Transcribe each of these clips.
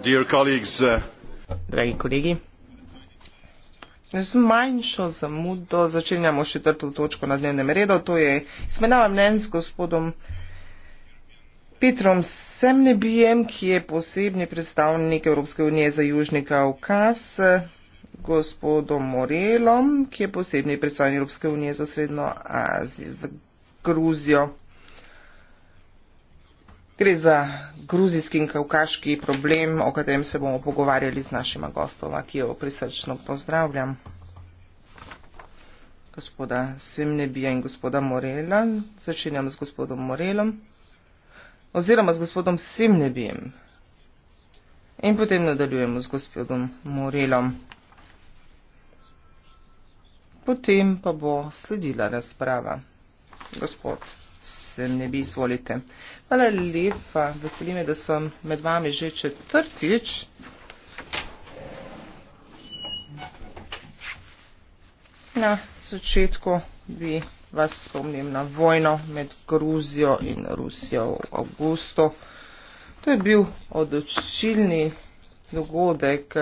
Uh, z manjšo zamudo začenjamo četrto točko na dnevnem redu to je izmenjava mnen z gospodom petrom semnebijem ki je posebni predstavnik evropske unije za južni kaukas gospodom morelom ki je posebni predstavnik evropske unije za srednjo azijo z gruzijo Gre za gruzijski in kavkaški problem, o katerem se bomo pogovarjali z našima gostoma, ki jo prisrčno pozdravljam. Gospoda Semnebija in gospoda Morela. Začenjam z gospodom Morelom. Oziroma z gospodom Semnebijem. In potem nadaljujemo z gospodom Morelom. Potem pa bo sledila razprava. Gospod se ne bi izvolite. Hvala lepa, veselime, da sem med vami že četrtič. Na začetku bi vas spomnil na vojno med Gruzijo in Rusijo v avgustu. To je bil odločilni dogodek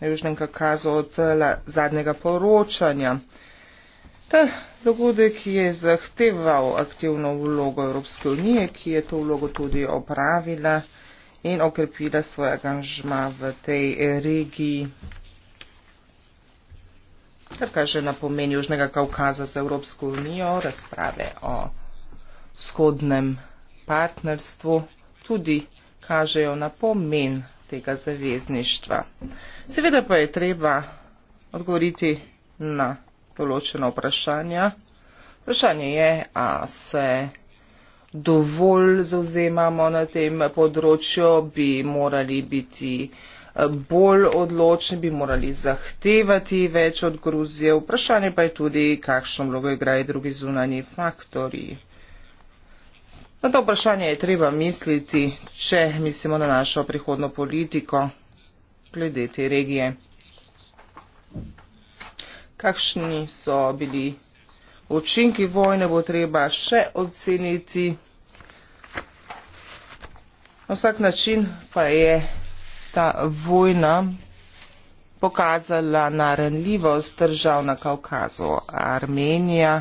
na Južnem Kakazu od zadnjega poročanja. Ta dogodek je zahteval aktivno vlogo Evropske unije, ki je to vlogo tudi opravila in okrepila svoj angažma v tej regiji, kar kaže na pomen Južnega Kaukaza za Evropsko unijo, razprave o vzhodnem partnerstvu, tudi kažejo na pomen tega zavezništva. Seveda pa je treba odgovoriti na določena vprašanja. Vprašanje je, a se dovolj zauzemamo na tem področju, bi morali biti eh, bolj odločni, bi morali zahtevati več od Gruzije. Vprašanje pa je tudi, kakšno vlogo igrajo drugi zunani faktori. Na to vprašanje je treba misliti, če mislimo na našo prihodno politiko glede te regije kakšni so bili učinki vojne, bo treba še oceniti. Na vsak način pa je ta vojna pokazala naranljivost držav na Kaukazu. Armenija,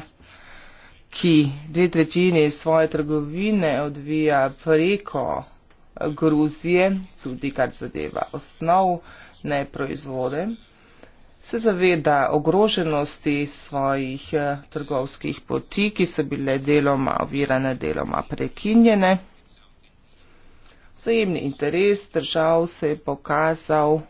ki dve tretjini svoje trgovine odvija preko Gruzije, tudi kar zadeva osnovne proizvode se zaveda ogroženosti svojih eh, trgovskih poti, ki so bile deloma ovirane, deloma prekinjene. Vzajemni interes držav se je pokazal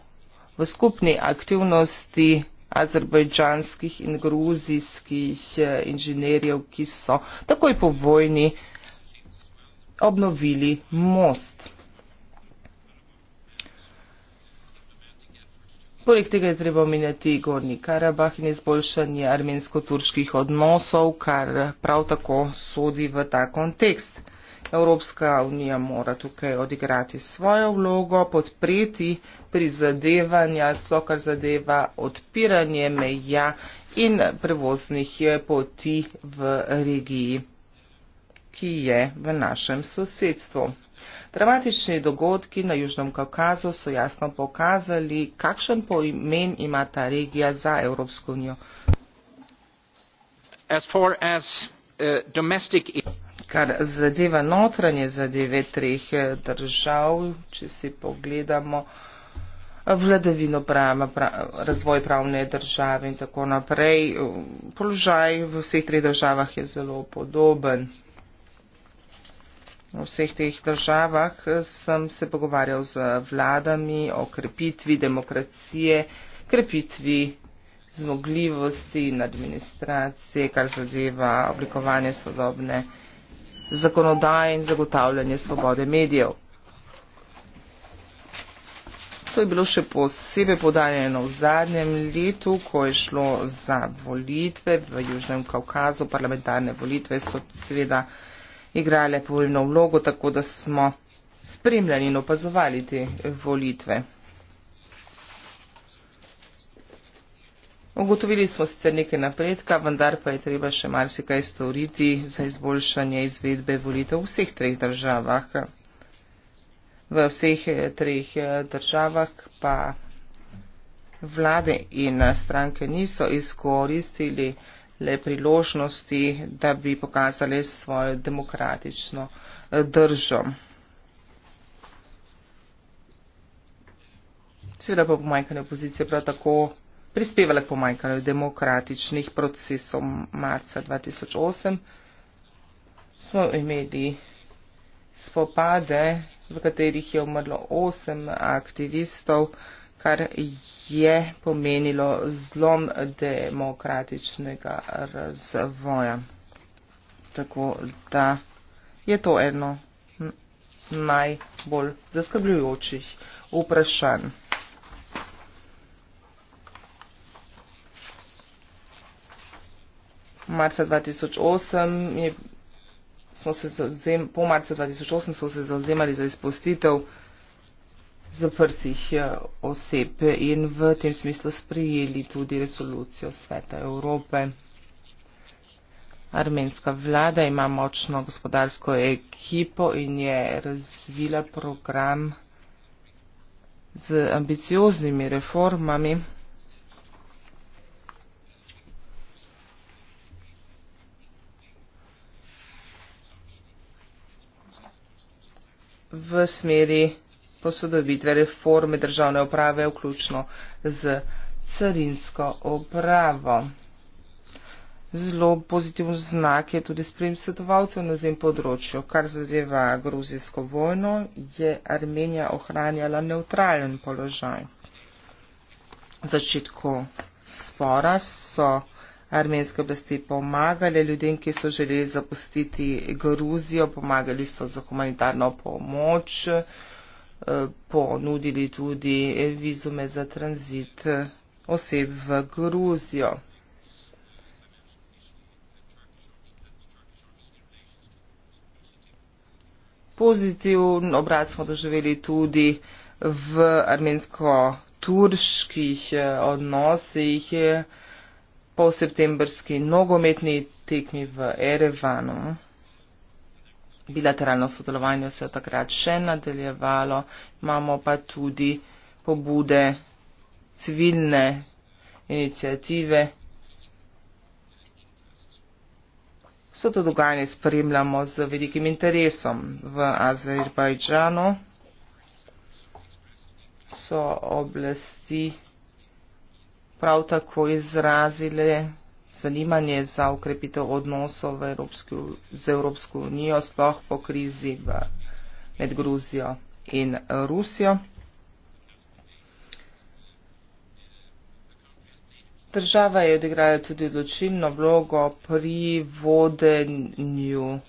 v skupni aktivnosti azerbajdžanskih in gruzijskih eh, inženirjev, ki so takoj po vojni obnovili most. Poleg tega je treba omenjati Gorni Karabah in izboljšanje armensko-turških odnosov, kar prav tako sodi v ta kontekst. Evropska unija mora tukaj odigrati svojo vlogo, podpreti prizadevanja, sloh kar zadeva odpiranje meja in prevoznih poti v regiji, ki je v našem sosedstvu. Dramatični dogodki na Južnem Kaukazu so jasno pokazali, kakšen pomen ima ta regija za Evropsko unijo. As far as, uh, domestic... Kar zadeva notranje zadeve treh eh, držav, če si pogledamo eh, vladavino prava, prava, razvoj pravne države in tako naprej, položaj v vseh treh državah je zelo podoben v vseh teh državah eh, sem se pogovarjal z vladami o krepitvi demokracije, krepitvi zmogljivosti in administracije, kar zadeva oblikovanje sodobne zakonodaje in zagotavljanje svobode medijev. To je bilo še posebej podajeno v zadnjem letu, ko je šlo za volitve v Južnem Kaukazu, parlamentarne volitve so seveda igrale povoljno vlogo, tako da smo spremljali in opazovali te volitve. Ugotovili smo sicer nekaj napredka, vendar pa je treba še marsikaj storiti za izboljšanje izvedbe volitev v vseh treh državah. V vseh eh, treh eh, državah pa vlade in eh, stranke niso izkoristili le priložnosti, da bi pokazali svojo demokratično eh, držo. Seveda pa pomanjkanje opozicije prav tako prispevala k pomanjkanju demokratičnih procesov marca 2008. Smo imeli spopade, v katerih je umrlo osem aktivistov, kar je pomenilo zlom demokratičnega razvoja. Tako da je to eno najbolj zaskrbljujočih vprašanj. Marca 2008 je, smo se zavzem, po marcu 2008 smo se zavzemali za izpustitev zaprtih eh, oseb in v tem smislu sprejeli tudi resolucijo Sveta Evrope. Armenska vlada ima močno gospodarsko ekipo in je razvila program z ambicioznimi reformami. V smeri posodobitve reforme državne uprave, vključno z carinsko upravo. Zelo pozitiven znak je tudi sprejem svetovalcev na tem področju. Kar zadeva gruzijsko vojno, je Armenija ohranjala neutralen položaj. V začetku spora so armenske oblasti pomagali ljudem, ki so želeli zapustiti Gruzijo, pomagali so za humanitarno pomoč, uh, Eh, ponudili tudi vizume za tranzit eh, oseb v Gruzijo. Pozitivno obrat smo doživeli tudi v armensko-turških eh, odnosih po septembrski nogometni tekmi v Erevanu bilateralno sodelovanje se je takrat še nadaljevalo, imamo pa tudi pobude civilne inicijative. Vse to dogajanje spremljamo z velikim interesom v Azerbajdžanu. So oblasti prav tako izrazile zanimanje za ukrepitev odnosov v Evropski, z Evropsko unijo, sploh po krizi v, med Gruzijo in Rusijo. Država je odigrala tudi odločilno vlogo pri vodenju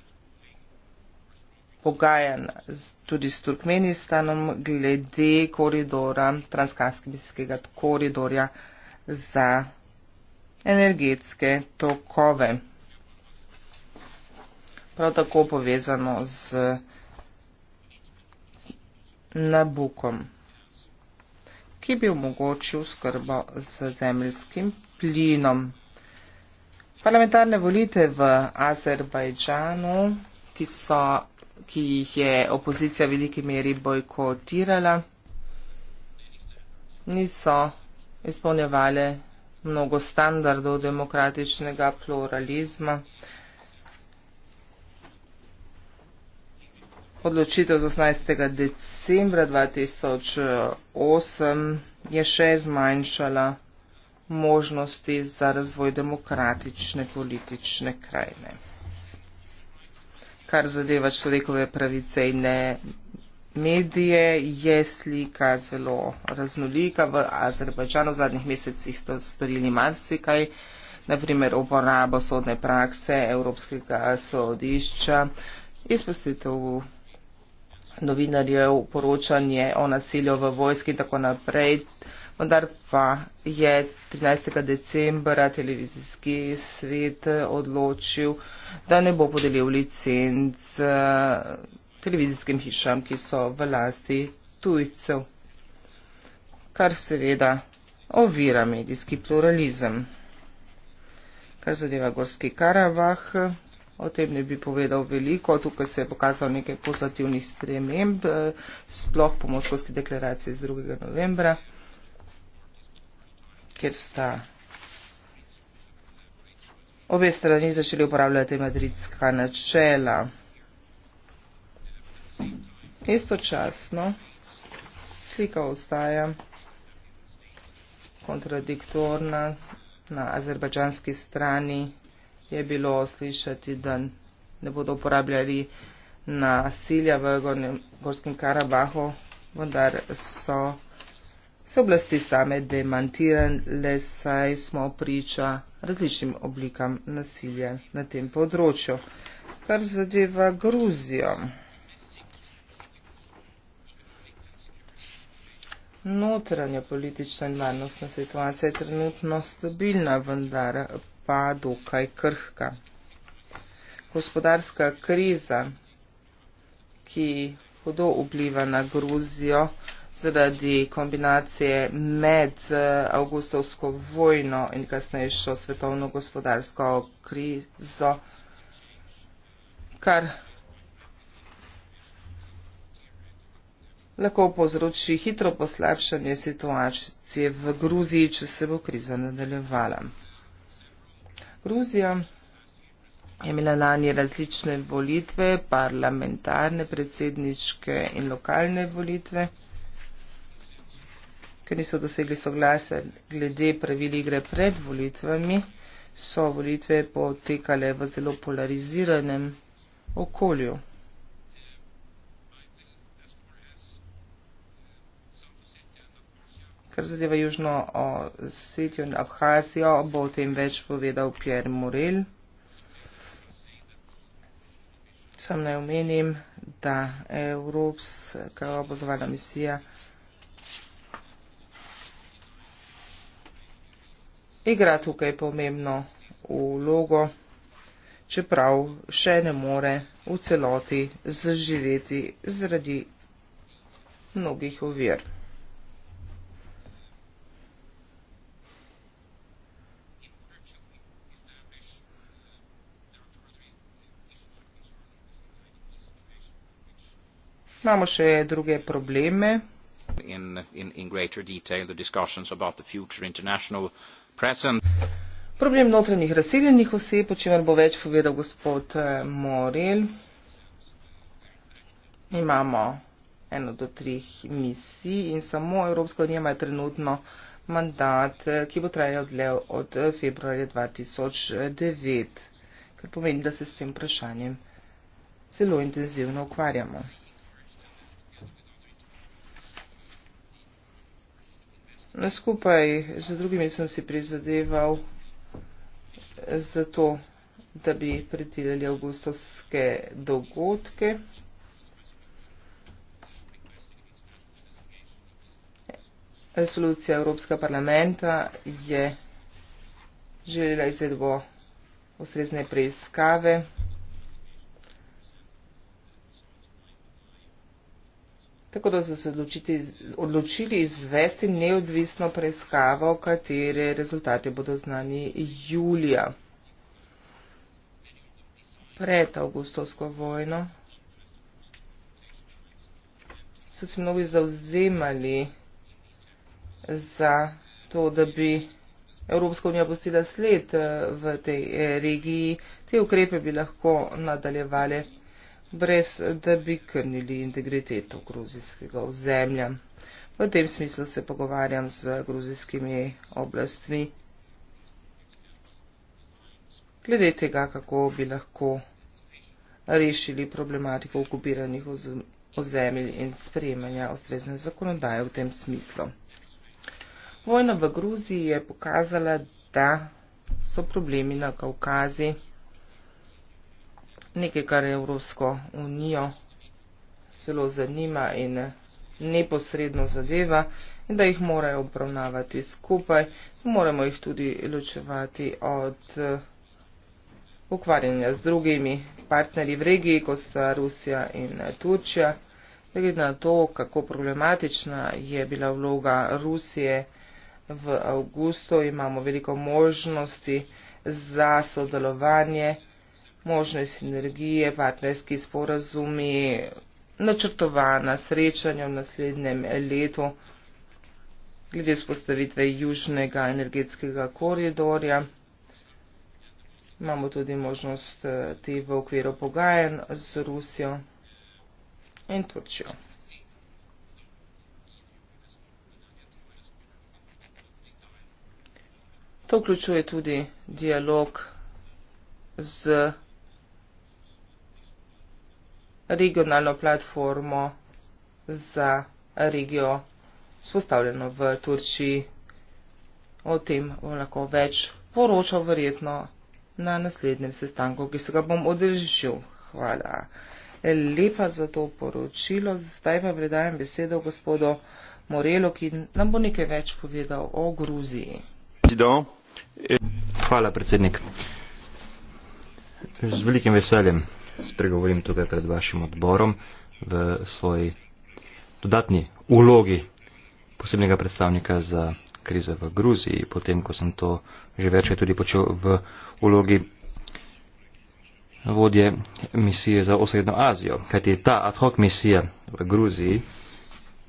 pogajanj tudi s Turkmenistanom glede koridora, transkarskega koridorja za energetske tokove. Prav tako povezano z nabukom, ki bi omogočil skrbo z zemljskim plinom. Parlamentarne volite v Azerbajdžanu, ki, so, ki jih je opozicija v veliki meri bojkotirala, niso izpolnjevale mnogo standardov demokratičnega pluralizma. Odločitev z 18. decembra 2008 je še zmanjšala možnosti za razvoj demokratične politične krajine. Kar zadeva človekove pravice in ne medije je slika zelo raznolika. V Azerbajdžanu v zadnjih mesecih ste storili marsikaj, naprimer uporabo sodne prakse Evropskega sodišča, izpustitev novinarjev, poročanje o nasilju v vojski in tako naprej. Vendar pa je 13. decembra televizijski svet odločil, da ne bo podelil licenc televizijskim hišam, ki so v lasti tujcev, kar seveda ovira medijski pluralizem. Kar zadeva Gorski Karavah, o tem ne bi povedal veliko, tukaj se je pokazal nekaj pozitivnih sprememb, sploh po Moskovski deklaraciji z 2. novembra, ker sta obe strani začeli uporabljati madridska načela istočasno slika ostaja kontradiktorna. Na azerbajdžanski strani je bilo slišati, da ne bodo uporabljali nasilja v Gorskem Karabahu, vendar so se oblasti same demantirale, saj smo priča različnim oblikam nasilja na tem področju. Kar zadeva Gruzijo. notranja politična in varnostna situacija je trenutno stabilna, vendar pa dokaj krhka. Gospodarska kriza, ki hudo vpliva na Gruzijo zaradi kombinacije med eh, avgustovsko vojno in kasnejšo svetovno gospodarsko krizo, kar lahko povzroči hitro poslabšanje situacije v Gruziji, če se bo kriza nadaljevala. Gruzija je imela lani različne volitve, parlamentarne, predsedniške in lokalne volitve, ker niso dosegli soglasja glede pravil igre pred volitvami, so volitve potekale v zelo polariziranem okolju. kar zadeva Južno Osetijo in Abhazijo, bo o tem več povedal Pierre Morel. Sam naj omenim, da Evropska obozvana misija igra tukaj pomembno vlogo, čeprav še ne more v celoti zaživeti zaradi mnogih ovir. Imamo še druge probleme. In, in, in Problem notranjih razseljenih oseb, o čemer bo več povedal gospod eh, Morel. Imamo eno do trih misij in samo Evropska unija ima trenutno mandat, eh, ki bo trajal dlje od eh, februarja 2009, kar pomeni, da se s tem vprašanjem zelo intenzivno ukvarjamo. skupaj z drugimi sem si prizadeval za to, da bi predelali avgustovske dogodke. Resolucija Evropska parlamenta je želela izvedbo ustrezne preiskave. tako da so se odločiti, odločili izvesti neodvisno preiskavo, katere rezultate bodo znani julija pred avgustovsko vojno. So se mnogi zauzemali za to, da bi Evropska unija postila sled eh, v tej eh, regiji. Te ukrepe bi lahko nadaljevali brez da bi krnili integriteto gruzijskega ozemlja. V tem smislu se pogovarjam z gruzijskimi oblastmi glede tega, kako bi lahko rešili problematiko okupiranih ozemelj in sprejemanja ustrezne zakonodaje v tem smislu. Vojna v Gruziji je pokazala, da so problemi na Kaukazi nekaj, kar Evropsko unijo zelo zanima in neposredno zadeva in da jih morajo obravnavati skupaj. Moramo jih tudi ločevati od eh, ukvarjanja z drugimi partnerji v regiji, kot sta Rusija in eh, Turčija. Glede na to, kako problematična je bila vloga Rusije v avgustu, imamo veliko možnosti za sodelovanje možne sinergije, partnerski sporazumi, načrtovana srečanja v naslednjem letu glede vzpostavitve južnega energetskega koridorja. Imamo tudi možnost eh, te v okviru pogajanj z Rusijo in Turčijo. To vključuje tudi dialog z Rusijo regionalno platformo za regijo spostavljeno v Turčiji. O tem bom lahko več poročal verjetno na naslednjem sestanku, ki se ga bom odrežil. Hvala lepa za to poročilo. Zdaj pa predajam besedo gospodu Morelu, ki nam bo nekaj več povedal o Gruziji. Hvala, predsednik. Z velikim veseljem spregovorim tukaj pred vašim odborom v svoji dodatni ulogi posebnega predstavnika za krizo v Gruziji, potem ko sem to že večkrat tudi počel v ulogi vodje misije za osrednjo Azijo. Kajti ta ad hoc misija v Gruziji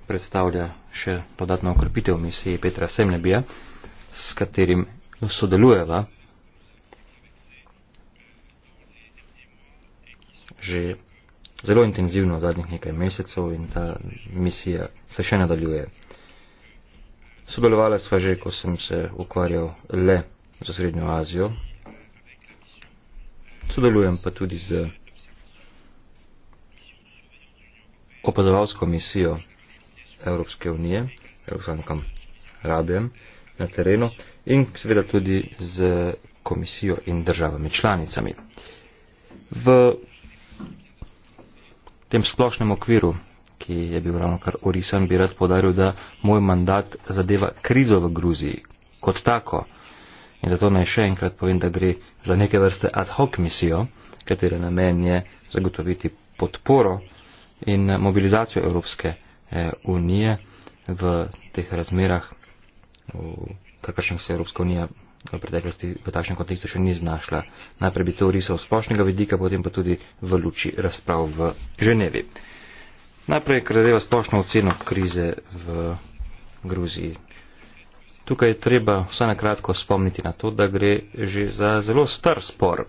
predstavlja še dodatno okrepitev misije Petra Semlebija, s katerim sodelujeva že zelo intenzivno zadnjih nekaj mesecev in ta misija se še nadaljuje. Sodelovala sva že, ko sem se ukvarjal le z Srednjo Azijo. Sodelujem pa tudi z opazovalsko misijo Evropske unije, Evropskim rabijem na terenu in seveda tudi z komisijo in državami članicami. V tem splošnem okviru, ki je bil ravno kar orisan, bi rad podaril, da moj mandat zadeva krizo v Gruziji kot tako. In zato naj še enkrat povem, da gre za neke vrste ad hoc misijo, katere namen je zagotoviti podporo in mobilizacijo Evropske eh, unije v teh razmerah, v kakršnih se Evropska unija v preteklosti v takšnem kontekstu še ni znašla. Najprej bi to risal z splošnega vidika, potem pa tudi v luči razprav v Ženevi. Najprej, kar zadeva splošno oceno krize v Gruziji. Tukaj je treba vsaj na kratko spomniti na to, da gre že za zelo star spor.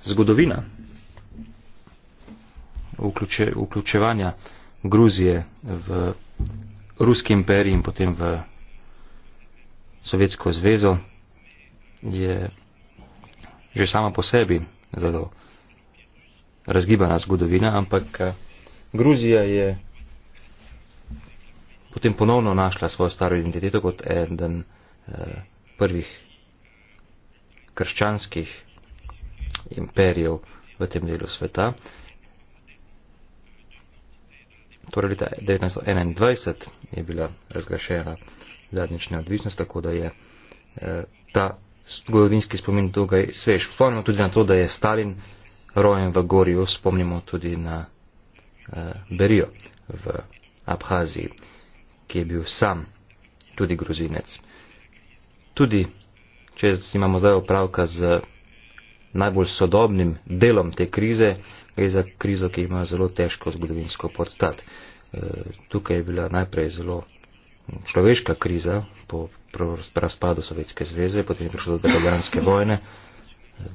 Zgodovina vključe, vključevanja Gruzije v ruski imperij in potem v Sovjetsko zvezo je že sama po sebi zelo razgibana zgodovina, ampak eh, Gruzija je potem ponovno našla svojo staro identiteto kot eden eh, prvih krščanskih imperijev v tem delu sveta. Torej leta 1921 je bila razglašena zadnjična odvisnost, tako da je eh, ta zgodovinski spomin tukaj svež. Spomnimo tudi na to, da je Stalin rojen v Gorju, spomnimo tudi na uh, Berijo v Abhaziji, ki je bil sam tudi gruzinec. Tudi, če imamo zdaj opravka z najbolj sodobnim delom te krize, gre za krizo, ki ima zelo težko zgodovinsko podstat. Uh, tukaj je bila najprej zelo človeška kriza po razpadu Sovjetske zveze, potem je prišlo do državljanske vojne,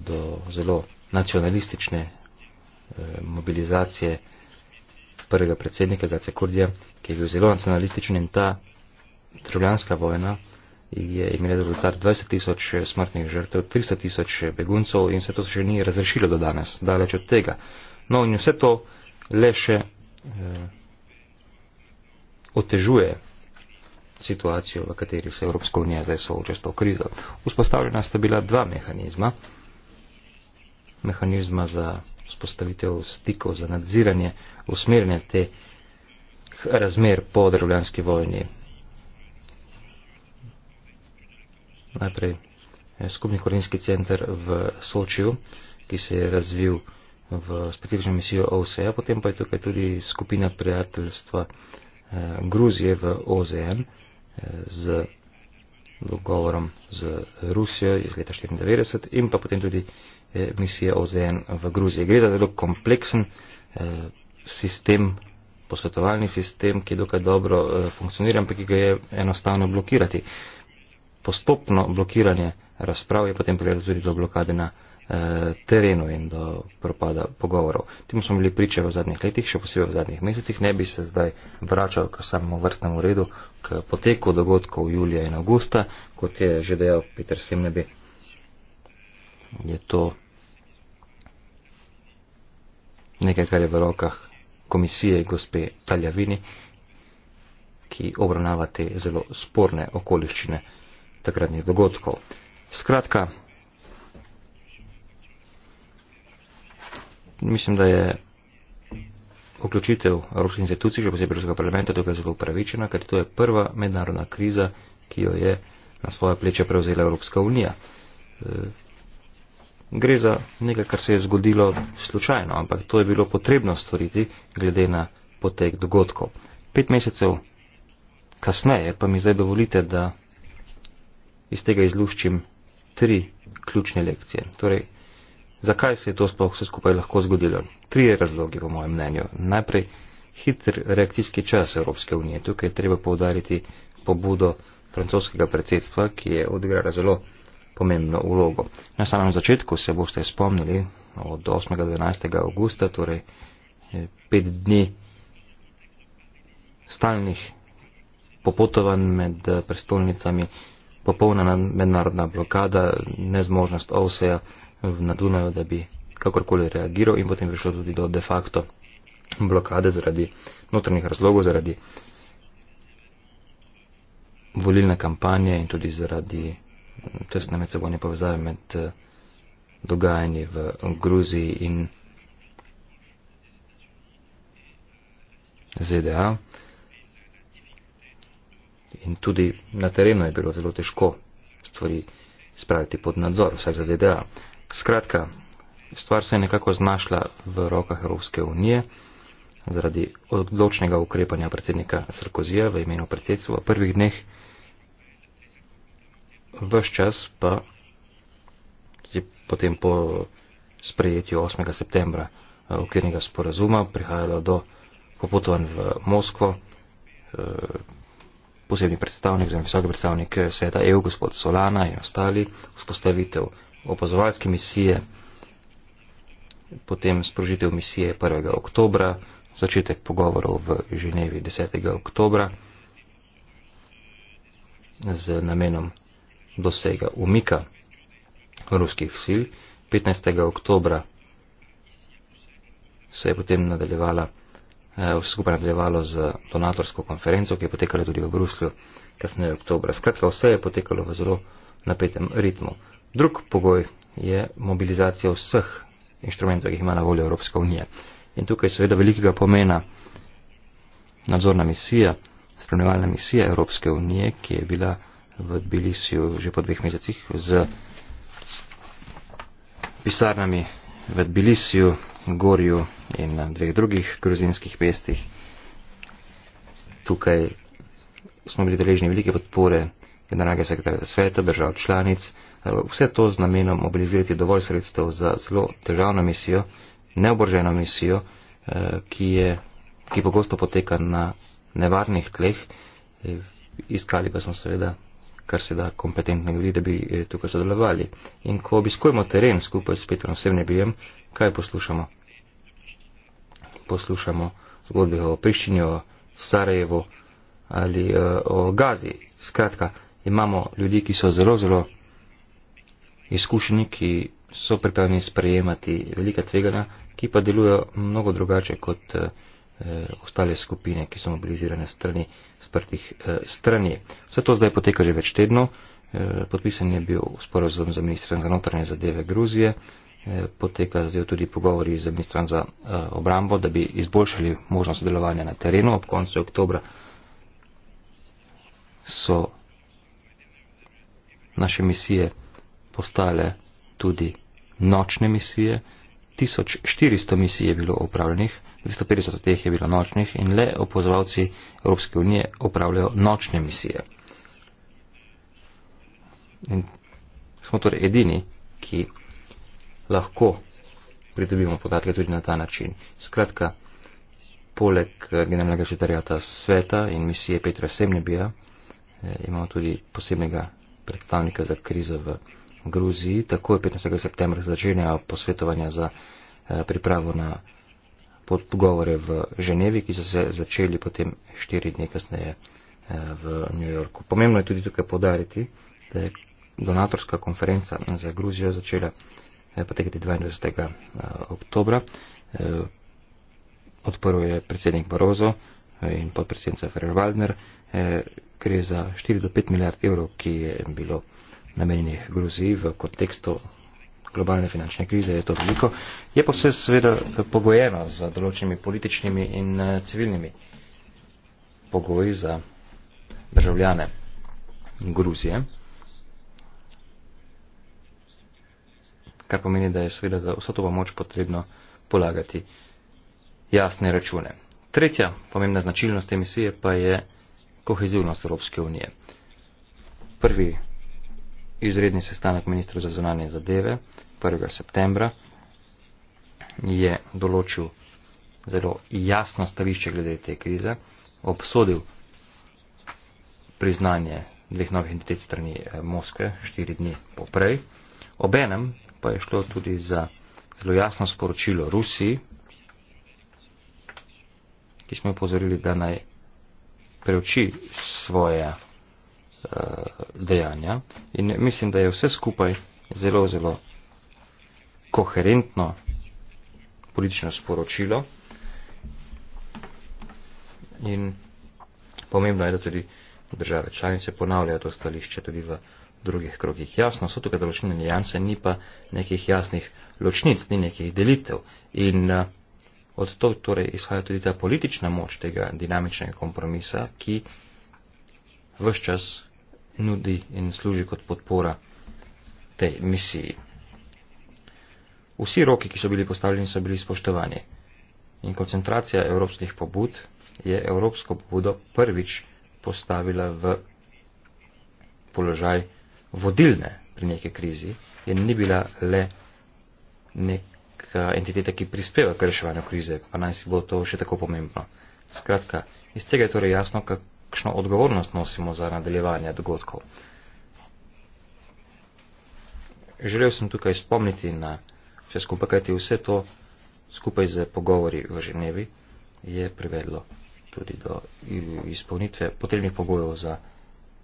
do zelo nacionalistične eh, mobilizacije prvega predsednika Gace Kurdija, ki je bil zelo nacionalističen in ta državljanska vojna je imela rezultat 20 tisoč eh, smrtnih žrtev, 300 tisoč eh, beguncov in vse to še ni razrešilo do danes, daleč od tega. No in vse to le še eh, otežuje situacijo, v kateri se Evropska unija zdaj sooča s to krizo. Vzpostavljena sta bila dva mehanizma. Mehanizma za vzpostavitev stikov, za nadziranje, usmerjanje te razmer po državljanski vojni. Najprej eh, skupni korinski center v Sočiju, ki se je razvil v specifično misijo OSEA, potem pa je tukaj tudi skupina prijateljstva eh, Gruzije v OZN z dogovorom z Rusijo iz leta 1994 in pa potem tudi eh, misije OZN v Gruziji. Gre za zelo kompleksen eh, sistem, posvetovalni sistem, ki dokaj dobro eh, funkcionira, ampak ki ga je enostavno blokirati. Postopno blokiranje razprav je potem prijelo tudi do blokade na eh, terenu in do propada pogovorov. Temu smo bili priče v zadnjih letih, še posebej v zadnjih mesecih. Ne bi se zdaj vračal k samemu vrstnemu redu, k poteku dogodkov julija in augusta, kot je že dejal Peter Semnebi. Je to nekaj, kar je v rokah komisije gospe Taljavini, ki obravnava te zelo sporne okoliščine takratnih dogodkov. Skratka, mislim, da je vključitev evropskih institucij, še posebej evropskega parlamenta, tukaj zelo upravičena, ker to je prva mednarodna kriza, ki jo je na svoje pleče prevzela Evropska unija. E, gre za nekaj, kar se je zgodilo slučajno, ampak to je bilo potrebno storiti, glede na potek dogodkov. Pet mesecev kasneje pa mi zdaj dovolite, da iz tega izluščim tri ključne lekcije. Torej, Zakaj se je to sploh vse skupaj lahko zgodilo? Trije razlogi, po mojem mnenju. Najprej hitr reakcijski čas Evropske unije. Tukaj treba povdariti pobudo francoskega predsedstva, ki je odigrala zelo pomembno ulogo. Na samem začetku se boste spomnili od 8. 12. augusta, torej eh, pet dni stalnih popotovanj med eh, prestolnicami, popolna mednarodna blokada, nezmožnost OSEA, na Dunaju, da bi kakorkoli reagiral in potem prišlo tudi do de facto blokade zaradi notrnih razlogov, zaradi volilne kampanje in tudi zaradi mm, tesne medsebojne povezave med eh, dogajanji v Gruziji in ZDA. In tudi na terenu je bilo zelo težko stvari spraviti pod nadzor, vsaj za ZDA. Skratka, stvar se je nekako znašla v rokah Evropske unije zaradi odločnega ukrepanja predsednika Sarkozija v imenu predsedstva v prvih dneh, vse čas pa je potem po sprejetju 8. septembra eh, okvirnega sporazuma prihajalo do popotovanj v Moskvo. Eh, posebni predstavnik, zelo visoki predstavnik eh, sveta EU, gospod Solana in ostali, vzpostavitev opazovalske misije, potem sprožitev misije 1. oktobra, začetek pogovorov v Ženevi 10. oktobra z namenom dosega umika ruskih sil. 15. oktobra se je potem nadaljevala, eh, vse skupaj nadaljevalo z donatorsko konferenco, ki je potekala tudi v Bruslju kasneje oktobra. Skratka, vse je potekalo v zelo napetem ritmu. Drug pogoj je mobilizacija vseh inštrumentov, ki jih ima na voljo Evropska unija. In tukaj seveda velikega pomena nadzorna misija, spremljevalna misija Evropske unije, ki je bila v Tbilisiju že po dveh mesecih z pisarnami v Tbilisiju, Gorju in na dveh drugih gruzinskih mestih. Tukaj smo bili deležni velike podpore generalnega sekretarja sveta, držav članic, eh, vse to z namenom mobilizirati dovolj sredstev za zelo težavno misijo, neoborženo misijo, eh, ki, je, ki pogosto poteka na nevarnih tleh. Eh, iskali pa smo seveda, kar se da kompetentne ljudi, da bi tukaj sodelovali. In ko obiskujemo teren skupaj s Petrom Vsebnebijem, kaj poslušamo? Poslušamo zgodbe o Priščini, o Sarajevu ali o Gazi. Skratka, imamo ljudi, ki so zelo, zelo izkušeni, ki so pripravljeni sprejemati velika tvegana, ki pa delujejo mnogo drugače kot eh, eh, ostale skupine, ki so mobilizirane strani, sprtih eh, strani. Vse to zdaj poteka že več tedno. Eh, podpisan je bil sporozum za ministrstvo za notranje zadeve Gruzije. Eh, poteka zdaj tudi pogovori z ministrom za uh, obrambo, da bi izboljšali možnost sodelovanja na terenu. Ob koncu oktobra so naše misije postale tudi nočne misije. 1400 misij je bilo opravljenih, 250 teh je bilo nočnih in le opozorovci Evropske unije opravljajo nočne misije. In smo torej edini, ki lahko pridobimo podatke tudi na ta način. Skratka, poleg eh, generalnega sekretarjata sveta in misije Petra Semnebija eh, imamo tudi posebnega predstavnike za krizo v Gruziji. Tako je 15. septembra začenjajo posvetovanja za eh, pripravo na podgovore v Ženevi, ki so se začeli potem štiri dni kasneje eh, v New Yorku. Pomembno je tudi tukaj podariti, da je donatorska konferenca za Gruzijo začela eh, potekati 22. oktobra. Odprl je predsednik Barozo, in podpredsednica Ferrer-Waldner, eh, gre za 4 do 5 milijard evrov, ki je bilo namenjenih Gruziji v kontekstu globalne finančne krize, je to veliko. Je pa vse seveda pogojeno z določenimi političnimi in eh, civilnimi pogoji za državljane Gruzije. Kar pomeni, da je seveda za vso to pomoč potrebno polagati jasne račune. Tretja pomembna značilnost te misije pa je kohezivnost Evropske unije. Prvi izredni sestanek ministra za zunanje zadeve 1. septembra je določil zelo jasno stališče glede te krize, obsodil priznanje dveh novih entitet strani eh, Moskve štiri dni poprej. Obenem pa je šlo tudi za zelo jasno sporočilo Rusiji, ki smo jo pozorili, da naj preuči svoje uh, dejanja. In mislim, da je vse skupaj zelo, zelo koherentno politično sporočilo. In pomembno je, da tudi države članice ponavljajo to stališče tudi v drugih krogih. Jasno so tukaj določene nijanse, ni pa nekih jasnih ločnic, ni nekih delitev. In, uh, Od to torej izhaja tudi ta politična moč tega dinamičnega kompromisa, ki vse čas nudi in služi kot podpora tej misiji. Vsi roki, ki so bili postavljeni, so bili spoštovani. In koncentracija evropskih pobud je evropsko pobudo prvič postavila v položaj vodilne pri neki krizi in ni bila le nek Eh, entitete, ki prispeva k reševanju krize, pa naj si bo to še tako pomembno. Skratka, iz tega je torej jasno, kakšno odgovornost nosimo za nadaljevanje dogodkov. Želel sem tukaj spomniti na vse skupaj, kajti vse to skupaj z pogovori v Ženevi je privedlo tudi do izpolnitve potrebnih pogojev za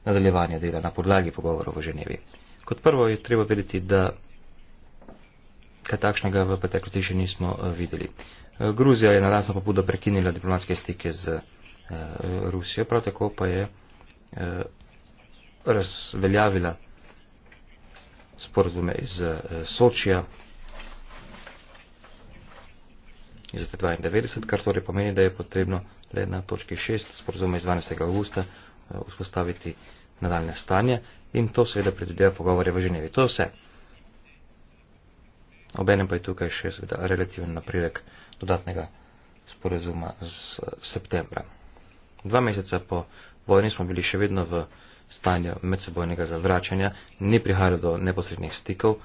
nadaljevanje dela na podlagi pogovorov v Ženevi. Kot prvo je treba vedeti, da kaj takšnega v preteklosti še nismo eh, videli. Eh, Gruzija je na lasno pobudo prekinila diplomatske stike z eh, Rusijo, prav tako pa je razveljavila sporozume iz Sočija iz 92, kar torej pomeni, da je potrebno le na točki 6 sporozume iz 12. augusta vzpostaviti nadaljne stanje in to seveda predvideva pogovore v Ženevi. To je vse. Obenem pa je tukaj še seveda relativen napredek dodatnega sporazuma z septembra. Dva meseca po vojni smo bili še vedno v stanju medsebojnega zavračanja, ni prihajalo do neposrednih stikov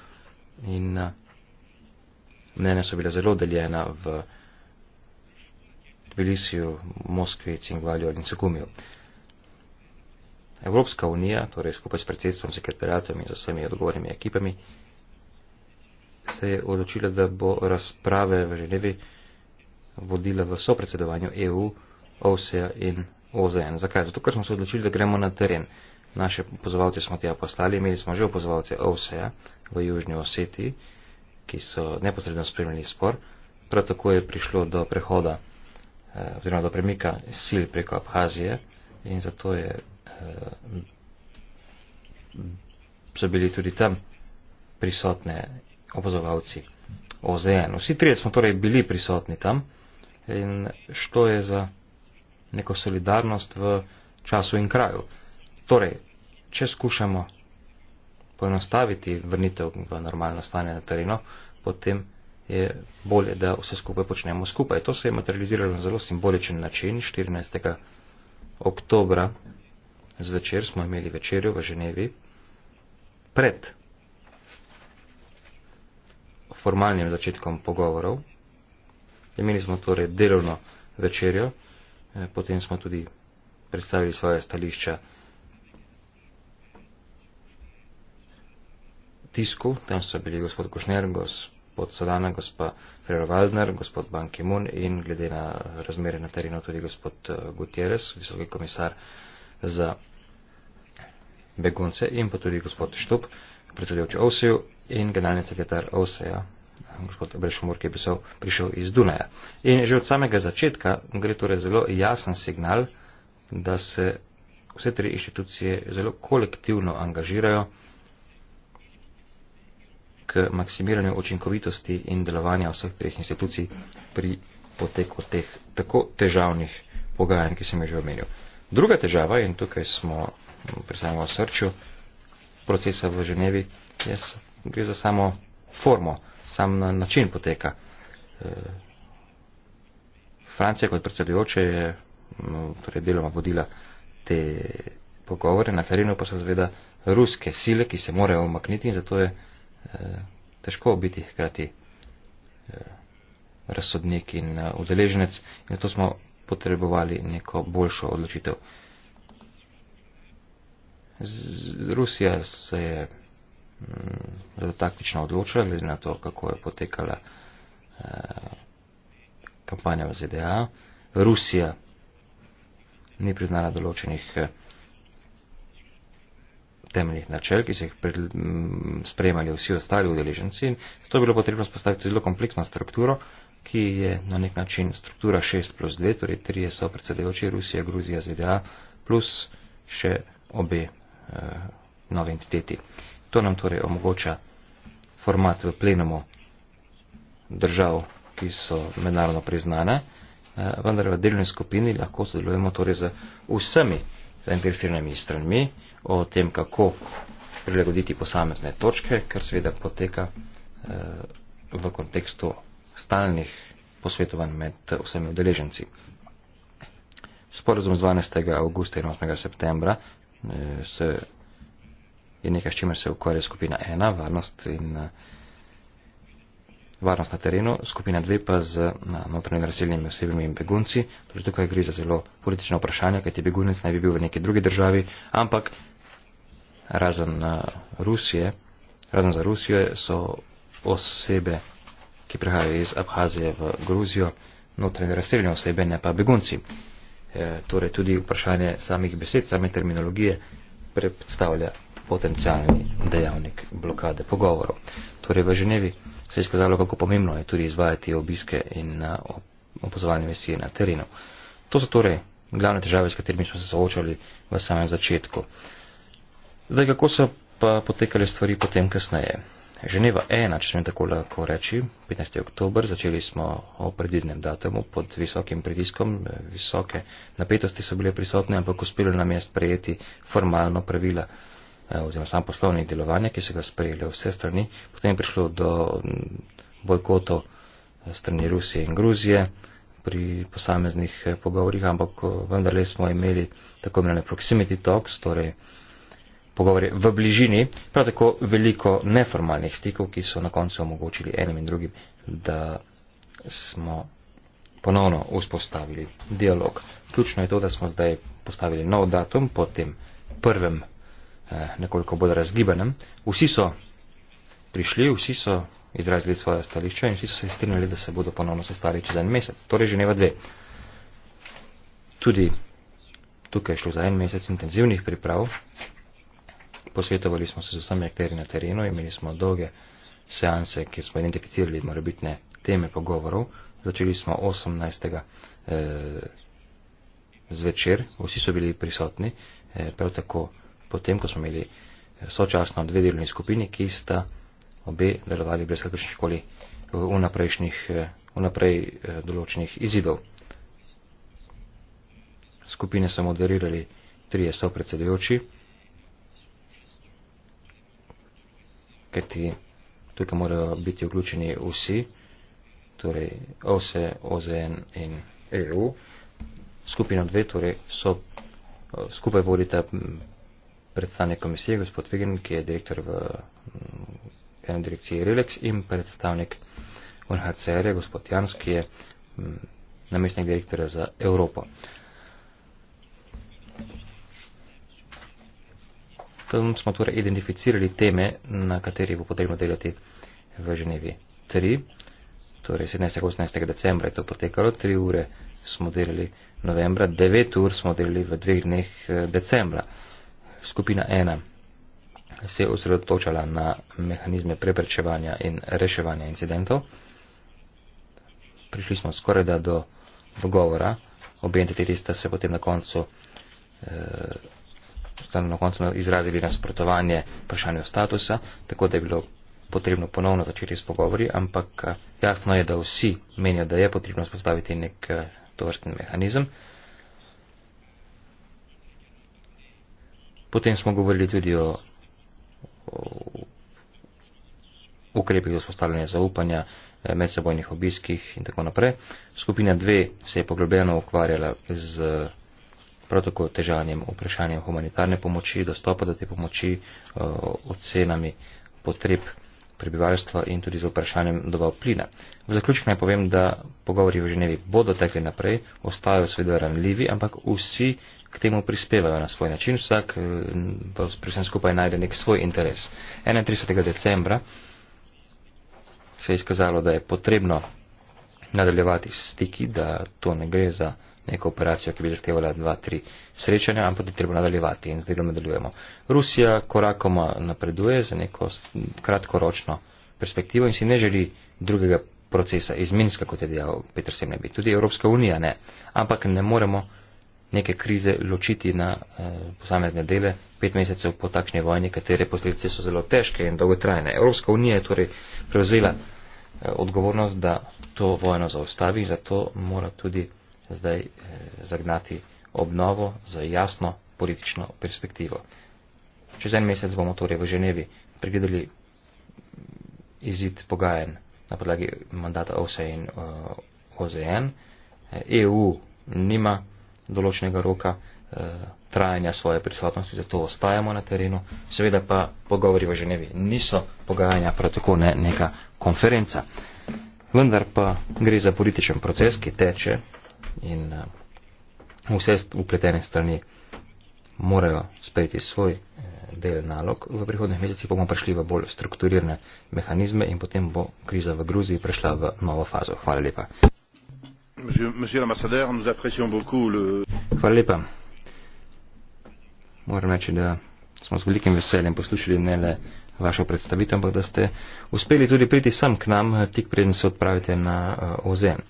in eh, mnenja so bila zelo deljena v Tbilisiju, Moskvi, Cingvalju in Cegumiju. Evropska unija, torej skupaj s predsedstvom, sekretariatom in z vsemi odgovornimi ekipami, se je odločila, da bo razprave v Ženevi vodila v sopredsedovanju EU, OSEA in OZN. Zakaj? Zato, ker smo se odločili, da gremo na teren. Naše pozvalce smo tja poslali, imeli smo že pozvalce OSEA v Južni Oseti, ki so neposredno spremljali spor. Prav tako je prišlo do prehoda eh, oziroma do premika sil preko Abhazije in zato je, eh, so bili tudi tam prisotne opazovalci OZN. Vsi trije smo torej bili prisotni tam in što je za neko solidarnost v času in kraju. Torej, če skušamo poenostaviti vrnitev v normalno stanje na terenu, potem je bolje, da vse skupaj počnemo skupaj. To se je materializiralo na zelo simboličen način. 14. oktobra zvečer smo imeli večerjo v Ženevi pred formalnim začetkom pogovorov. Imeli smo torej delovno večerjo, eh, potem smo tudi predstavili svoje stališča tisku, tam so bili gospod Košner, gospod Sadana, gospa Ferrovaldner, gospod Ban Ki-moon in glede na razmere na terenu tudi gospod eh, Gutierrez, visoki komisar za begunce in pa tudi gospod Štup, predsedujoči OSEJ in generalni sekretar OSEJ gospod Brešumur, ki je pisal, prišel iz Dunaja. In že od samega začetka gre torej zelo jasen signal, da se vse tri inštitucije zelo kolektivno angažirajo k maksimiranju učinkovitosti in delovanja vseh treh institucij pri poteku teh tako težavnih pogajanj, ki sem jih že omenil. Druga težava, in tukaj smo pri samem srču procesa v Ženevi, je, gre za samo formo sam način poteka. E, Francija kot predsedujoče je no, torej deloma vodila te pogovore, na terenu pa so zveda ruske sile, ki se morajo omakniti in zato je e, težko biti hkrati e, razsodnik in udeleženec in zato smo potrebovali neko boljšo odločitev. Z Rusija se je Mm, zelo taktično odločila, glede na to, kako je potekala eh, kampanja v ZDA. Rusija ni priznala določenih eh, temeljnih načel, ki so jih mm, sprejemali vsi ostali udeleženci. Zato je bilo potrebno spostaviti zelo kompleksno strukturo, ki je na nek način struktura 6 plus 2, torej 3 so predsedujoči Rusija, Gruzija, ZDA plus še obe eh, nove entiteti. Eh, To nam torej omogoča format v plenumu držav, ki so mednarodno priznane, eh, vendar v delovni skupini lahko sodelujemo torej z vsemi zainteresiranimi stranmi o tem, kako prilagoditi posamezne točke, kar seveda poteka eh, v kontekstu stalnih posvetovanj med vsemi udeleženci. Sporazum z 12. augusta in 8. septembra eh, se je nekaj, s čimer se ukvarja skupina ena, varnost in eh, varnost na terenu, skupina dve pa z notranjim razseljenimi osebami in begunci. Torej tukaj gre za zelo politično vprašanje, kajti begunec naj bi bil v neki drugi državi, ampak razen eh, Rusije, razen za Rusijo so osebe, ki prihajajo iz Abhazije v Gruzijo, notranje razseljene osebe, ne pa begunci. E, torej tudi vprašanje samih besed, same terminologije predstavlja potencijalni dejavnik blokade pogovorov. Torej v Ženevi se je izkazalo, kako pomembno je tudi izvajati obiske in eh, opozovalne misije na terenu. To so torej glavne težave, s katerimi smo se soočali v samem začetku. Zdaj, kako so pa potekale stvari potem kasneje? Ženeva 1, če ne tako lahko reči, 15. oktober, začeli smo o predvidnem datumu pod visokim pritiskom, visoke napetosti so bile prisotne, ampak uspelo nam je sprejeti formalno pravila. Eh, oziroma sam poslovni delovanje, ki so ga sprejeli vse strani, potem je prišlo do bojkotov eh, strani Rusije in Gruzije pri posameznih eh, pogovorih, ampak vendarle smo imeli tako imenovane proximity talks, torej pogovore v bližini, prav tako veliko neformalnih stikov, ki so na koncu omogočili enim in drugim, da smo ponovno vzpostavili dialog. Ključno je to, da smo zdaj postavili nov datum po tem prvem Eh, nekoliko bolj razgibanem. Vsi so prišli, vsi so izrazili svoje stališče in vsi so se strinjali, da se bodo ponovno sestali čez en mesec, torej Ženeva 2. Tudi tukaj je šlo za en mesec intenzivnih priprav, posvetovali smo se z vsemi akteri na terenu, imeli smo dolge seanse, kjer smo identificirali morebitne teme pogovorov. Začeli smo 18. E, eh, zvečer, vsi so bili prisotni, e, prav tako potem, ko smo imeli eh, sočasno dve delovni skupini, ki sta obe delovali brez kakršnih koli eh, eh, vnaprej določenih izidov. Skupine so moderirali tri so predsedujoči, kajti tukaj morajo biti vključeni vsi, torej OSE, OZN in EU. Skupina dve, torej so skupaj vodita predstavnik komisije, gospod Vigen, ki je direktor v mm, eni direkciji Relex in predstavnik UNHCR-ja, gospod Jans, ki je mm, namestnik direktora za Evropo. Tam smo torej identificirali teme, na kateri bo potrebno delati v Ženevi 3. Torej 17. 18. decembra je to potekalo, 3 ure smo delali novembra, 9 ur smo delali v dveh dneh eh, decembra. Uh, skupina 1 se je osredotočala na mehanizme preprečevanja in reševanja incidentov. Prišli smo skoraj da do dogovora. Obe entiteti sta se potem na koncu, e, sta na koncu izrazili nasprotovanje vprašanju statusa, tako da je bilo potrebno ponovno začeti s pogovori, ampak eh, jasno je, da vsi menijo, da je potrebno spostaviti nek eh, tovrsten mehanizem. E, Potem smo govorili tudi o, o ukrepih za vzpostavljanje zaupanja, eh, medsebojnih obiskih in tako naprej. Skupina dve se je poglobljeno ukvarjala z eh, prav tako težavnim vprašanjem humanitarne pomoči, dostopa do te pomoči, eh, ocenami potreb prebivalstva in tudi z vprašanjem dobav plina. V zaključek naj povem, da pogovori v Ženevi bodo tekli naprej, ostajajo seveda ranljivi, ampak vsi k temu prispevajo na svoj način, vsak eh, pri vsem skupaj najde nek svoj interes. 31. decembra se je izkazalo, da je potrebno nadaljevati stiki, da to ne gre za neko operacijo, ki bi zahtevala 2-3 srečanja, ampak je treba nadaljevati in zdaj nadaljujemo. Rusija korakoma napreduje za neko kratkoročno perspektivo in si ne želi drugega procesa iz Minska, kot je dejal Peter Semnebi. Tudi Evropska unija ne, ampak ne moremo neke krize ločiti na eh, posamezne dele, pet mesecev po takšni vojni, katere posledice so zelo težke in dolgotrajne. Evropska unija je torej prevzela eh, odgovornost, da to vojno zaustavi in zato mora tudi zdaj eh, zagnati obnovo za jasno politično perspektivo. Čez en mesec bomo torej v Ženevi pregledali izid pogajen na podlagi mandata OSE in OZN. E EU nima določnega roka eh, trajanja svoje prisotnosti, zato ostajamo na terenu. Seveda pa pogovori v Ženevi niso pogajanja, prav tako ne neka konferenca. Vendar pa gre za političen proces, ki teče in eh, vse upletene strani morajo sprejeti svoj eh, del nalog. V prihodnih mesecih bomo prišli v bolj strukturirane mehanizme in potem bo kriza v Gruziji prešla v novo fazo. Hvala lepa monsieur l'ambassadeur, nous apprécions beaucoup le. Hvala lepa. Moram reči, da smo z velikim veseljem poslušali ne le vašo predstavitev, ampak da ste uspeli tudi priti sem k nam, eh, tik preden se odpravite na uh, eh, OZN.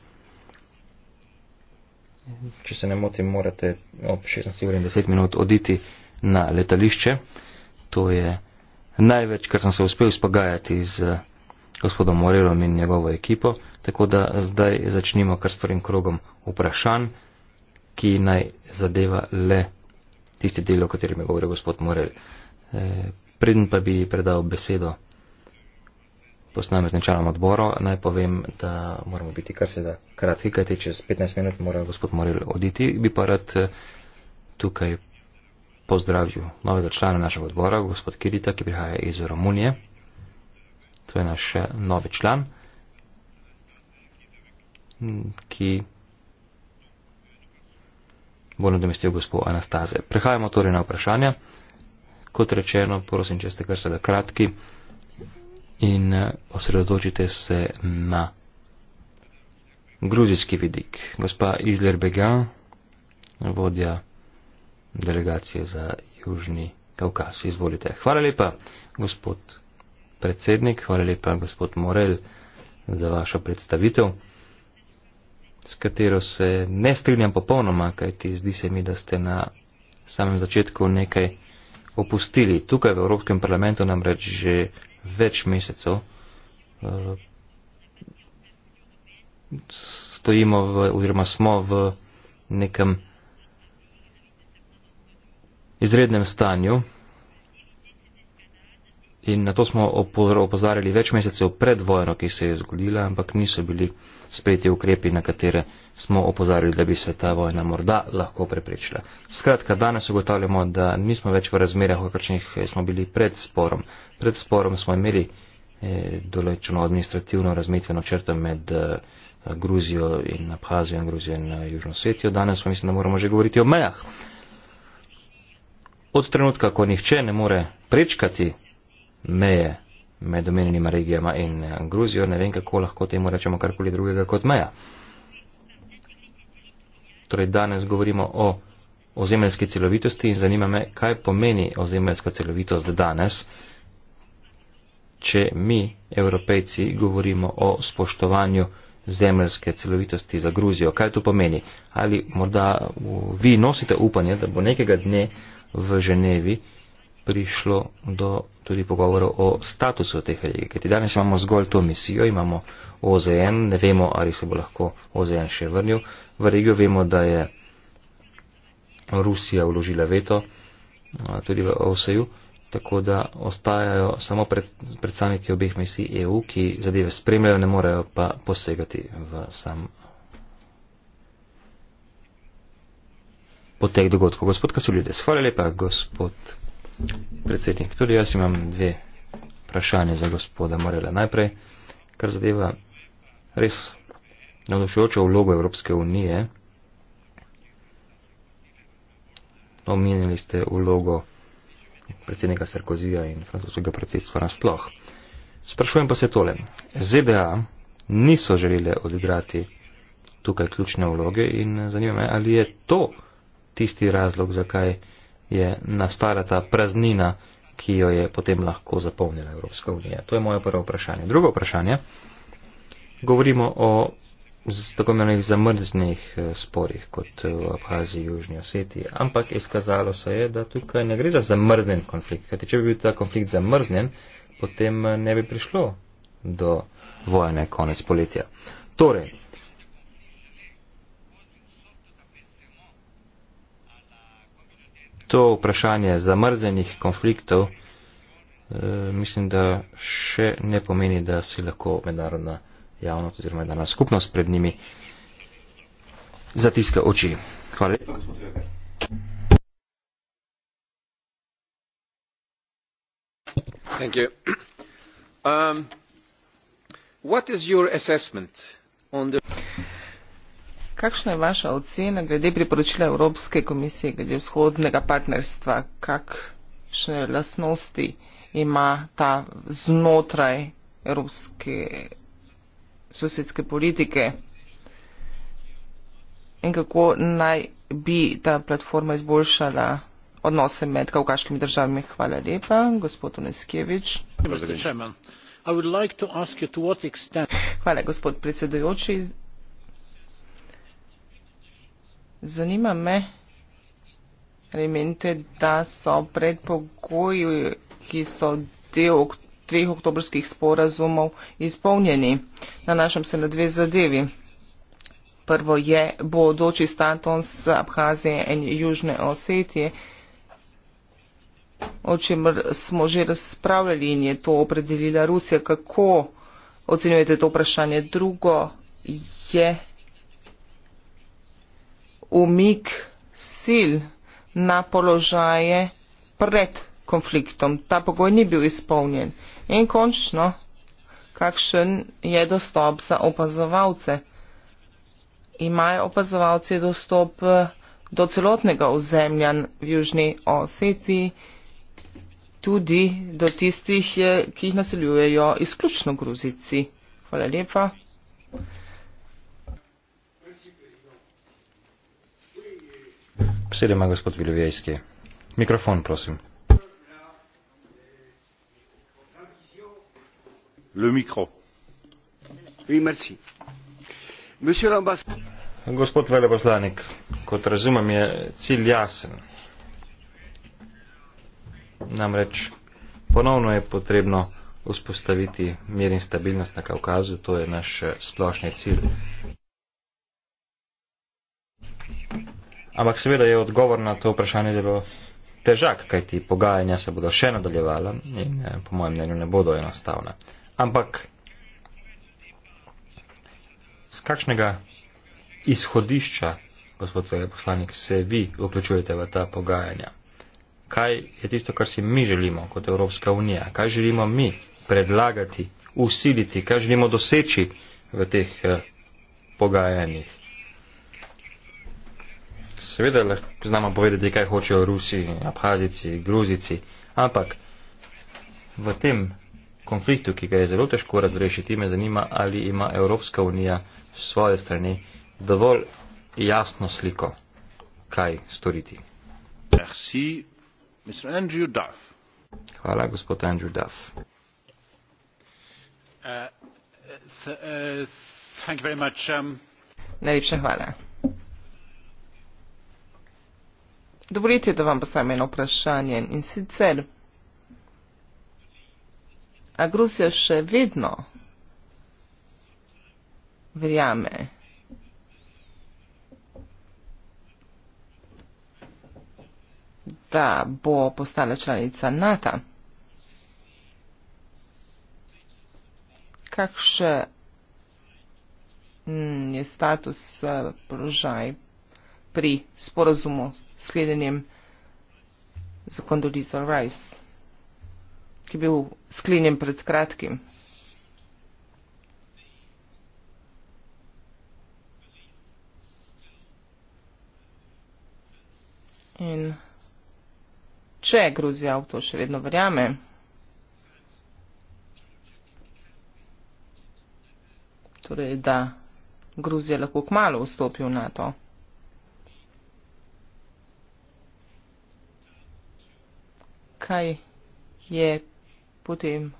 Če se ne motim, morate ob 16 ur in 10 minut oditi na letališče. To je največ, kar sem se uspel spogajati z. Uh, gospodom Morelom in njegovo ekipo, tako da zdaj začnimo kar s prvim krogom vprašanj, ki naj zadeva le tisti del, o katerem je govoril gospod Morel. E, Preden pa bi predal besedo posameznim članom odboro, naj povem, da moramo biti kar se da kratki, kajti čez 15 minut mora gospod Morel oditi, bi pa rad e, tukaj pozdravil novega člana našega odbora, gospod Kirita, ki prihaja iz Romunije je naš eh, novi član, ki bo nadomestil gospod Anastaze. Prehajamo torej na vprašanja. Kot rečeno, prosim, če ste kar sedaj kratki in eh, osredotočite se na gruzijski vidik. Gospa Izler Began, vodja delegacije za Južni Kaukas. Izvolite. Hvala lepa, gospod predsednik, hvala lepa gospod Morel za vašo predstavitev, s katero se ne strinjam popolnoma, kajti zdi se mi, da ste na samem začetku nekaj opustili. Tukaj v Evropskem parlamentu namreč že več mesecev eh, stojimo v, oziroma smo v nekem izrednem stanju, In na to smo opozarjali več mesecev pred vojno, ki se je zgodila, ampak niso bili sprejeti ukrepi, na katere smo opozarjali, da bi se ta vojna morda lahko preprečila. Skratka, danes ugotavljamo, da nismo več v razmerah, v kakršnih smo bili pred sporom. Pred sporom smo imeli eh, določeno administrativno razmetveno črto med eh, Gruzijo in Abhazijo in Gruzijo in eh, Južno Svetijo. Danes pa mislim, da moramo že govoriti o mejah. Od trenutka, ko nihče ne more prečkati meje med omenjenima regijama in eh, Gruzijo, ne vem, kako lahko temu rečemo karkoli drugega kot meja. Torej, danes govorimo o ozemeljski celovitosti in zanima me, kaj pomeni ozemeljska celovitost danes, če mi, evropejci, govorimo o spoštovanju zemeljske celovitosti za Gruzijo. Kaj to pomeni? Ali morda vi nosite upanje, da bo nekega dne v Ženevi prišlo do tudi pogovorov o statusu teh regij. Kajti danes imamo zgolj to misijo, imamo OZN, ne vemo, ali se bo lahko OZN še vrnil v regijo. Vemo, da je Rusija vložila veto tudi v OSEU, tako da ostajajo samo pred, predstavniki obeh misij EU, ki zadeve spremljajo, ne morejo pa posegati v sam. Potek dogodkov. Gospod Kasulides, hvala lepa, gospod. Predsednik, tudi jaz imam dve vprašanje za gospoda Morela. Najprej, kar zadeva res navdušujočo vlogo Evropske unije. Omenili ste vlogo predsednika Sarkozija in francoskega predsedstva nasploh. Sprašujem pa se tole. ZDA niso želele odigrati tukaj ključne vloge in zanima me, ali je to tisti razlog, zakaj je nastala ta praznina, ki jo je potem lahko zapolnila Evropska unija. To je moje prvo vprašanje. Drugo vprašanje. Govorimo o tako imenih zamrznih eh, sporih, kot eh, v Abhaziji, Južni Osetiji, ampak izkazalo se je, da tukaj ne gre za zamrznen konflikt. Kajti, če bi bil ta konflikt zamrznen, potem eh, ne bi prišlo do vojne konec poletja. Torej, to vprašanje zamrznjenih konfliktov, e, mislim, da še ne pomeni, da si lahko mednarodna javnost oziroma mednarodna skupnost pred njimi zatiska oči. Hvala lepa. Thank you. Um, what is your assessment on the... Kakšna je vaša ocena glede priporočila Evropske komisije glede vzhodnega partnerstva? Kakšne lasnosti ima ta znotraj evropske sosedske politike? In kako naj bi ta platforma izboljšala odnose med kavkaškimi državami? Hvala lepa, gospod Oneskevič. Hvala, gospod predsedujoči. Zanima me, ali menite, da so predpogoji, ki so del treh oktobrskih sporazumov, izpolnjeni. Nanašam se na dve zadevi. Prvo je bodoči status Abhazije in Južne Osetije, o čemer smo že razpravljali in je to opredelila Rusija. Kako ocenjujete to vprašanje? Drugo je umik sil na položaje pred konfliktom. Ta pogoj ni bil izpolnjen. In končno, kakšen je dostop za opazovalce? Imajo opazovalci dostop eh, do celotnega ozemlja v Južni Osetiji, tudi do tistih, eh, ki jih naseljujejo izključno Gruzici. Hvala lepa. Besedo ima gospod Viljovejski. Mikrofon, prosim. Le mikro. Oui, merci. Monsieur l'ambassadeur. Gospod veleposlanik, kot razumem, je cilj jasen. Namreč ponovno je potrebno vzpostaviti mir in stabilnost na Kaukazu, to je naš eh, splošni cilj. Ampak seveda je odgovor na to vprašanje zelo težak, kaj ti pogajanja se bodo še nadaljevala in eh, po mojem mnenju ne bodo enostavna. Ampak z kakšnega izhodišča, gospod veleposlanik, se vi vključujete v ta pogajanja? Kaj je tisto, kar si mi želimo kot Evropska unija? Kaj želimo mi predlagati, usiliti, kaj želimo doseči v teh eh, pogajanjih? seveda lahko znamo povedati, kaj hočejo Rusi, Abhazici, Gruzici, ampak v tem konfliktu, ki ga je zelo težko razrešiti, me zanima, ali ima Evropska unija s svoje strani dovolj jasno sliko, kaj storiti. Merci, Mr. Andrew Duff. Hvala, gospod Andrew Duff. Uh, uh, s, uh, s, thank you very much, um... Najlepša hvala. Dovolite, da vam postavim eno vprašanje in sicer, a Gruzija še vedno verjame da bo postala članica NATO. Kakšen je status, eh, položaj pri sporozumu sklenjenjem za Condoleezza Rice, ki je bil sklenjen pred kratkim. In če Gruzija v to še vedno verjame, torej da Gruzija lahko k malu vstopi v NATO. kaj je potem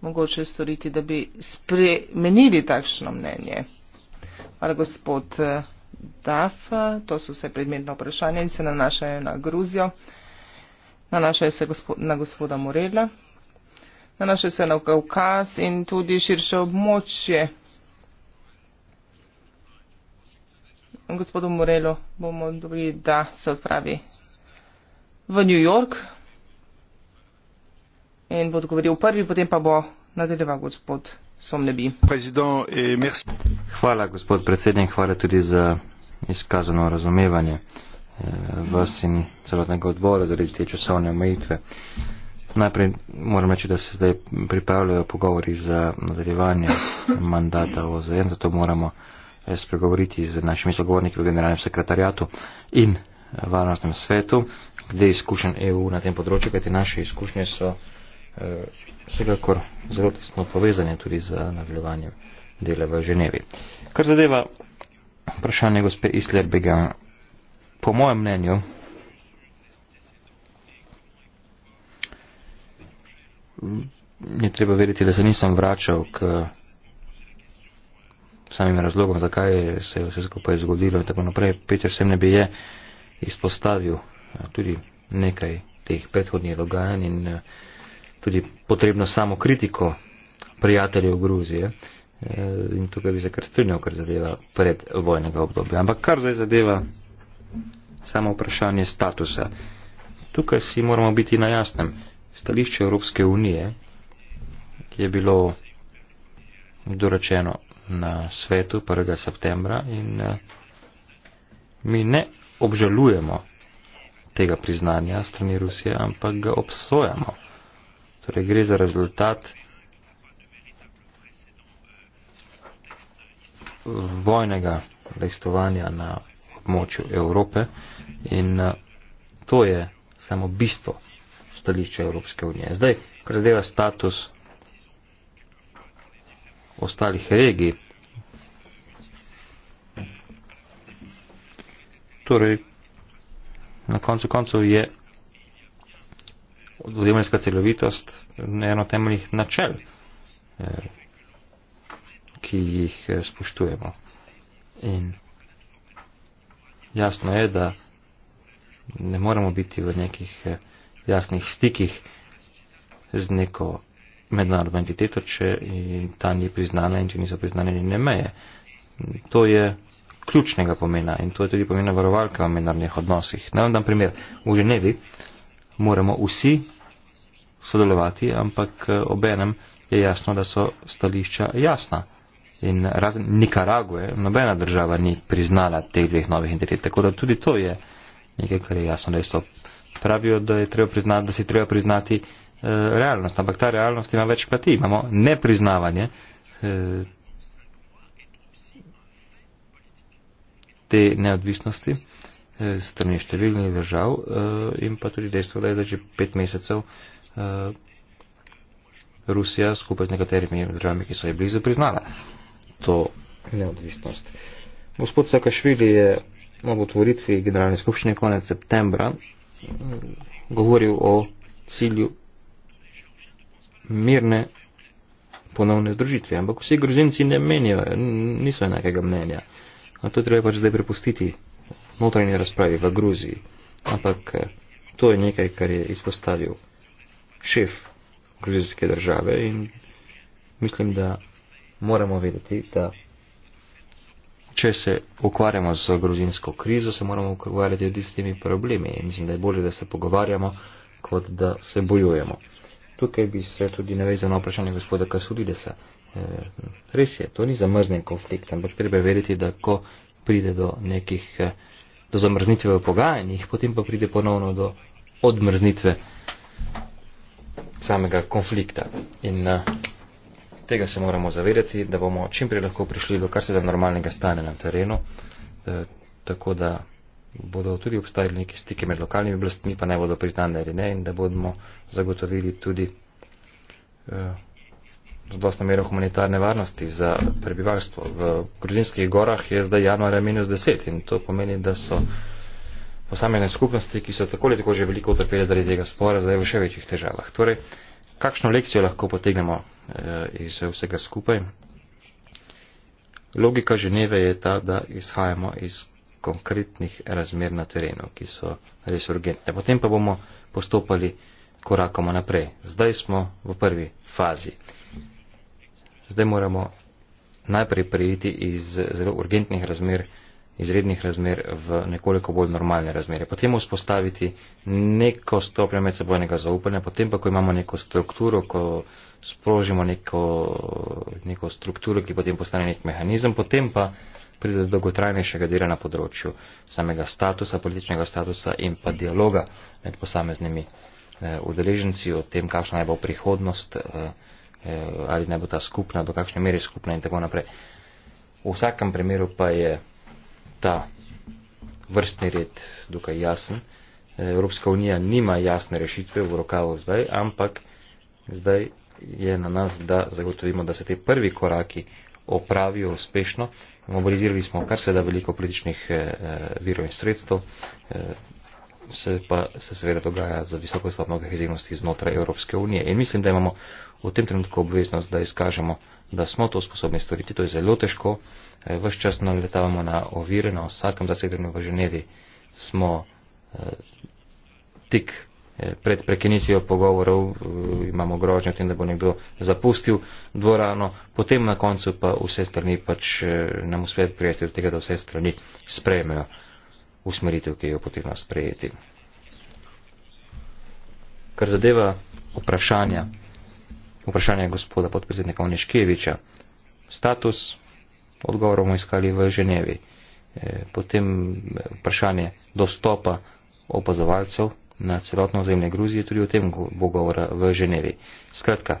mogoče storiti, da bi spremenili takšno mnenje. Hvala, gospod eh, Daf. To so vse predmetna vprašanja in se nanašajo na Gruzijo. Nanašajo se gospod, na gospoda Morela. Nanašajo se na Kaukaz in tudi širše območje. Gospodu Morelu bomo dobili, da se odpravi v New York in bo odgovoril prvi, potem pa bo nadaljeval gospod Somnebi. Eh, hvala, gospod predsednik, hvala tudi za izkazano razumevanje eh, vas in celotnega odbora zaradi te časovne omejitve. Najprej moram reči, da se zdaj pripravljajo pogovori za nadaljevanje mandata OZN, zato moramo eh, spregovoriti z našimi sogovorniki v generalnem sekretarjatu in varnostnem svetu, glede izkušenj EU na tem področju, kajti naše izkušnje so eh, vsekakor zelo tesno povezane tudi z nadaljevanjem dela v Ženevi. Kar zadeva vprašanje gospe Islerbega, po mojem mnenju, je treba veriti, da se nisem vračal k samim razlogom, zakaj se je vse skupaj zgodilo in tako naprej. Peter Semnebi je uh, izpostavil eh, tudi nekaj teh predhodnih dogajanj in eh, tudi potrebno samo kritiko prijateljev Gruzije. Eh, in tukaj bi se kar strinjal, kar zadeva predvojnega obdobja. Ampak kar zdaj zadeva samo vprašanje statusa. Tukaj si moramo biti na jasnem. Stališče Evropske unije, ki je bilo dorečeno na svetu 1. septembra in mi ne obžalujemo tega priznanja strani Rusije, ampak ga obsojamo. Torej gre za rezultat vojnega dejstovanja na območju Evrope in eh, to je samo bistvo stališča Evropske unije. Zdaj, kar zadeva status ostalih regij, torej na koncu koncev je odvodemljska celovitost eno temeljih načel, eh, ki jih eh, spoštujemo. In jasno je, da ne moramo biti v nekih eh, jasnih stikih z neko mednarodno entiteto, če ta ni priznana in če niso priznane njene meje. To je ključnega pomena in to je tudi pomena varovalke v mednarodnih odnosih. Naj vam dam primer. V Ženevi moramo vsi sodelovati, ampak eh, obenem je jasno, da so stališča jasna. In razen Nikarague, nobena država ni priznala teh dveh novih entitet. Tako da tudi to je nekaj, kar je jasno dejstvo. Pravijo, da, je treba priznati, da si treba priznati e, realnost, ampak ta realnost ima več plati. Imamo nepriznavanje. E, te neodvisnosti eh, strani številnih držav eh, in pa tudi dejstvo, da je že pet mesecev eh, Rusija skupaj z nekaterimi državami, ki so je blizu, priznala to neodvisnost. Gospod Sakašvili je ob otvoritvi generalne skupščine konec septembra govoril o cilju mirne ponovne združitve, ampak vsi gruzinci ne menijo, niso enakega mnenja to je treba pač zdaj prepustiti notranji razpravi v Gruziji. Ampak eh, to je nekaj, kar je izpostavil šef gruzijske države in mislim, da moramo vedeti, da če se ukvarjamo z gruzinsko krizo, se moramo ukvarjati tudi s temi problemi. In mislim, da je bolje, da se pogovarjamo, kot da se bojujemo. Tukaj bi se tudi navezal na vprašanje gospoda Kasulidesa, Eh, res je, to ni zamrznjen konflikt, ampak treba je verjeti, da ko pride do nekih eh, do zamrznitve v pogajanjih, potem pa pride ponovno do odmrznitve samega konflikta. In eh, tega se moramo zavedati, da bomo čim prej lahko prišli do kar se da normalnega stane na terenu, tako da bodo tudi obstajali neki stike med lokalnimi oblastmi, pa ne bodo priznane ali ne, in da bomo zagotovili tudi zadostne mere humanitarne varnosti za prebivalstvo. V Gruzinskih gorah je zdaj januarja minus 10 in to pomeni, da so posamezne skupnosti, ki so tako ali tako že veliko utrpeli zaradi tega spora, zdaj v še večjih težavah. Torej, kakšno lekcijo lahko potegnemo eh, iz vsega skupaj? Logika Ženeve je ta, da izhajamo iz konkretnih razmer na terenu, ki so res urgentne. Potem pa bomo postopali korakoma naprej. Zdaj smo v prvi fazi zdaj moramo najprej prejiti iz zelo urgentnih razmer, izrednih razmer v nekoliko bolj normalne razmere. Potem vzpostaviti neko stopnjo medsebojnega zaupanja, potem pa, ko imamo neko strukturo, ko sprožimo neko, neko strukturo, ki potem postane nek mehanizem, potem pa pride do dolgotrajnejšega dela na področju samega statusa, političnega statusa in pa dialoga med posameznimi eh, udeleženci o tem, kakšna naj bo prihodnost. Eh, Eh, ali naj bo ta skupna, do kakšne mere skupna in tako naprej. V vsakem primeru pa je ta vrstni red dokaj jasen. Eh, Evropska unija nima jasne rešitve v rokavu zdaj, ampak zdaj je na nas, da zagotovimo, da se te prvi koraki opravijo uspešno. Mobilizirali smo kar se da veliko političnih eh, virov in sredstev, se pa se seveda dogaja za visoko stopno kohezivnosti znotraj Evropske unije. In mislim, da imamo v tem trenutku obveznost, da izkažemo, da smo to sposobni storiti. To je zelo težko. Eh, ves čas naletavamo na ovire, na vsakem zasedanju v Ženevi smo eh, tik eh, pred prekinitvijo pogovorov, imamo grožnjo tem, da bo nekdo zapustil dvorano, potem na koncu pa vse strani pač nam uspe prijesti do tega, da vse strani sprejmejo usmeritev, ki jo potrebno sprejeti. Kar zadeva vprašanja, vprašanje gospoda podpredsednika Oneškeviča. Status odgovorov bomo iskali v Ženevi. E, potem vprašanje dostopa opazovalcev na celotno ozemlje Gruzije, tudi o tem bo govora v Ženevi. Skratka,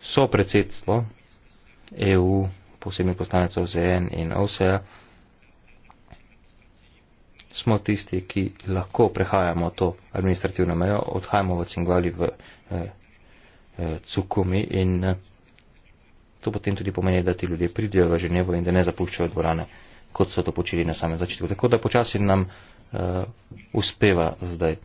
so predsedstvo EU, posebni poslanec OZN in OSEA, smo tisti, ki lahko prehajamo to administrativno mejo, odhajamo v Cingvali v e, co komi in eh, to potem tudi pomeni, da ti ljudje pridejo v Ženevo in da ne zapuščajo dvorane, kot so to počeli na samem začetku. Tako da počasi nam uh, uspeva zdaj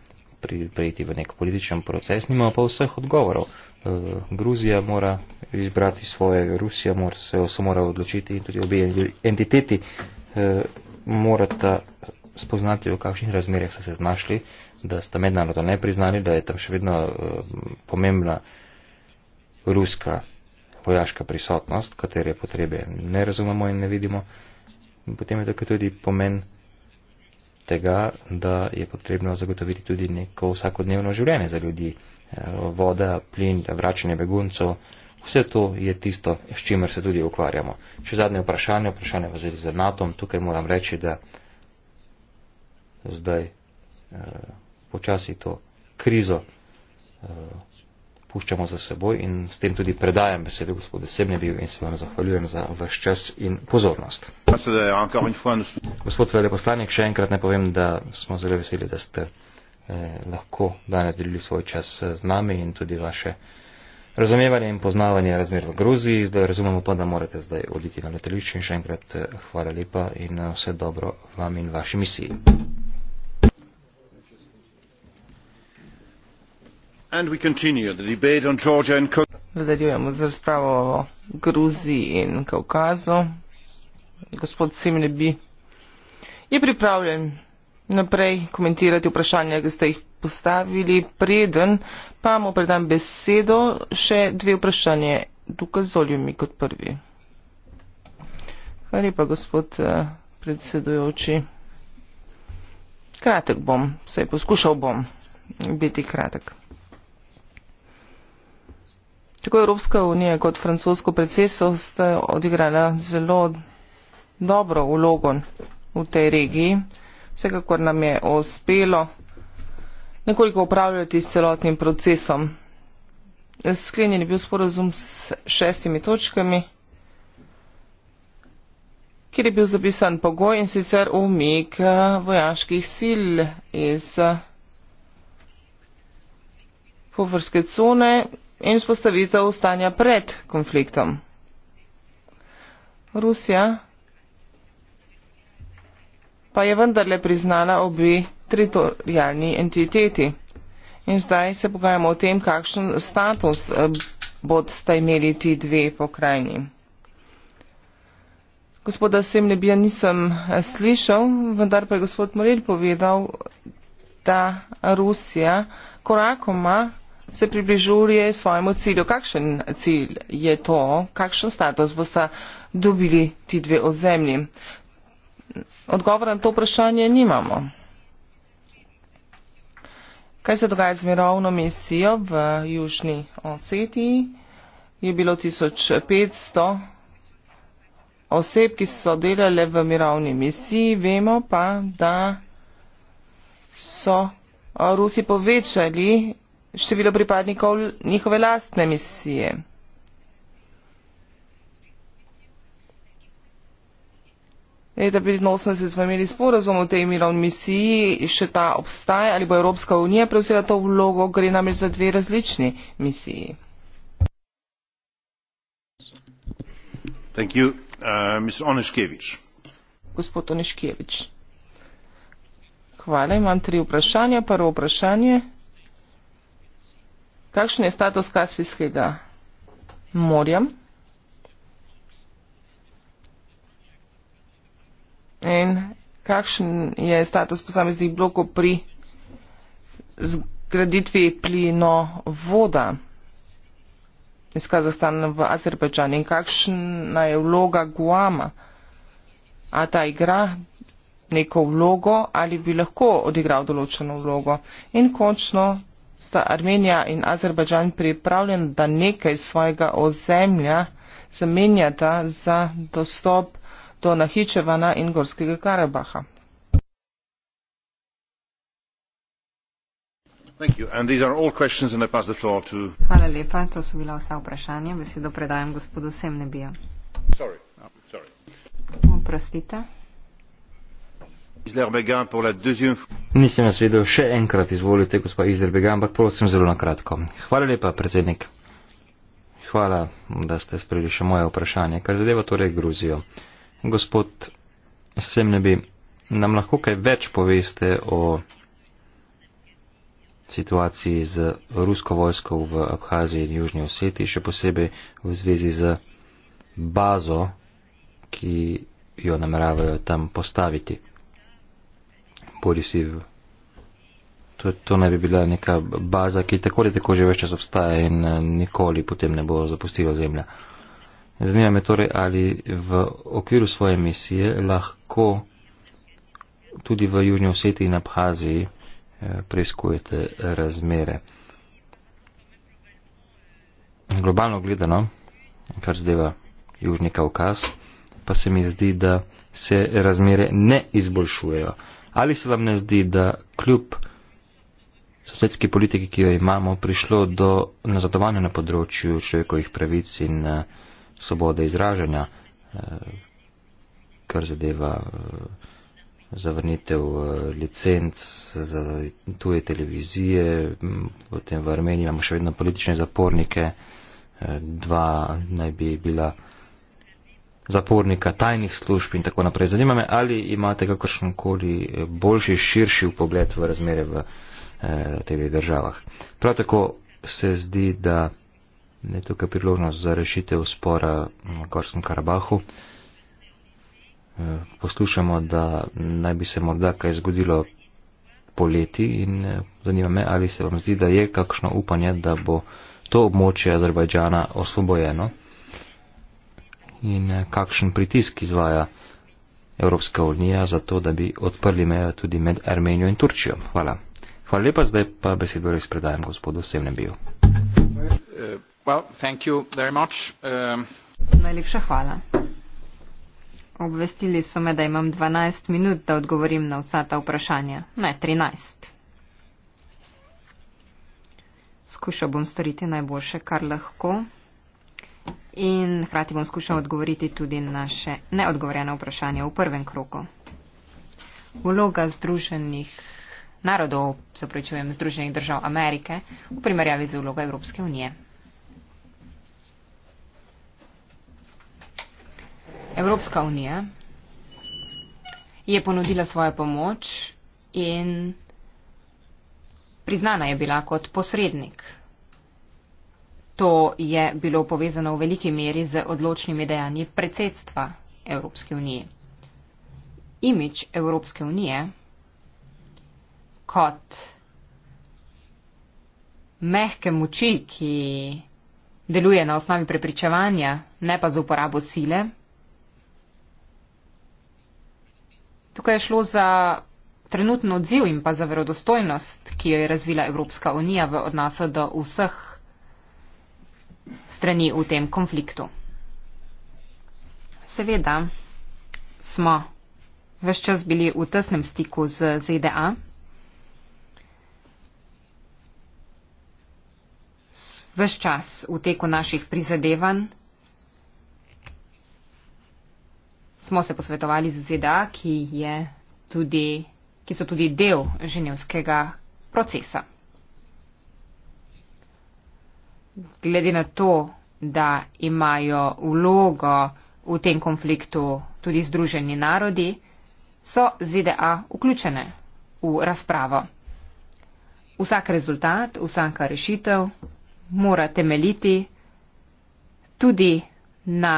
prijeti v nek političen proces, nimamo pa vseh odgovorov. Uh, Gruzija mora izbrati svoje, Rusija mora se mora odločiti in tudi obe entiteti uh, morata spoznati, v kakšnih razmerjah so se znašli, da sta mednarodno ne priznali, da je tam še vedno uh, pomembna uh, ruska vojaška prisotnost, katere potrebe ne razumemo in ne vidimo. In potem je tukaj tudi pomen tega, da je potrebno zagotoviti tudi neko vsakodnevno življenje za ljudi. Voda, plin, vračanje beguncov, vse to je tisto, s čimer se tudi ukvarjamo. Še zadnje vprašanje, vprašanje v zvezi z NATO, tukaj moram reči, da zdaj eh, počasi to krizo eh, puščamo za seboj in s tem tudi predajam besede gospodu Sebnebiju in se vam zahvaljujem za vaš čas in pozornost. Gospod veleposlanik, še enkrat ne povem, da smo zelo veseli, da ste eh, lahko danes delili svoj čas eh, z nami in tudi vaše razumevanje in poznavanje razmer v Gruziji. Zdaj razumemo pa, da morate zdaj oditi na letališče in še enkrat eh, hvala lepa in eh, vse dobro vam in vaši misiji. nadaljujemo z razpravo o gruziji in kaukazu gospod simlebi je pripravljen naprej komentirati vprašanja ki ste jih postavili preden pa mu predam besedo še dve vprašanje dokazolju mi kot prvi hvala lepa gospod eh, predsedujoči kratek bom saj poskušal bom biti kratek Tako Evropska unija kot francosko predsedstvo sta odigrala zelo dobro vlogo v tej regiji. Vsekakor nam je uspelo nekoliko upravljati s celotnim procesom. Sklenjen je bil sporozum s šestimi točkami, kjer je bil zapisan pogoj in sicer umik eh, vojaških sil iz eh, površke cune in vzpostavitev stanja pred konfliktom. Rusija pa je vendarle priznala obi teritorijalni entiteti. In zdaj se pogajamo o tem, kakšen status eh, bod sta imeli ti dve pokrajini. Gospoda Semlebija nisem eh, slišal, vendar pa je gospod Morel povedal, da Rusija korakoma se približuje svojemu cilju. Kakšen cilj je to? Kakšen status boste dobili ti dve ozemlji? Odgovora na to vprašanje nimamo. Kaj se dogaja z mirovno misijo v Južni Osetiji? Je bilo 1500 oseb, ki so delale v mirovni misiji, vemo pa, da so Rusi povečali število pripadnikov njihove lastne misije. Leta 1985 smo imeli sporazum o tej mirovni misiji, še ta obstaja ali bo Evropska unija prevzela to vlogo, gre namreč za dve različni misiji. Thank you, uh, Oneškevič. Gospod Oneškevič. Hvala, imam tri vprašanja. Prvo vprašanje. Kakšen je status Kaspijskega morja? In kakšen je status posameznih blokov pri zgraditvi plinovoda iz Kazahstana v Azerbajdžan? In kakšna je vloga Guama? A ta igra neko vlogo ali bi lahko odigral določeno vlogo? In končno, sta Armenija in Azerbajdžan pripravljena, da nekaj svojega ozemlja zamenjata za dostop do Nahičevana in Gorskega Karabaha. Hvala lepa, to so bila vsa vprašanja. Besedo predajam gospodu Semnebija. No, Oprostite. Oh, Nisem vas vedel, še enkrat izvolite, gospod Izrbegan, ampak prosim zelo na kratko. Hvala lepa, predsednik. Hvala, da ste sprejeli še moje vprašanje, kar zadeva torej Gruzijo. Gospod Semnebi, nam lahko kaj več poveste o situaciji z rusko vojsko v Abhaziji in Južnji Oseti, še posebej v zvezi z bazo, ki jo nameravajo tam postaviti bodisi. To, to naj bi bila neka baza, ki tako ali tako že več čas obstaja in eh, nikoli potem ne bo zapustila zemlja. Zanima me torej, ali v okviru svoje misije lahko tudi v Južni Osetiji in Abhaziji eh, preizkujete razmere. Globalno gledano, kar zdeva Južni Kaukaz, pa se mi zdi, da se razmere ne izboljšujejo. Ali se vam ne zdi, da kljub sosedski politiki, ki jo imamo, prišlo do nazadovanja na področju človekovih pravic in eh, svobode izražanja, eh, kar zadeva eh, zavrnitev licenc za tuje televizije, potem v Armeniji imamo še vedno politične zapornike, dva naj bi bila zapornika, tajnih služb in tako naprej. Zanima me, ali imate kakršenkoli boljši, širši pogled v razmere v eh, teh državah. Prav tako se zdi, da je tukaj priložnost za rešitev spora na Gorskem Karabahu. Eh, poslušamo, da naj bi se morda kaj zgodilo poleti in eh, zanima me, ali se vam zdi, da je kakšno upanje, da bo to območje Azerbajdžana osvobojeno in eh, kakšen pritisk izvaja Evropska unija za to, da bi odprli mejo tudi med Armenijo in Turčijo. Hvala. Hvala lepa, zdaj pa besedo res predajam gospodu Semnebiju. Eh, well, um. Najlepša hvala. Obvestili so me, da imam 12 minut, da odgovorim na vsa ta vprašanja. Ne, 13. Skušal bom storiti najboljše, kar lahko in hkrati bom skušal odgovoriti tudi na še neodgovorjene vprašanje v prvem kroku. Vloga Združenih narodov, zapravičujem, Združenih držav Amerike v primerjavi z vlogo Evropske unije. Evropska unija je ponudila svojo pomoč in priznana je bila kot posrednik to je bilo povezano v veliki meri z odločnimi dejanji predsedstva Evropske unije. Imič Evropske unije kot mehke moči, ki deluje na osnovi prepričevanja, ne pa z uporabo sile. Tukaj je šlo za trenutno odziv in pa za verodostojnost, ki jo je razvila Evropska unija v odnosu do vseh strani v tem konfliktu. Seveda smo vse čas bili v tesnem stiku z ZDA. Ves čas v teku naših prizadevanj smo se posvetovali z ZDA, ki, tudi, ki so tudi del ženevskega procesa glede na to, da imajo vlogo v tem konfliktu tudi Združeni narodi, so ZDA vključene v razpravo. Vsak rezultat, vsaka rešitev mora temeljiti tudi na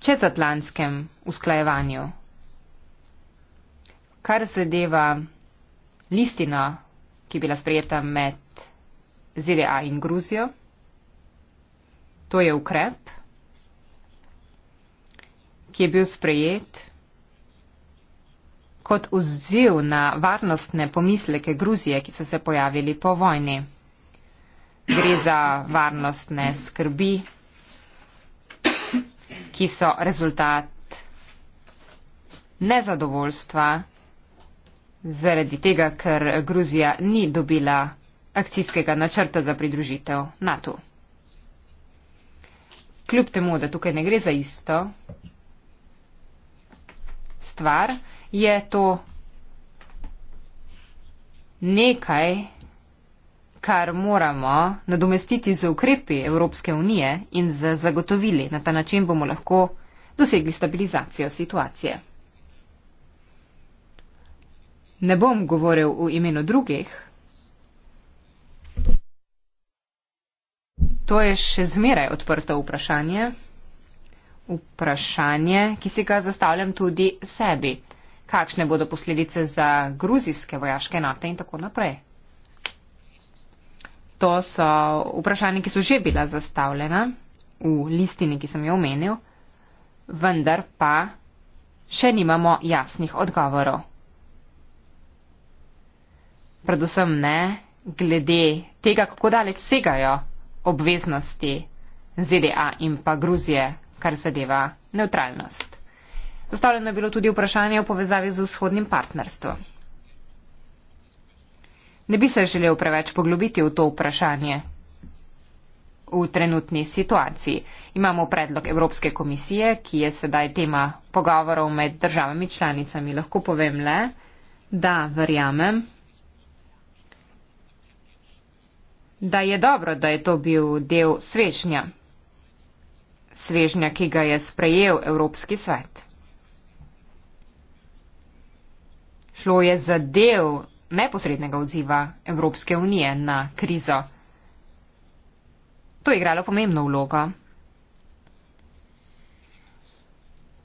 čezatlantskem usklajevanju. Kar zadeva listino, ki je bila sprejeta med ZDA in Gruzijo. To je ukrep, ki je bil sprejet kot vzziv na varnostne pomisleke Gruzije, ki so se pojavili po vojni. Gre za varnostne skrbi, ki so rezultat nezadovoljstva zaradi tega, ker Gruzija ni dobila akcijskega načrta za pridružitev NATO. Kljub temu, da tukaj ne gre za isto stvar, je to nekaj, kar moramo nadomestiti z ukrepi Evropske unije in z zagotovili. Na ta način bomo lahko dosegli stabilizacijo situacije. Ne bom govoril v imenu drugih, To je še zmeraj odprto vprašanje. Vprašanje, ki si ga zastavljam tudi sebi. Kakšne bodo posledice za gruzijske vojaške enote in tako naprej? To so vprašanja, ki so že bila zastavljena v listini, ki sem jo omenil, vendar pa še nimamo jasnih odgovorov. Predvsem ne glede tega, kako daleč segajo obveznosti ZDA in pa Gruzije, kar zadeva neutralnost. Zastavljeno je bilo tudi vprašanje o povezavi z vzhodnim partnerstvom. Ne bi se želel preveč poglobiti v to vprašanje. V trenutni situaciji imamo predlog Evropske komisije, ki je sedaj tema pogovorov med državami članicami. Lahko povem le, da verjamem, da je dobro, da je to bil del svežnja, svežnja, ki ga je sprejel Evropski svet. Šlo je za del neposrednega odziva Evropske unije na krizo. To je igralo pomembno vlogo.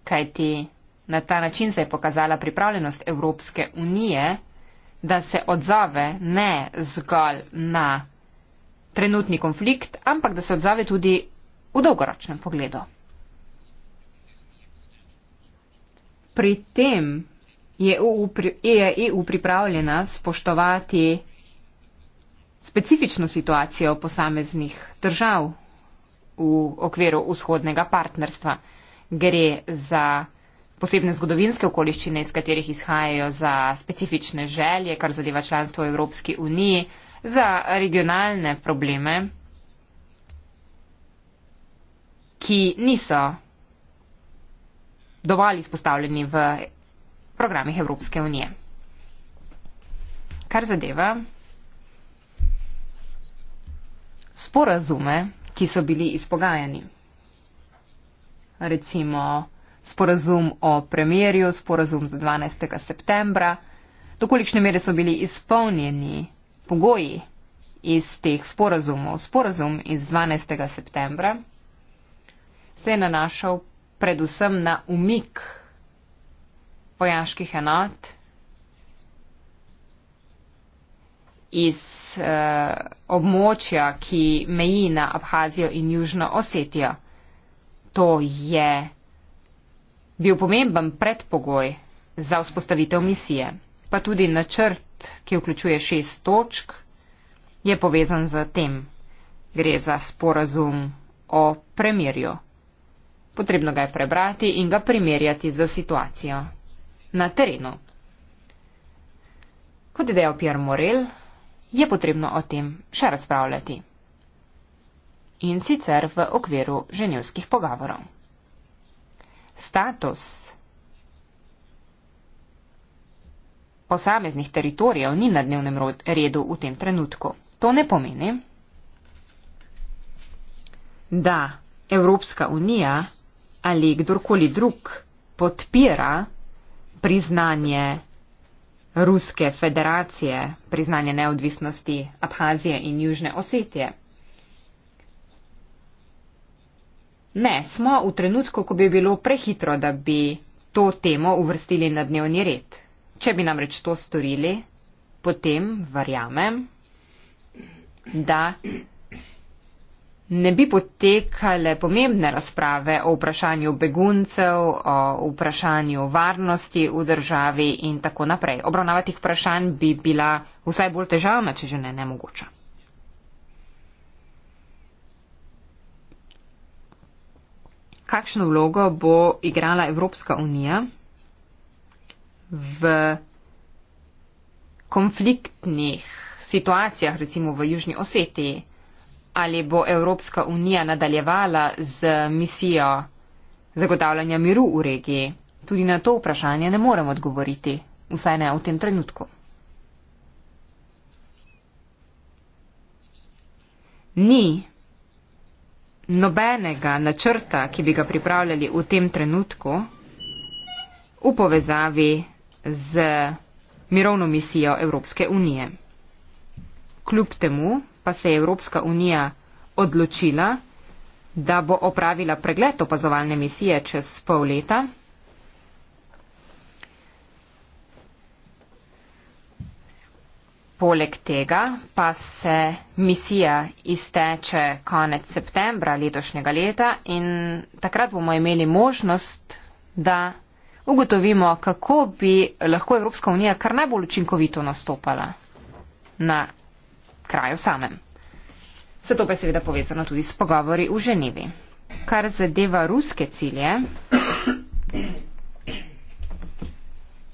Kajti na ta način se je pokazala pripravljenost Evropske unije, da se odzove ne zgolj na trenutni konflikt, ampak da se odzave tudi v dolgoročnem pogledu. Pri tem je EU, pri, je EU pripravljena spoštovati specifično situacijo posameznih držav v okviru vzhodnega partnerstva. Gre za posebne zgodovinske okoliščine, iz katerih izhajajo za specifične želje, kar zadeva članstvo v Evropski uniji za regionalne probleme, ki niso dovolj izpostavljeni v programih Evropske unije. Kar zadeva sporazume, ki so bili izpogajani. Recimo sporazum o premjerju, sporazum z 12. septembra, dokolikšne mere so bili izpolnjeni pogoji iz teh sporazumov. Sporazum iz 12. septembra se je nanašal predvsem na umik vojaških enot iz eh, območja, ki meji na Abhazijo in Južno Osetijo. To je bil pomemben predpogoj za vzpostavitev misije, pa tudi načrt ki vključuje šest točk, je povezan z tem. Gre za sporazum o premirju. Potrebno ga je prebrati in ga primerjati z situacijo na terenu. Kot je dejal Pierre Morel, je potrebno o tem še razpravljati. In sicer v okviru ženevskih pogovorov. Status posameznih teritorijev ni na dnevnem redu v tem trenutku. To ne pomeni, da Evropska unija ali kdorkoli drug podpira priznanje Ruske federacije, priznanje neodvisnosti Abhazije in Južne Osetije. Ne, smo v trenutku, ko bi bilo prehitro, da bi to temo uvrstili na dnevni red. Če bi namreč to storili, potem verjamem, da ne bi potekale pomembne razprave o vprašanju beguncev, o vprašanju varnosti v državi in tako naprej. Obravnava tih vprašanj bi bila vsaj bolj težavna, če že ne nemogoča. Kakšno vlogo bo igrala Evropska unija v konfliktnih situacijah, recimo v Južni Osetiji, ali bo Evropska unija nadaljevala z misijo zagotavljanja miru v regiji. Tudi na to vprašanje ne morem odgovoriti, vsaj ne v tem trenutku. Ni nobenega načrta, ki bi ga pripravljali v tem trenutku, v povezavi z mirovno misijo Evropske unije. Kljub temu pa se je Evropska unija odločila, da bo opravila pregled opazovalne misije čez pol leta. Poleg tega pa se misija izteče konec septembra letošnjega leta in takrat bomo imeli možnost, da ugotovimo, kako bi lahko Evropska unija kar najbolj učinkovito nastopala na kraju samem. Vse to pa je seveda povezano tudi s pogovori v Ženevi. Kar zadeva ruske cilje,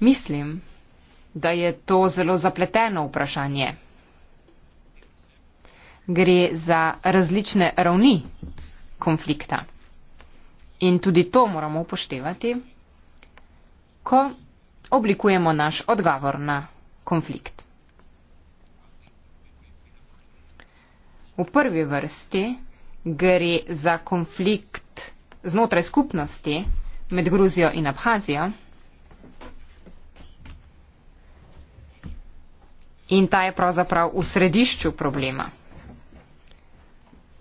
mislim, da je to zelo zapleteno vprašanje. Gre za različne ravni konflikta. In tudi to moramo upoštevati ko oblikujemo naš odgovor na konflikt. V prvi vrsti gre za konflikt znotraj skupnosti med Gruzijo in Abhazijo. In ta je pravzaprav v središču problema.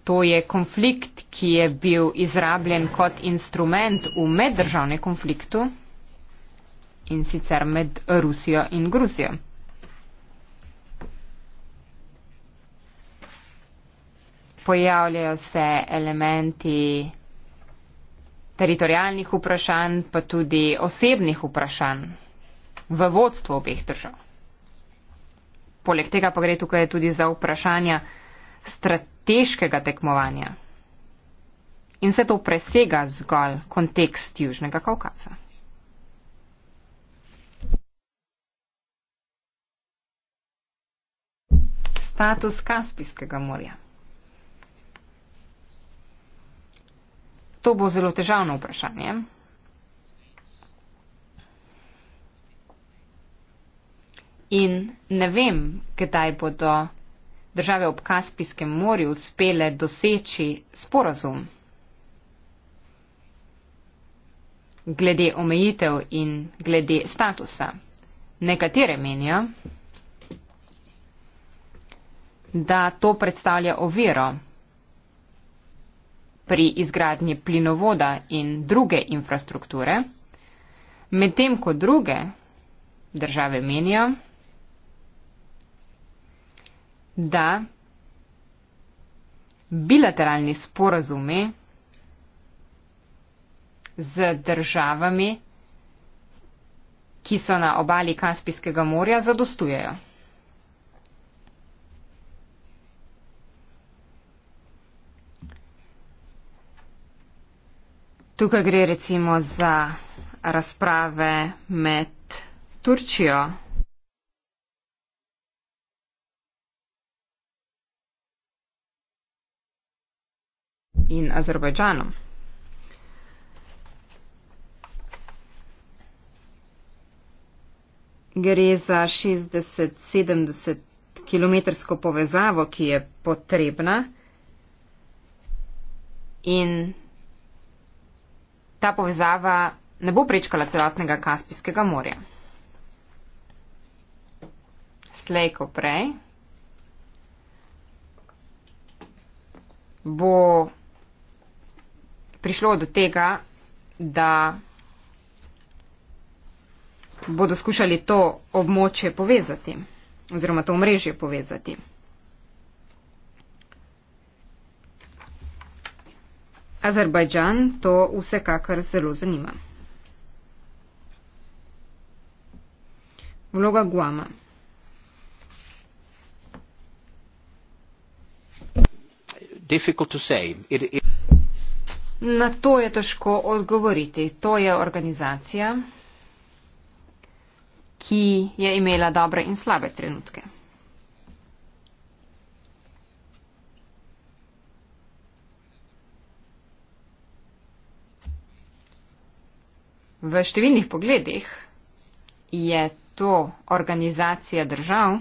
To je konflikt, ki je bil izrabljen kot instrument v meddržavnem konfliktu in sicer med Rusijo in Gruzijo. Pojavljajo se elementi teritorijalnih vprašanj, pa tudi osebnih vprašanj v vodstvu obeh držav. Poleg tega pa gre tukaj tudi za vprašanja strateškega tekmovanja. In se to presega zgolj kontekst Južnega Kaukaza. status Kaspijskega morja? To bo zelo težavno vprašanje. In ne vem, kdaj bodo države ob Kaspijskem morju uspele doseči sporazum glede omejitev in glede statusa. Nekatere menijo, da to predstavlja oviro pri izgradnji plinovoda in druge infrastrukture, medtem ko druge države menijo, da bilateralni sporazumi z državami, ki so na obali Kaspijskega morja, zadostujejo. Tukaj gre recimo za razprave med Turčijo. In Azerbajdžanom. Gre za 60-70 km povezavo, ki je potrebna, in ta povezava ne bo prečkala celotnega Kaspijskega morja. Slej ko prej bo prišlo do tega, da bodo skušali to območje povezati oziroma to omrežje povezati. Azerbajdžan to vsekakor zelo zanima. Vloga Guama. Na to je težko odgovoriti. To je organizacija, ki je imela dobre in slabe trenutke. V številnih pogledih je to organizacija držav.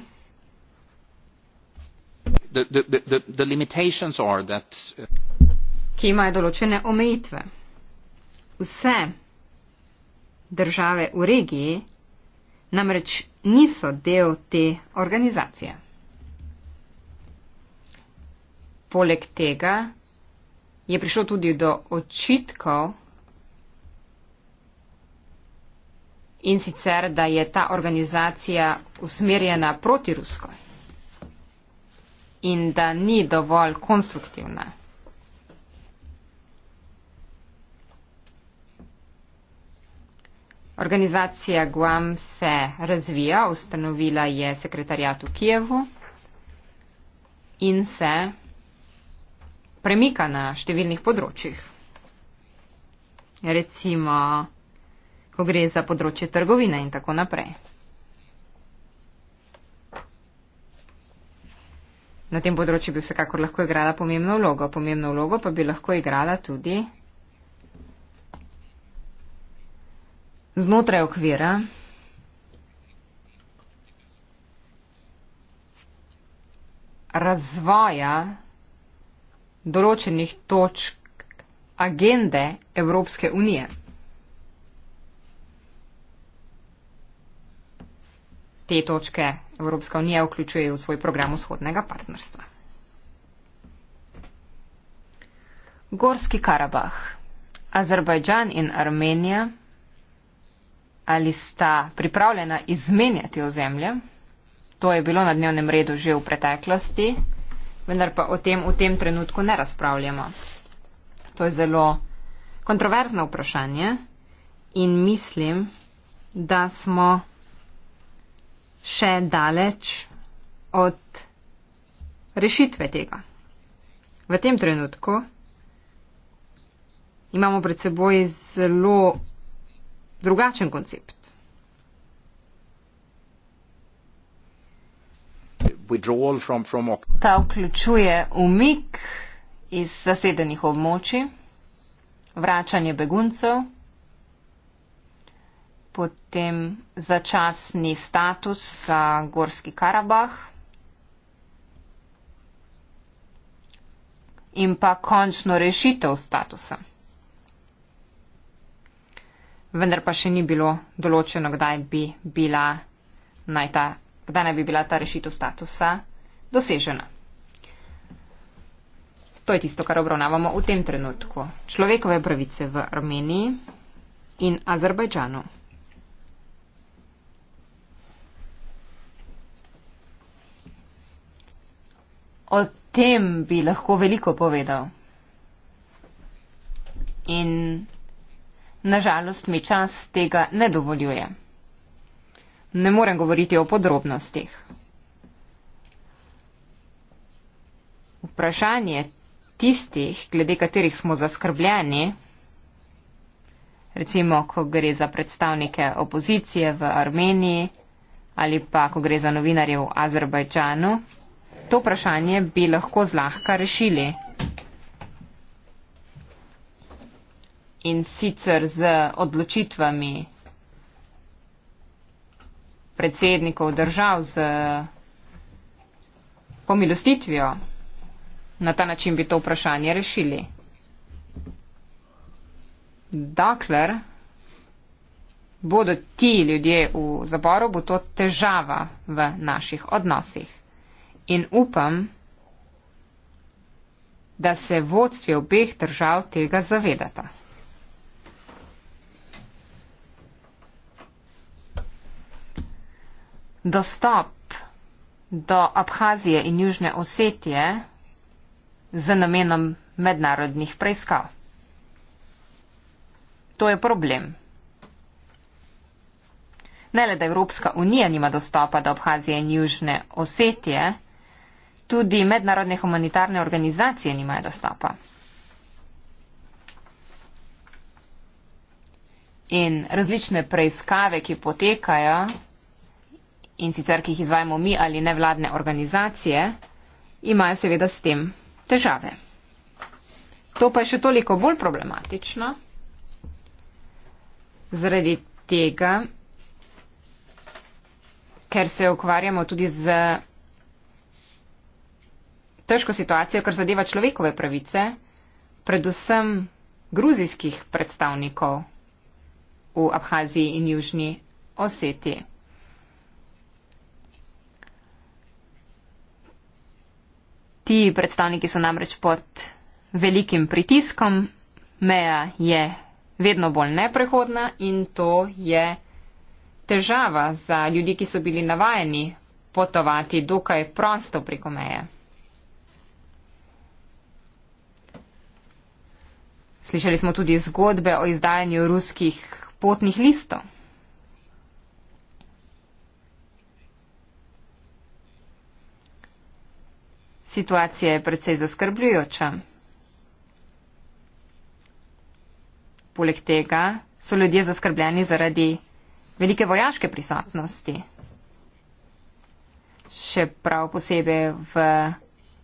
The, the, the, the are that, uh, ki imajo določene omejitve. Vse države v regiji namreč niso del te organizacije. Poleg tega je prišlo tudi do očitkov, in sicer, da je ta organizacija usmerjena proti Rusko in da ni dovolj konstruktivna. Organizacija Guam se razvija, ustanovila je sekretarijat v Kijevu in se premika na številnih področjih. Recimo, ko gre za področje trgovine in tako naprej. Na tem področju bi vsekakor lahko igrala pomembno vlogo. Pomembno vlogo pa bi lahko igrala tudi znotraj okvira razvoja določenih točk agende Evropske unije. te točke Evropska unija vključuje v svoj program vzhodnega partnerstva. Gorski Karabah. Azerbajdžan in Armenija. Ali sta pripravljena izmenjati ozemlje? To je bilo na dnevnem redu že v preteklosti, vendar pa o tem v tem trenutku ne razpravljamo. To je zelo kontroverzno vprašanje in mislim, da smo še daleč od rešitve tega. V tem trenutku imamo pred seboj zelo drugačen koncept. From, from... Ta vključuje umik iz zasedenih območij, vračanje beguncev potem začasni status za Gorski Karabah in pa končno rešitev statusa. Vendar pa še ni bilo določeno, kdaj bi bila naj ta, kdaj naj bi bila ta rešitev statusa dosežena. To je tisto, kar obravnavamo v tem trenutku. Človekove pravice v Armeniji in Azerbajdžanu. O tem bi lahko veliko povedal. In nažalost mi čas tega ne dovoljuje. Ne morem govoriti o podrobnostih. Vprašanje tistih, glede katerih smo zaskrbljeni, recimo, ko gre za predstavnike opozicije v Armeniji ali pa, ko gre za novinarje v Azerbajdžanu, To vprašanje bi lahko zlahka rešili. In sicer z odločitvami predsednikov držav z pomilostitvijo. Na ta način bi to vprašanje rešili. Dokler bodo ti ljudje v zaboru, bo to težava v naših odnosih in upam, da se vodstvi obeh držav tega zavedata. Dostop do Abhazije in Južne Osetije z namenom mednarodnih preiskav. To je problem. Ne le, da Evropska unija nima dostopa do Abhazije in Južne Osetije, tudi mednarodne humanitarne organizacije nimajo dostopa. In različne preiskave, ki potekajo, in sicer, ki jih izvajamo mi ali nevladne organizacije, imajo seveda s tem težave. To pa je še toliko bolj problematično zaradi tega, ker se ukvarjamo tudi z težko situacijo, kar zadeva človekove pravice, predvsem gruzijskih predstavnikov v Abhaziji in Južni Osetiji. Ti predstavniki so namreč pod velikim pritiskom, meja je vedno bolj neprehodna in to je težava za ljudi, ki so bili navajeni potovati dokaj prosto preko meje. Slišali smo tudi zgodbe o izdajanju ruskih potnih listov. Situacija je precej zaskrbljujoča. Poleg tega so ljudje zaskrbljeni zaradi velike vojaške prisotnosti, še prav posebej v,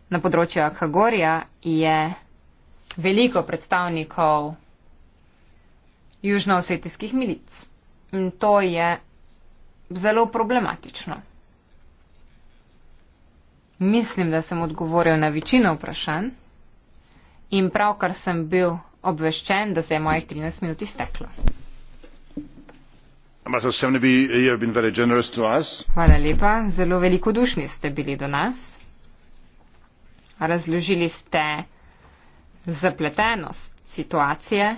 na področju Akagorja je veliko predstavnikov južnoosetijskih milic. In to je zelo problematično. Mislim, da sem odgovoril na večino vprašanj in pravkar sem bil obveščen, da se je mojih 13 minut izteklo. Hvala lepa, zelo veliko dušni ste bili do nas. Razložili ste zapletenost situacije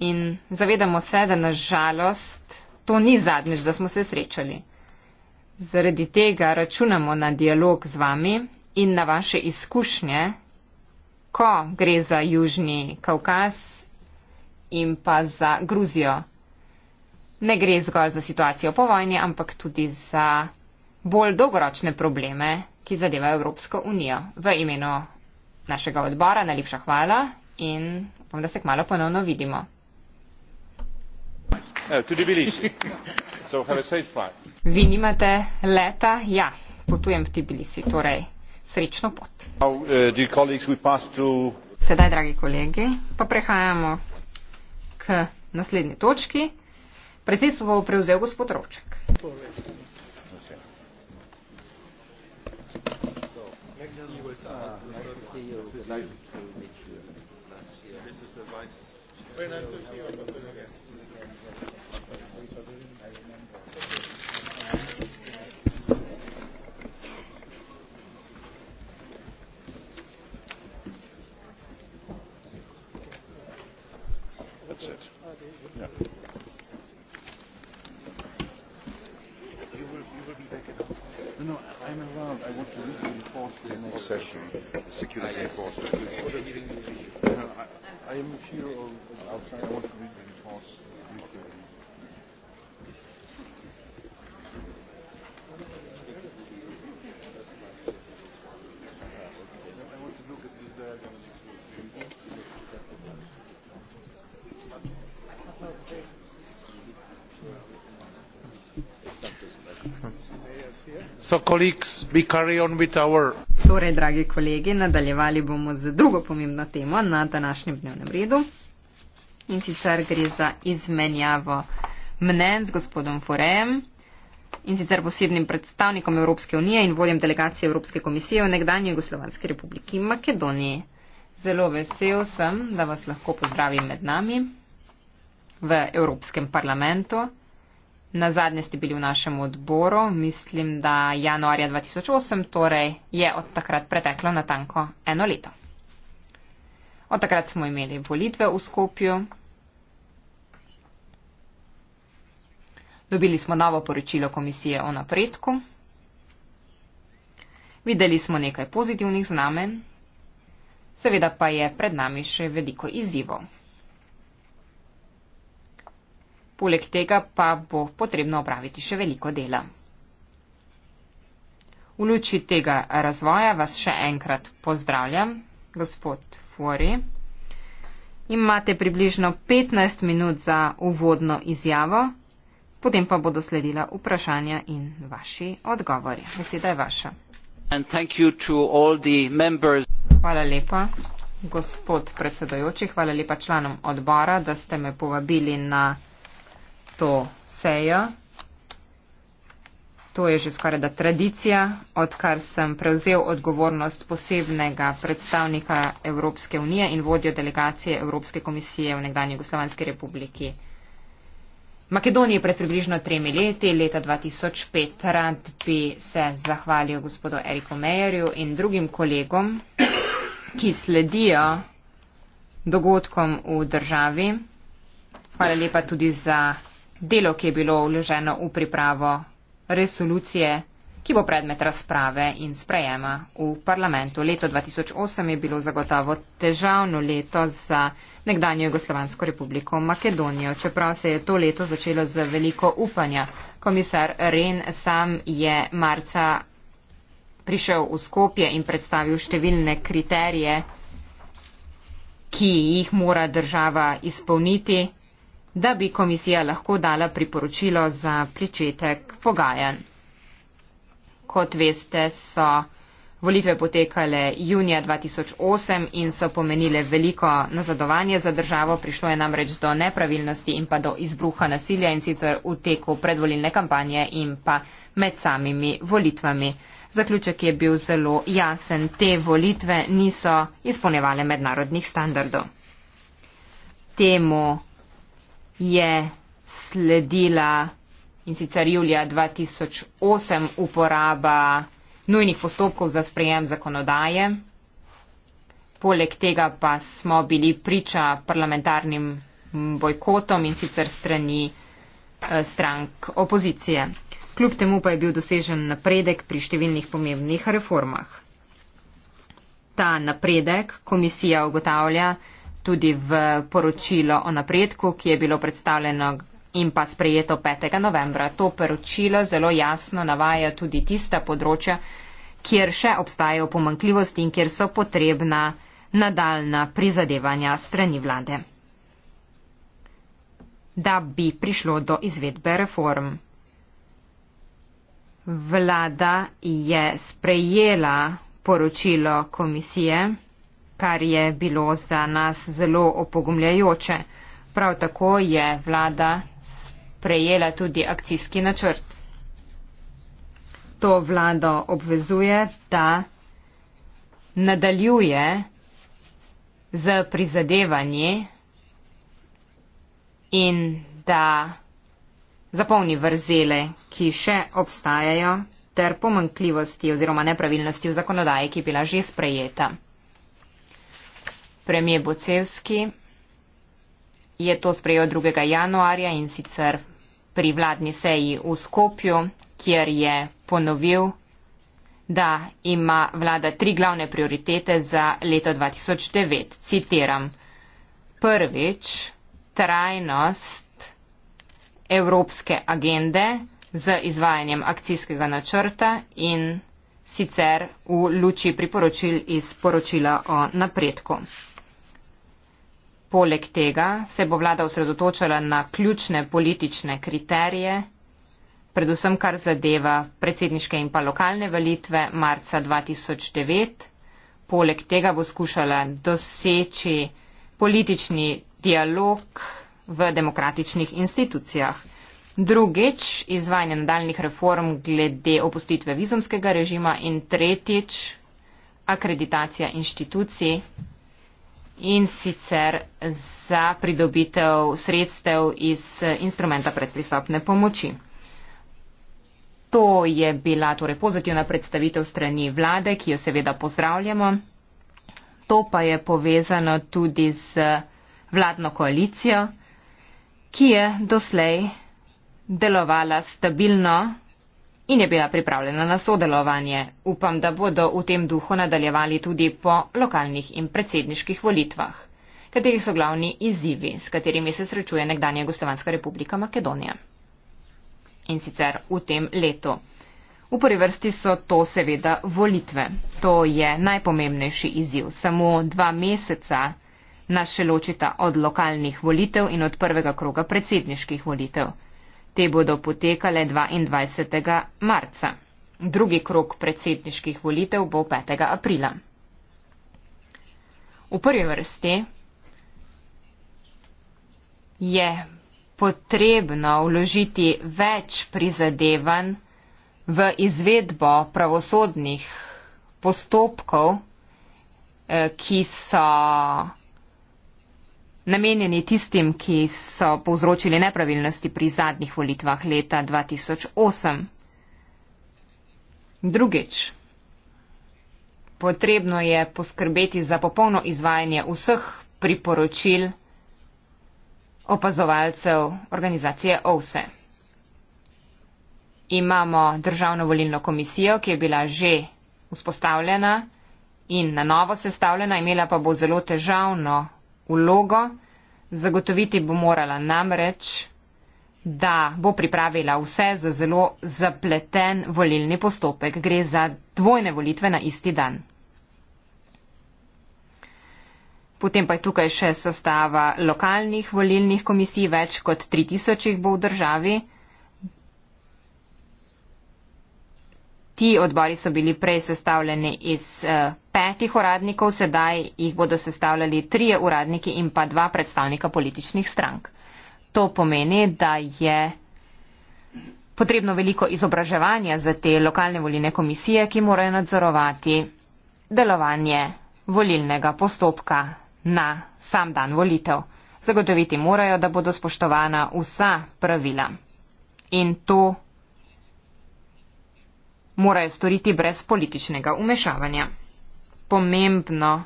in zavedamo se, da na žalost to ni zadnjič, da smo se srečali. Zaradi tega računamo na dialog z vami in na vaše izkušnje, ko gre za Južni Kaukas in pa za Gruzijo. Ne gre zgolj za situacijo po vojni, ampak tudi za bolj dolgoročne probleme, ki zadevajo Evropsko unijo. V imenu našega odbora. Najlepša hvala in upam, da se kmalo ponovno vidimo. Uh, Vi nimate leta? Ja, potujem v Tbilisi, torej srečno pot. Now, uh, through... Sedaj, dragi kolegi, pa prehajamo k naslednji točki. Predsedstvo bo prevzel gospod Roček. Uh, CEO came to meet you last year. This is the vice. When I took you on the That's it. Yeah. I'm around. I want to meet you in the next session. Security enforcement. I'm here outside. I want to meet you in the next session. Torej, dragi kolegi, nadaljevali bomo z drugo pomembno temo na današnjem dnevnem redu. In sicer gre za izmenjavo mnen z gospodom Forem in sicer posebnim predstavnikom Evropske unije in vodjem delegacije Evropske komisije v nekdanji Jugoslovanski republiki Makedoniji. Zelo vesel sem, da vas lahko pozdravim med nami v Evropskem parlamentu. Na zadnje ste bili v našem odboru, mislim, da januarja 2008, torej je od takrat preteklo natanko eno leto. Od takrat smo imeli volitve v Skopju. Dobili smo novo poročilo komisije o napredku. Videli smo nekaj pozitivnih znamen. Seveda pa je pred nami še veliko izzivov. Poleg tega pa bo potrebno opraviti še veliko dela. V luči tega razvoja vas še enkrat pozdravljam, gospod Fori. Imate približno 15 minut za uvodno izjavo, potem pa bodo sledila vprašanja in vaši odgovori. Beseda je vaša. Hvala lepa, gospod predsedojoči, hvala lepa članom odbora, da ste me povabili na to sejo. To je že skoraj da tradicija, odkar sem prevzel odgovornost posebnega predstavnika Evropske unije in vodjo delegacije Evropske komisije v nekdanji Jugoslavanski republiki. Makedoniji pred približno tremi leti, leta 2005, rad bi se zahvalil gospodu Eriku Mejerju in drugim kolegom, ki sledijo dogodkom v državi. Hvala lepa tudi za delo, ki je bilo vloženo v pripravo resolucije, ki bo predmet razprave in sprejema v parlamentu. Leto 2008 je bilo zagotovo težavno leto za nekdanjo Jugoslovansko republiko Makedonijo, čeprav se je to leto začelo z veliko upanja. Komisar Ren sam je marca prišel v Skopje in predstavil številne kriterije, ki jih mora država izpolniti da bi komisija lahko dala priporočilo za pričetek pogajanj. Kot veste, so volitve potekale junija 2008 in so pomenile veliko nazadovanje za državo. Prišlo je namreč do nepravilnosti in pa do izbruha nasilja in sicer v teku predvolilne kampanje in pa med samimi volitvami. Zaključek je bil zelo jasen. Te volitve niso izpolnevale mednarodnih standardov. Temu je sledila in sicer julija 2008 uporaba nujnih postopkov za sprejem zakonodaje. Poleg tega pa smo bili priča parlamentarnim bojkotom in sicer strani eh, strank opozicije. Kljub temu pa je bil dosežen napredek pri številnih pomembnih reformah. Ta napredek komisija ugotavlja, tudi v poročilo o napredku, ki je bilo predstavljeno in pa sprejeto 5. novembra. To poročilo zelo jasno navaja tudi tista področja, kjer še obstajajo pomankljivosti in kjer so potrebna nadaljna prizadevanja strani vlade, da bi prišlo do izvedbe reform. Vlada je sprejela poročilo komisije kar je bilo za nas zelo opogumljajoče. Prav tako je vlada sprejela tudi akcijski načrt. To vlado obvezuje, da nadaljuje z prizadevanji in da zapolni vrzele, ki še obstajajo, ter pomankljivosti oziroma nepravilnosti v zakonodaji, ki je bila že sprejeta premijer Bocevski je to sprejel 2. januarja in sicer pri vladni seji v Skopju, kjer je ponovil, da ima vlada tri glavne prioritete za leto 2009. Citiram. Prvič, trajnost evropske agende z izvajanjem akcijskega načrta in sicer v luči priporočil iz poročila o napredku. Poleg tega se bo vlada osredotočala na ključne politične kriterije, predvsem kar zadeva predsedniške in pa lokalne valitve marca 2009. Poleg tega bo skušala doseči politični dialog v demokratičnih institucijah. Drugič, izvajanje nadaljnih reform glede opustitve vizumskega režima in tretjič, akreditacija inštitucij in sicer za pridobitev sredstev iz eh, instrumenta predpristopne pomoči. To je bila torej pozitivna predstavitev strani vlade, ki jo seveda pozdravljamo. To pa je povezano tudi z vladno koalicijo, ki je doslej delovala stabilno in je bila pripravljena na sodelovanje. Upam, da bodo v tem duhu nadaljevali tudi po lokalnih in predsedniških volitvah. Kateri so glavni izzivi, s katerimi se srečuje nekdanja Jugoslovanska republika Makedonija? In sicer v tem letu. V prvi vrsti so to seveda volitve. To je najpomembnejši izziv. Samo dva meseca nas še ločita od lokalnih volitev in od prvega kroga predsedniških volitev. Te bodo potekale 22. marca. Drugi krok predsedniških volitev bo 5. aprila. V prvi vrsti je potrebno vložiti več prizadevanj v izvedbo pravosodnih postopkov, eh, ki so namenjeni tistim, ki so povzročili nepravilnosti pri zadnjih volitvah leta 2008. Drugič, potrebno je poskrbeti za popolno izvajanje vseh priporočil opazovalcev organizacije OVSE. Imamo državno volilno komisijo, ki je bila že vzpostavljena in na novo sestavljena, imela pa bo zelo težavno vlogo. Zagotoviti bo morala namreč, da bo pripravila vse za zelo zapleten volilni postopek. Gre za dvojne volitve na isti dan. Potem pa je tukaj še sestava lokalnih volilnih komisij, več kot 3000 jih bo v državi. Ti odbori so bili prej sestavljeni iz uh, petih uradnikov, sedaj jih bodo sestavljali trije uradniki in pa dva predstavnika političnih strank. To pomeni, da je potrebno veliko izobraževanja za te lokalne volilne komisije, ki morajo nadzorovati delovanje volilnega postopka na sam dan volitev. Zagotoviti morajo, da bodo spoštovana vsa pravila. In to morajo storiti brez političnega umešavanja. Pomembno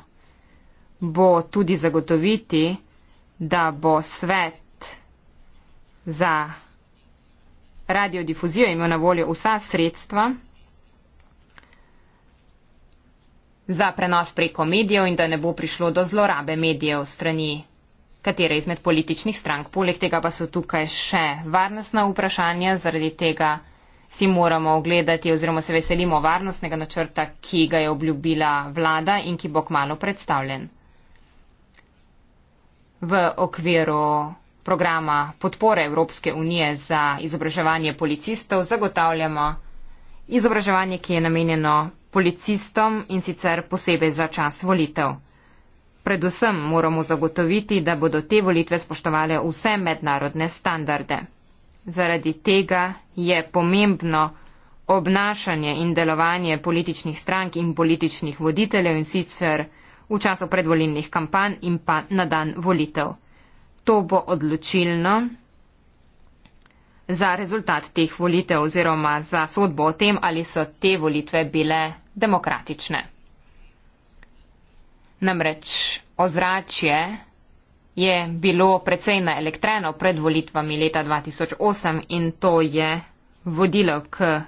bo tudi zagotoviti, da bo svet za radiodifuzijo imel na voljo vsa sredstva za prenos preko medijev in da ne bo prišlo do zlorabe medijev strani katere izmed političnih strank. Poleg tega pa so tukaj še varnostna vprašanja, zaradi tega si moramo ogledati oziroma se veselimo varnostnega načrta, ki ga je obljubila vlada in ki bo kmalo predstavljen. V okviru programa podpore Evropske unije za izobraževanje policistov zagotavljamo izobraževanje, ki je namenjeno policistom in sicer posebej za čas volitev. Predvsem moramo zagotoviti, da bodo te volitve spoštovale vse mednarodne standarde. Zaradi tega je pomembno obnašanje in delovanje političnih strank in političnih voditeljev in sicer v času predvolilnih kampanj in pa na dan volitev. To bo odločilno za rezultat teh volitev oziroma za sodbo o tem, ali so te volitve bile demokratične. Namreč ozračje je bilo precej naelektreno pred volitvami leta 2008 in to je vodilo k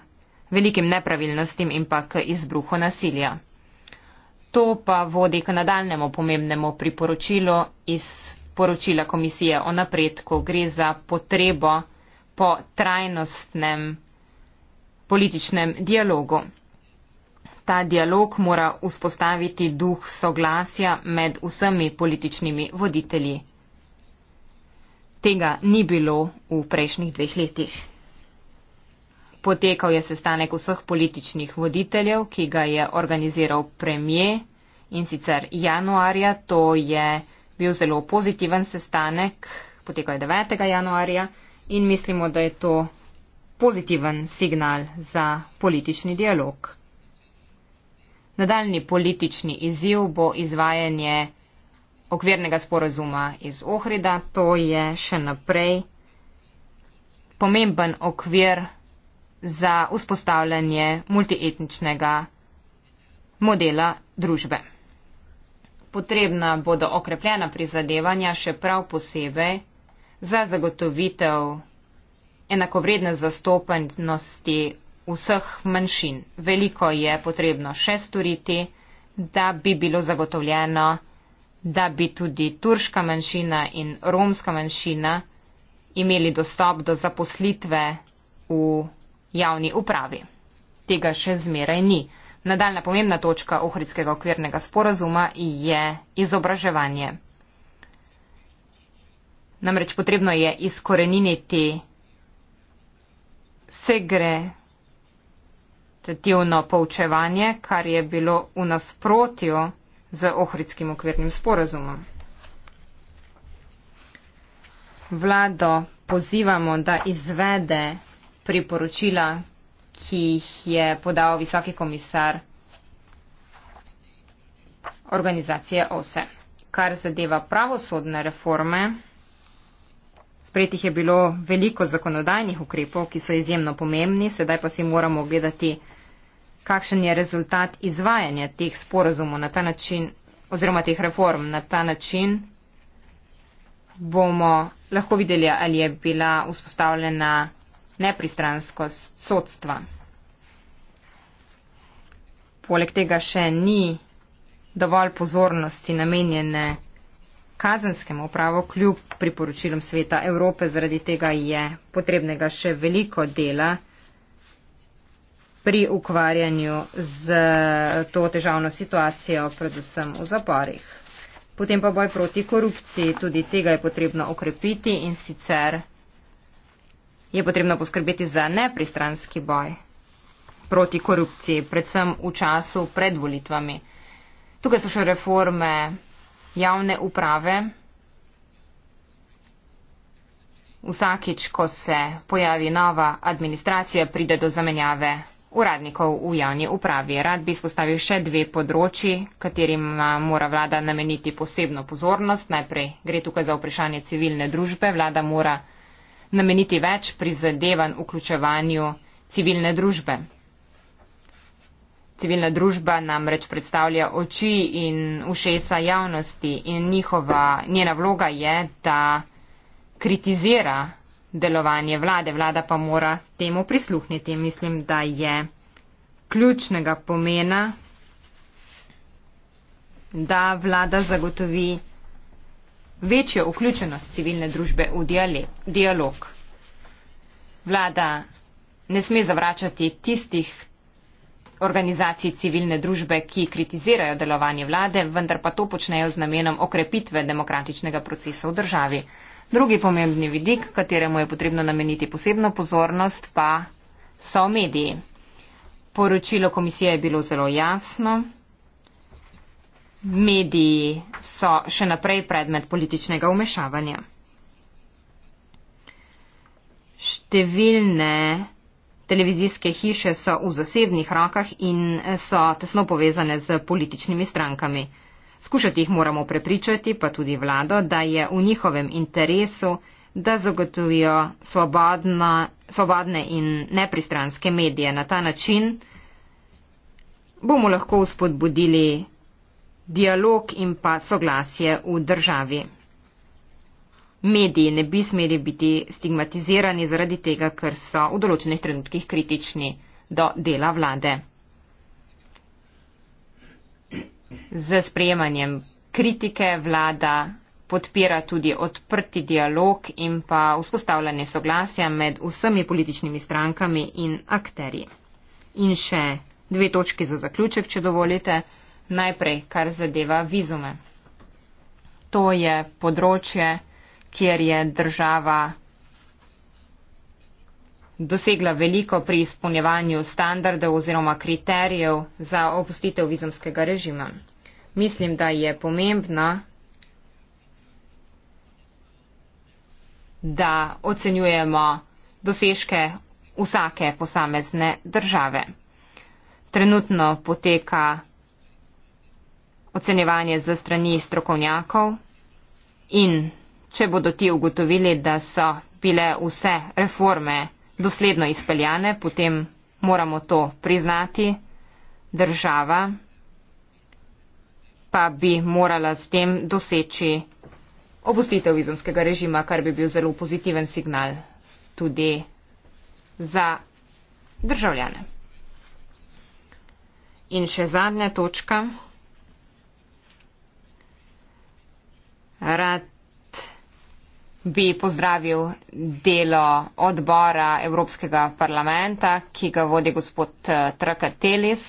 velikim nepravilnostim in pa k izbruhu nasilja. To pa vodi k nadaljnemu pomembnemu priporočilu iz poročila Komisije o napredku. Gre za potrebo po trajnostnem političnem dialogu ta dialog mora vzpostaviti duh soglasja med vsemi političnimi voditelji. Tega ni bilo v prejšnjih dveh letih. Potekal je sestanek vseh političnih voditeljev, ki ga je organiziral premije in sicer januarja. To je bil zelo pozitiven sestanek, potekal je 9. januarja in mislimo, da je to pozitiven signal za politični dialog. Nadaljni politični izziv bo izvajanje okvirnega sporazuma iz Ohrida. To je še naprej pomemben okvir za vzpostavljanje multietničnega modela družbe. Potrebna bodo okrepljena prizadevanja še prav posebej za zagotovitev enakovredne zastopanosti vseh manjšin. Veliko je potrebno še storiti, da bi bilo zagotovljeno, da bi tudi turška manjšina in romska manjšina imeli dostop do zaposlitve v javni upravi. Tega še zmeraj ni. Nadaljna pomembna točka Ohridskega okvirnega sporazuma je izobraževanje. Namreč potrebno je izkoreniniti segre kvalitativno poučevanje, kar je bilo v nasprotju z Ohridskim okvirnim sporazumom. Vlado pozivamo, da izvede priporočila, ki jih je podal visoki komisar organizacije OSE. Kar zadeva pravosodne reforme, sprejetih je bilo veliko zakonodajnih ukrepov, ki so izjemno pomembni, sedaj pa si moramo ogledati kakšen je rezultat izvajanja teh sporazumov na ta način oziroma teh reform na ta način, bomo lahko videli, ali je bila vzpostavljena nepristranskost sodstva. Poleg tega še ni dovolj pozornosti namenjene kazenskemu upravu, kljub priporočilom sveta Evrope, zaradi tega je potrebnega še veliko dela pri ukvarjanju z to težavno situacijo, predvsem v zaporih. Potem pa boj proti korupciji, tudi tega je potrebno okrepiti in sicer je potrebno poskrbeti za nepristranski boj proti korupciji, predvsem v času pred volitvami. Tukaj so še reforme javne uprave. Vsakič, ko se pojavi nova administracija, pride do zamenjave uradnikov v javni upravi. Rad bi spostavil še dve področji, katerim mora vlada nameniti posebno pozornost. Najprej gre tukaj za vprašanje civilne družbe. Vlada mora nameniti več prizadevan vključevanju civilne družbe. Civilna družba namreč predstavlja oči in ušesa javnosti in njihova, njena vloga je, da kritizira delovanje vlade. Vlada pa mora temu prisluhniti. Mislim, da je ključnega pomena, da vlada zagotovi večjo vključenost civilne družbe v dialog. Vlada ne sme zavračati tistih organizacij civilne družbe, ki kritizirajo delovanje vlade, vendar pa to počnejo z namenom okrepitve demokratičnega procesa v državi. Drugi pomembni vidik, kateremu je potrebno nameniti posebno pozornost, pa so mediji. Poročilo komisije je bilo zelo jasno. Mediji so še naprej predmet političnega umešavanja. Številne televizijske hiše so v zasebnih rokah in so tesno povezane z političnimi strankami. Skušati jih moramo prepričati, pa tudi vlado, da je v njihovem interesu, da zagotovijo svobodna, svobodne in nepristranske medije. Na ta način bomo lahko uspodbudili dialog in pa soglasje v državi. Mediji ne bi smeli biti stigmatizirani zaradi tega, ker so v določenih trenutkih kritični do dela vlade z sprejemanjem kritike vlada podpira tudi odprti dialog in pa vzpostavljanje soglasja med vsemi političnimi strankami in akteri. In še dve točke za zaključek, če dovolite. Najprej, kar zadeva vizume. To je področje, kjer je država dosegla veliko pri izpolnjevanju standardov oziroma kriterijev za opustitev vizumskega režima. Mislim, da je pomembno, da ocenjujemo dosežke vsake posamezne države. Trenutno poteka ocenjevanje za strani strokovnjakov in če bodo ti ugotovili, da so bile vse reforme, dosledno izpeljane, potem moramo to priznati. Država pa bi morala s tem doseči opustitev vizumskega režima, kar bi bil zelo pozitiven signal tudi za državljane. In še zadnja točka. Rad bi pozdravil delo odbora Evropskega parlamenta, ki ga vodi gospod eh, Trakatelis.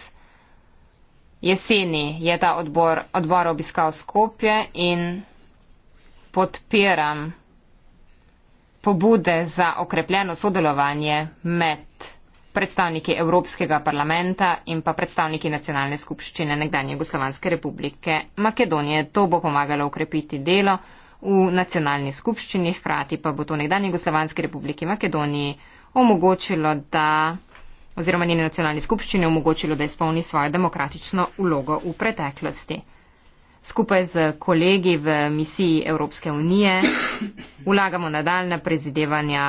Jeseni je ta odbor, odbor obiskal Skopje in podpiram pobude za okrepljeno sodelovanje med predstavniki Evropskega parlamenta in pa predstavniki Nacionalne skupščine nekdanje Jugoslovanske republike Makedonije. To bo pomagalo ukrepiti delo v nacionalni skupščini, hkrati pa bo to nekdanji Jugoslavanski republiki Makedoniji omogočilo, da oziroma njeni nacionalni skupščini omogočilo, da izpolni svojo demokratično ulogo v preteklosti. Skupaj z kolegi v misiji Evropske unije vlagamo nadaljne prezidevanja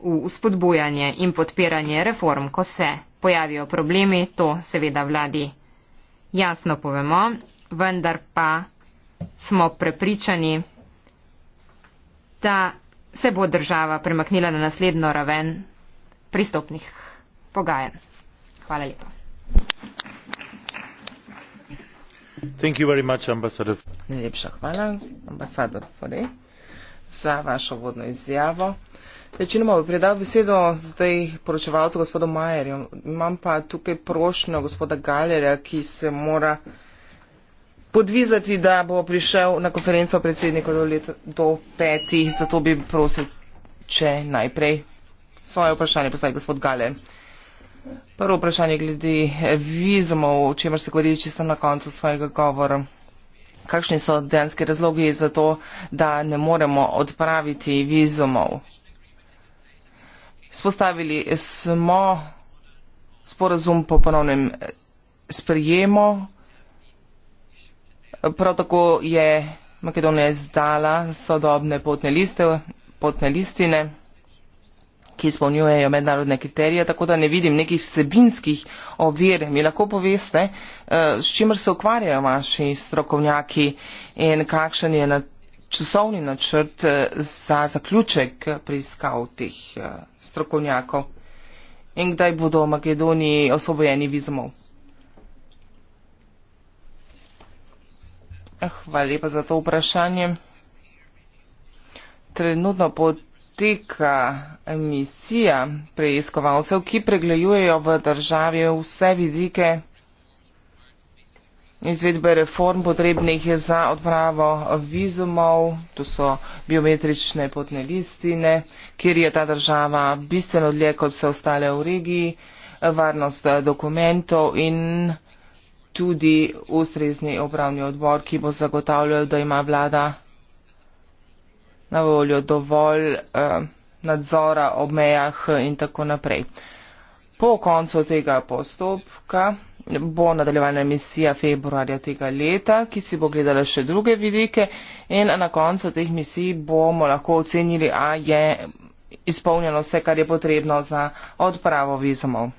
v spodbujanje in podpiranje reform, ko se pojavijo problemi, to seveda vladi jasno povemo, vendar pa smo prepričani, da se bo država premaknila na naslednjo raven pristopnih pogajanj. Hvala lepa. Much, Najlepša hvala, ambasador Forej, za vašo vodno izjavo. Večinoma bi predal besedo zdaj poročevalcu gospodu Majerju. Imam pa tukaj prošnjo gospoda Galerja, ki se mora podvizati, da bo prišel na konferenco predsednikov do, do petih, zato bi prosil, če najprej svoje vprašanje postavi gospod Gale. Prvo vprašanje glede vizumov, o čemer ste govorili čisto na koncu svojega govora. Kakšni so dejanski razlogi za to, da ne moremo odpraviti vizumov? Spostavili smo sporazum po ponovnem sprejemu. Prav tako je Makedonija izdala sodobne potne, liste, potne listine, ki izpolnjujejo mednarodne kriterije, tako da ne vidim nekih vsebinskih ovir. Mi lahko poveste, eh, s čimer se ukvarjajo vaši strokovnjaki in kakšen je časovni načrt eh, za zaključek preiskav teh eh, strokovnjakov in kdaj bodo v Makedoniji osvobojeni vizumov. Eh, hvala lepa za to vprašanje. Trenutno poteka misija preiskovalcev, ki pregledujejo v državi vse vidike izvedbe reform potrebnih za odpravo vizumov, to so biometrične potne listine, kjer je ta država bistveno dlje kot vse ostale v regiji, varnost dokumentov in tudi ustrezni obravni odbor, ki bo zagotavljal, da ima vlada na voljo dovolj eh, nadzora ob mejah in tako naprej. Po koncu tega postopka bo nadaljevana misija februarja tega leta, ki si bo gledala še druge vidike in na koncu teh misij bomo lahko ocenili, a je izpolnjeno vse, kar je potrebno za odpravo vizumov.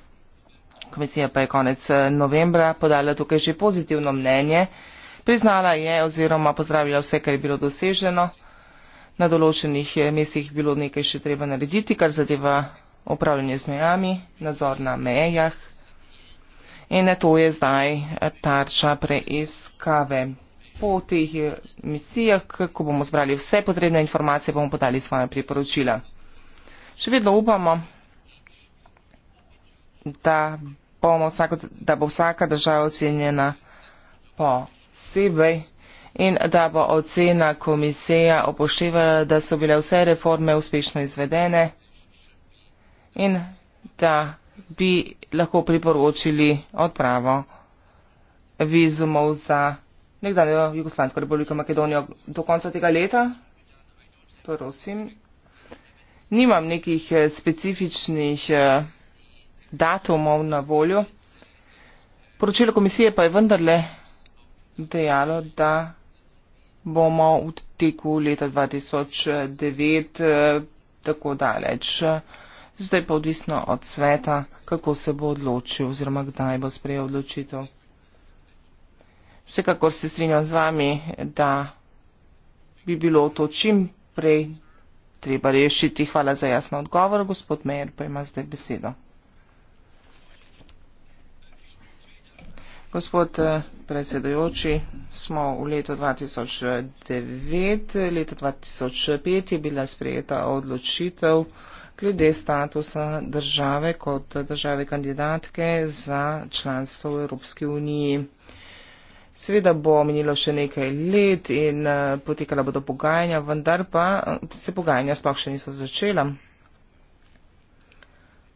Komisija pa je konec eh, novembra podala tukaj že pozitivno mnenje. Priznala je oziroma pozdravila vse, kar je bilo doseženo. Na določenih eh, mestih je bilo nekaj še treba narediti, kar zadeva upravljanje z mejami, nadzor na mejah. In eh, to je zdaj tarča preiskave. Po teh misijah, ko bomo zbrali vse potrebne informacije, bomo podali svoje priporočila. Še vedno upamo, da bomo vsako, da bo vsaka država ocenjena po sebej in da bo ocena komisija upoštevala, da so bile vse reforme uspešno izvedene in da bi lahko priporočili odpravo vizumov za nekdanjo Jugoslansko republiko Makedonijo do konca tega leta. Prosim. Nimam nekih eh, specifičnih eh, datumov na voljo. Poročilo komisije pa je vendarle dejalo, da bomo v teku leta 2009 eh, tako daleč. Zdaj pa odvisno od sveta, kako se bo odločil oziroma kdaj bo sprejel odločitev. Vsekakor se strinjam z vami, da bi bilo to čim prej treba rešiti. Hvala za jasno odgovor. Gospod Mejer pa ima zdaj besedo. Gospod eh, predsedujoči, smo v letu 2009. Leto 2005 je bila sprejeta odločitev glede statusa države kot države kandidatke za članstvo v Evropski uniji. Seveda bo minilo še nekaj let in eh, potekala bodo pogajanja, vendar pa eh, se pogajanja sploh še niso začela.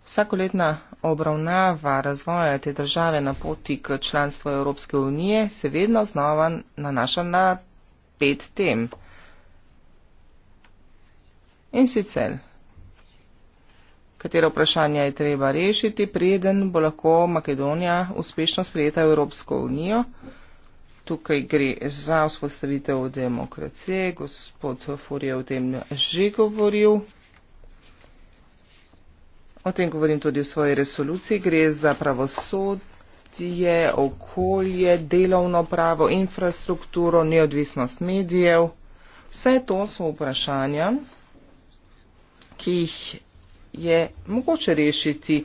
Vsakoletna obravnava razvoja te države na poti k članstvu Evropske unije se vedno znova nanaša na pet tem. In sicer, katero vprašanje je treba rešiti, preden bo lahko Makedonija uspešno sprejeta Evropsko unijo. Tukaj gre za vzpostavitev demokracije, gospod Furje o tem že govoril. O tem govorim tudi v svoji resoluciji. Gre za pravosodje, okolje, delovno pravo, infrastrukturo, neodvisnost medijev. Vse to so vprašanja, ki jih je mogoče rešiti,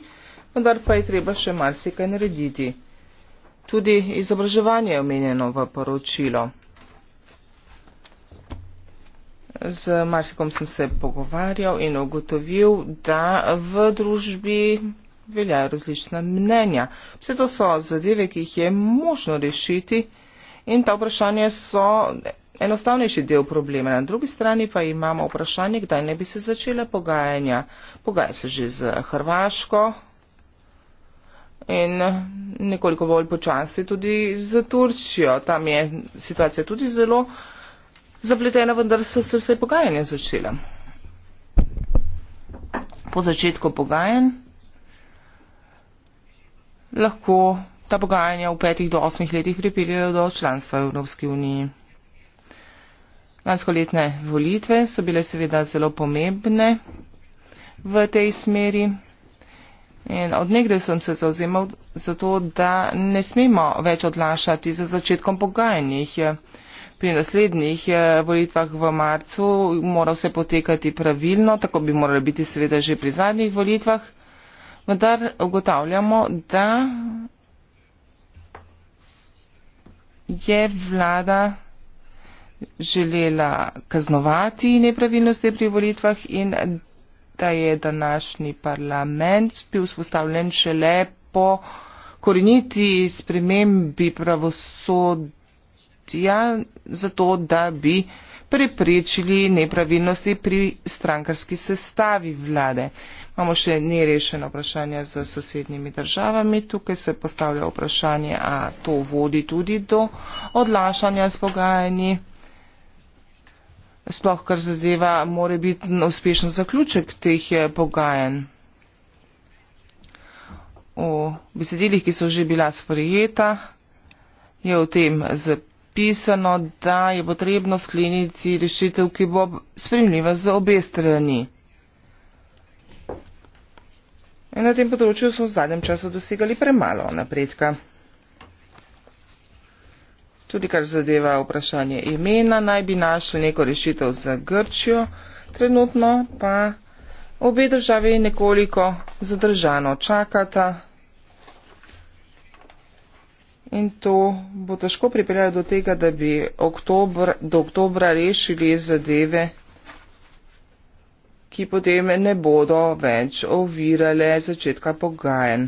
vendar pa je treba še marsikaj narediti. Tudi izobraževanje je omenjeno v poročilo z marsikom sem se pogovarjal in ugotovil, da v družbi veljajo različna mnenja. Vse to so zadeve, ki jih je možno rešiti in ta vprašanja so enostavnejši del problema. Na drugi strani pa imamo vprašanje, kdaj ne bi se začele pogajanja. Pogaja se že z Hrvaško in nekoliko bolj počasi tudi z Turčijo. Tam je situacija tudi zelo zapletena, vendar so se vse pogajanja začela. Po začetku pogajanj lahko ta pogajanja v petih do osmih letih pripeljajo do članstva v Evropski uniji. Lanskoletne volitve so bile seveda zelo pomembne v tej smeri. In odnegde sem se zauzemal za to, da ne smemo več odlašati za začetkom pogajanjih pri naslednjih eh, volitvah v marcu mora vse potekati pravilno, tako bi morali biti seveda že pri zadnjih volitvah, vendar ugotavljamo, da je vlada želela kaznovati nepravilnosti pri volitvah in da je današnji parlament bil spostavljen šele po koreniti spremembi pravosodja podjetja za to, da bi preprečili nepravilnosti pri strankarski sestavi vlade. Imamo še nerešeno vprašanje z sosednjimi državami. Tukaj se postavlja vprašanje, a to vodi tudi do odlašanja z pogajanji. Sploh, kar zadeva, more biti uspešen zaključek teh eh, pogajanj. O besedilih, ki so že bila sprejeta, je v tem zapisano zapisano, da je potrebno skleniti rešitev, ki bo spremljiva za obe strani. In na tem področju smo v zadnjem času dosegali premalo napredka. Tudi kar zadeva vprašanje imena, naj bi našli neko rešitev za Grčijo, trenutno pa obe državi nekoliko zadržano čakata in to bo težko pripeljalo do tega, da bi oktober, do oktobra rešili zadeve, ki potem ne bodo več ovirale začetka pogajanj.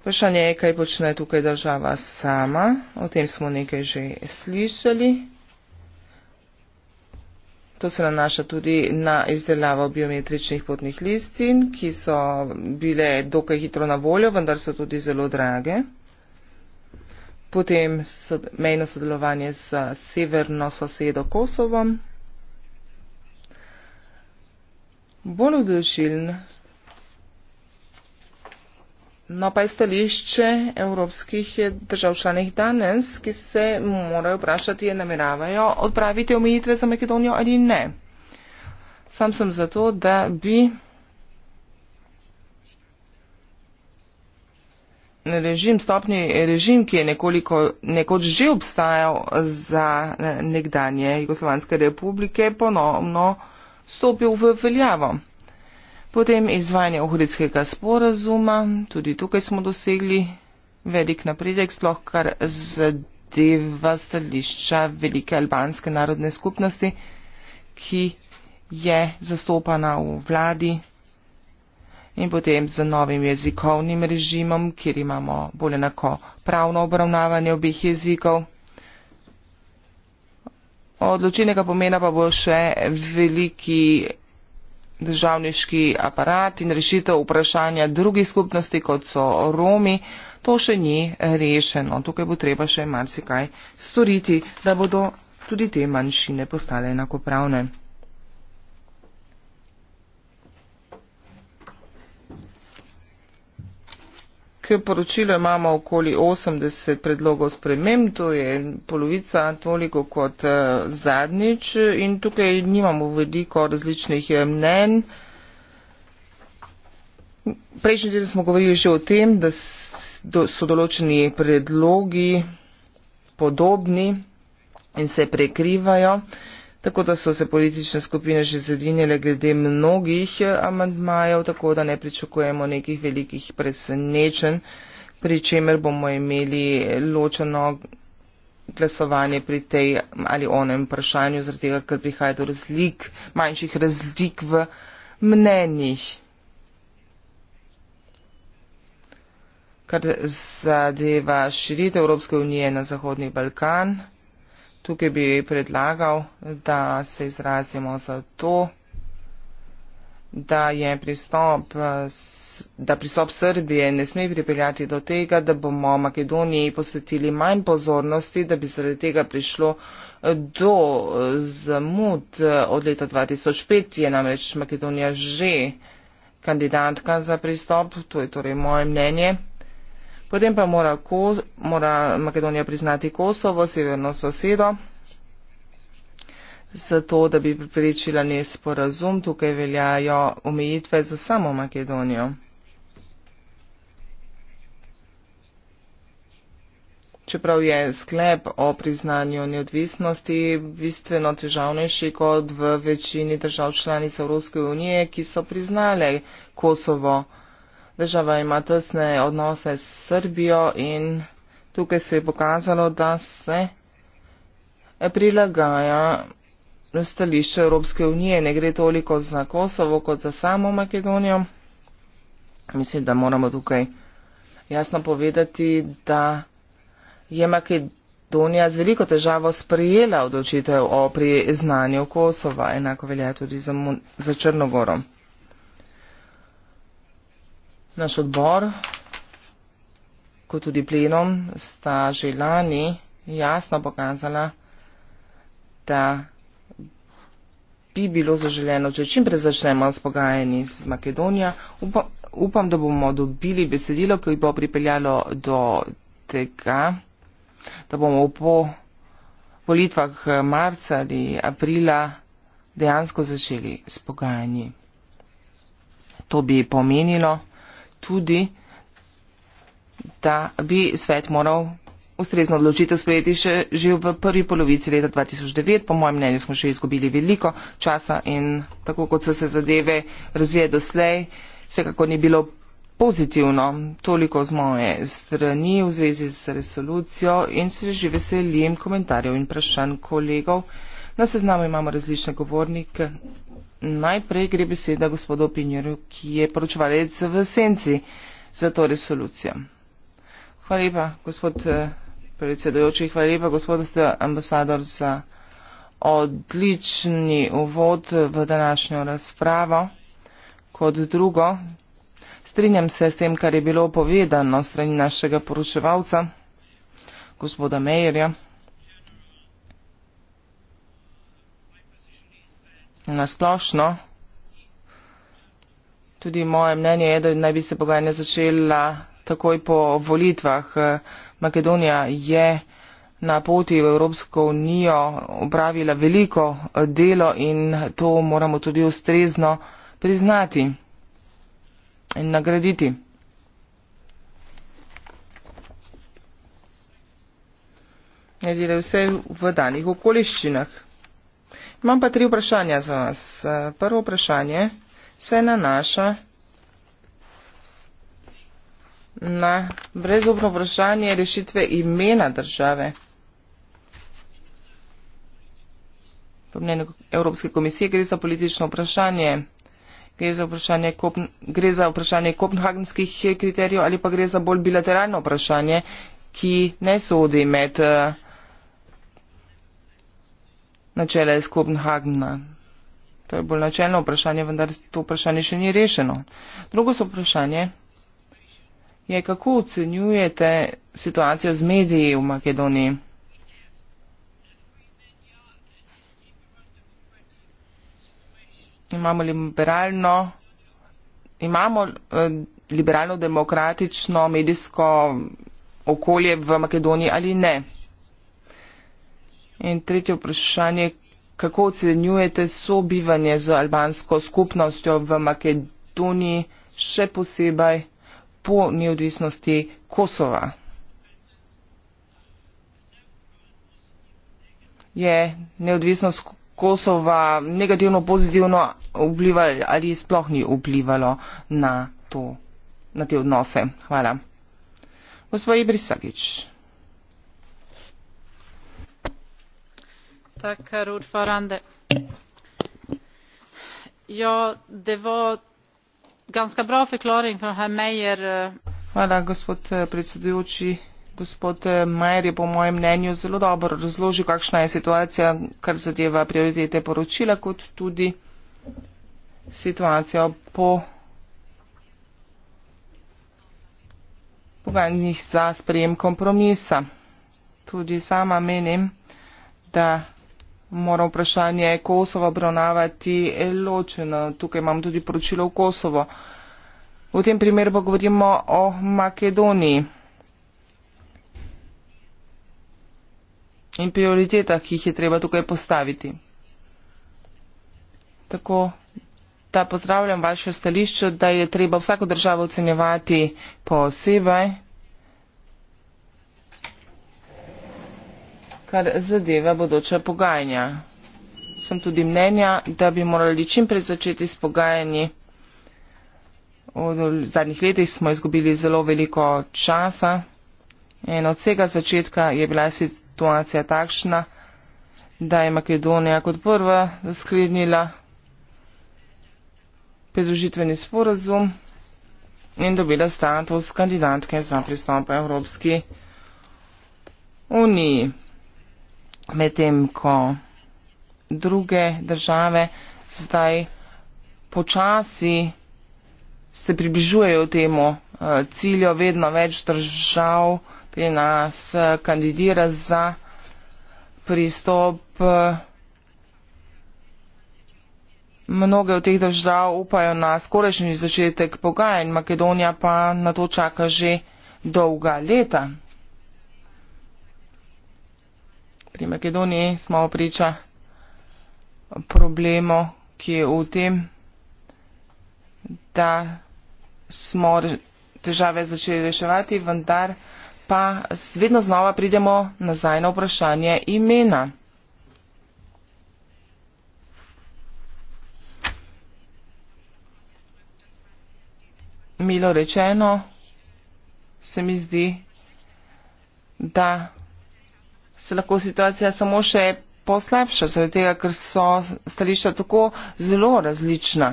Vprašanje je, kaj počne tukaj država sama, o tem smo nekaj že slišali. To se nanaša tudi na izdelavo biometričnih potnih listin, ki so bile dokaj hitro na voljo, vendar so tudi zelo drage. Potem mejno sodelovanje s severno sosedo Kosovom. Bolj odločilen No pa je stališče evropskih držav članih danes, ki se morajo vprašati, je nameravajo odpraviti omejitve za Makedonijo ali ne. Sam sem zato, da bi režim, stopni režim, ki je nekoliko, nekoč že obstajal za eh, nekdanje Jugoslovanske republike, ponovno stopil v veljavo. Potem izvajanje ohridskega sporazuma, tudi tukaj smo dosegli velik napredek, sploh kar zadeva stališča velike albanske narodne skupnosti, ki je zastopana v vladi in potem z novim jezikovnim režimom, kjer imamo bolj enako pravno obravnavanje obih jezikov. Odločenega pomena pa bo še veliki državniški aparat in rešitev vprašanja drugih skupnosti, kot so Romi, to še ni rešeno. Tukaj bo treba še marsikaj storiti, da bodo tudi te manjšine postale enakopravne. K poročilu imamo okoli 80 predlogov spremem, to je polovica toliko kot eh, zadnjič in tukaj nimamo veliko različnih eh, mnen. Prejšnji teden smo govorili že o tem, da so določeni predlogi podobni in se prekrivajo. Uh, tako da so se politične skupine že zedinjale glede mnogih amantmajev, tako da ne pričakujemo nekih velikih presenečenj, pri čemer bomo imeli ločeno glasovanje pri tej ali onem vprašanju, zaradi tega, ker prihaja do razlik, manjših razlik v mnenjih. Kar zadeva širitev Evropske unije na Zahodni Balkan. Tukaj bi predlagal, da se izrazimo za to, da, pristop, da pristop Srbije ne sme pripeljati do tega, da bomo Makedoniji posvetili manj pozornosti, da bi zaradi tega prišlo do zamud od leta 2005. Je namreč Makedonija že kandidatka za pristop, to je torej moje mnenje. Potem pa mora, ko, mora Makedonija priznati Kosovo, severno sosedo, zato da bi pripričila nesporazum. Tukaj veljajo omejitve za samo Makedonijo. Čeprav je sklep o priznanju neodvisnosti bistveno težavnejši kot v večini držav članic Evropske unije, ki so priznale Kosovo država ima tesne odnose s Srbijo in tukaj se je pokazalo, da se prilagaja stališče Evropske unije. Ne gre toliko za Kosovo kot za samo Makedonijo. Mislim, da moramo tukaj jasno povedati, da je Makedonija z veliko težavo sprejela odločitev o priznanju Kosova. Enako velja tudi za, za Črnogorom. Naš odbor, kot tudi plenom, sta že lani jasno pokazala, da bi bilo zaželeno, če čim prej začnemo s pogajanji z Makedonijo, upam, upam, da bomo dobili besedilo, ki bo pripeljalo do tega, da bomo po volitvah marca ali aprila dejansko začeli s pogajanji. To bi pomenilo, tudi, da bi svet moral ustrezno odločitev sprejeti še, že v prvi polovici leta 2009. Po mojem mnenju smo še izgubili veliko časa in tako kot so se zadeve razvije doslej, vsekako ni bilo pozitivno. Toliko z moje strani v zvezi z resolucijo in se že veselim komentarjev in vprašanj kolegov. Na seznamu imamo različne govornike. Najprej gre beseda gospodu Pinjeru, ki je poročevalec v senci za to resolucijo. Hvala lepa, gospod eh, predsedojoči, hvala lepa, gospod ambasador, za odlični uvod v današnjo razpravo. Kot drugo, strinjam se s tem, kar je bilo povedano strani našega poročevalca, gospoda Mejerja. nasplošno. Tudi moje mnenje je, da naj bi se pogajanja začela takoj po volitvah. Makedonija je na poti v Evropsko unijo opravila veliko eh, delo in to moramo tudi ustrezno priznati in nagraditi. Ne delajo vse v danih okoliščinah. Imam pa tri vprašanja za vas. Eh, prvo vprašanje se nanaša na brezupno vprašanje rešitve imena države. Po mnenju Evropske komisije gre za politično vprašanje. Gre za vprašanje, gre za vprašanje kopenhagenskih kriterijev ali pa gre za bolj bilateralno vprašanje, ki ne sodi med. Uh, načela iz Kopenhagna. To je bolj načelno vprašanje, vendar to vprašanje še ni rešeno. Drugo so vprašanje je, kako ocenjujete situacijo z mediji v Makedoniji? Imamo liberalno, imamo eh, liberalno demokratično medijsko okolje v Makedoniji ali ne? In tretje vprašanje, kako ocenjujete sobivanje z albansko skupnostjo v Makedoniji, še posebej po neodvisnosti Kosova? Je neodvisnost Kosova negativno, pozitivno vplivalo ali sploh ni vplivalo na, to, na te odnose? Hvala. Gospod Ibrisagič. Tackar ordförande. Ja, det var ganska bra förklaring från herr Meyer. Eh. Hvala, gospod eh, predsedujoči. Gospod eh, Majer je po mojem mnenju zelo dobro razložil, kakšna je situacija, kar zadeva prioritete poročila, kot tudi situacijo po pogajanjih za sprejem kompromisa. Tudi sama menim, da mora vprašanje Kosova obravnavati ločeno. Tukaj imam tudi poročilo v Kosovo. V tem primeru pa govorimo o Makedoniji in prioritetah, ki jih je treba tukaj postaviti. Tako da pozdravljam vaše stališče, da je treba vsako državo ocenjevati posebej. Po kar zadeva bodoča pogajanja. Sem tudi mnenja, da bi morali čim prej začeti s pogajanji. V zadnjih letih smo izgubili zelo veliko časa in od vsega začetka je bila situacija takšna, da je Makedonija kot prva sklenila pridružitveni sporazum in dobila status kandidatke za pristop Evropski uniji medtem ko druge države zdaj počasi se približujejo temu eh, cilju, vedno več držav pri nas eh, kandidira za pristop. Eh, mnoge od teh držav upajo na skorešnji začetek pogajanj, Makedonija pa na to čaka že dolga leta. pri Makedoniji smo priča problemu, ki je v tem, da smo težave začeli reševati, vendar pa vedno znova pridemo nazaj na vprašanje imena. Milo rečeno, se mi zdi, da se lahko situacija samo še poslabša, zaradi tega, ker so stališča tako zelo različna.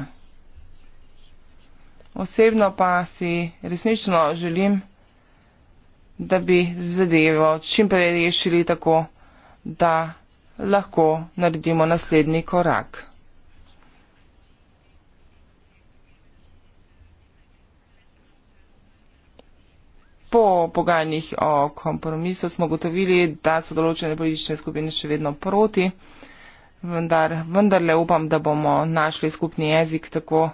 Osebno pa si resnično želim, da bi zadevo čim prej rešili tako, da lahko naredimo naslednji korak. po pogajanjih o kompromisu smo gotovili, da so določene politične skupine še vedno proti, vendar, vendar le upam, da bomo našli skupni jezik tako,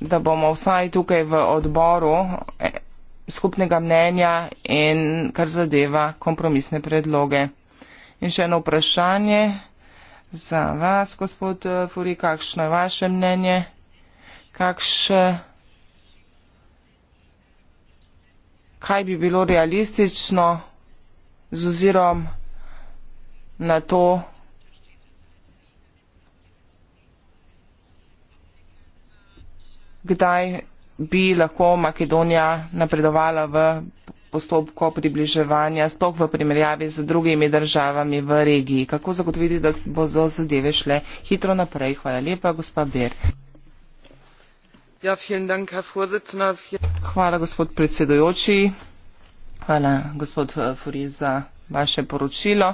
da bomo vsaj tukaj v odboru e, skupnega mnenja in kar zadeva kompromisne predloge. In še eno vprašanje za vas, gospod Furi, kakšno je vaše mnenje? Kakšne? kaj bi bilo realistično z ozirom na to, kdaj bi lahko Makedonija napredovala v postopko približevanja, stok v primerjavi z drugimi državami v regiji. Kako zagotoviti, da bo zo zadeve šle hitro naprej? Hvala lepa, gospa Ber. Ja, hvala gospod predsedujoči hvala gospod eh, fourie za vaše poročilo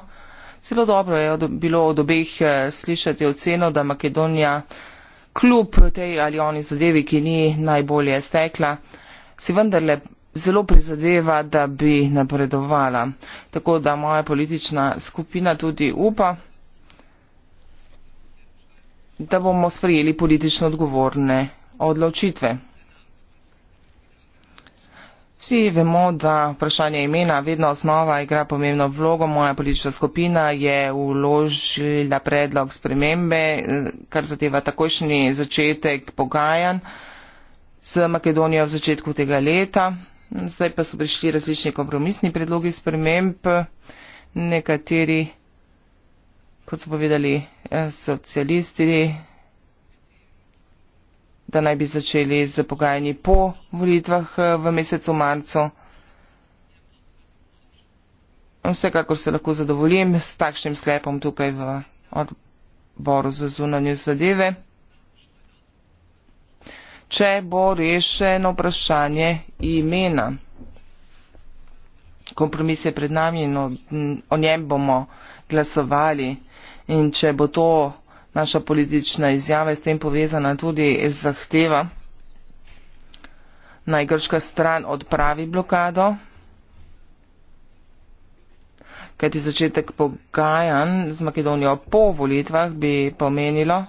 zelo dobro je bilo od obeh eh, slišati oceno da makedonija kljub tej ali oni zadevi ki ni najbolje stekla si vendarle zelo prizadeva da bi napredovala tako da moja politična skupina tudi upa da bomo sprejeli politično odgovorne odločitve. Vsi vemo, da vprašanje imena vedno osnova igra pomembno vlogo. Moja politična skupina je uložila predlog spremembe, kar zadeva takošnji začetek pogajanj z Makedonijo v začetku tega leta. Zdaj pa so prišli različni kompromisni predlogi sprememb, nekateri, kot so povedali eh, socialisti, da naj bi začeli z pogajanji po volitvah eh, v mesecu marcu. Vsekakor se lahko zadovoljim s takšnim sklepom tukaj v odboru za zunanje zadeve. Če bo rešeno vprašanje imena, kompromis je pred nami in o njem bomo glasovali. In če bo to naša politična izjava je s tem povezana tudi z zahteva naj grška stran odpravi blokado, kajti začetek pogajanj z Makedonijo po volitvah bi pomenilo,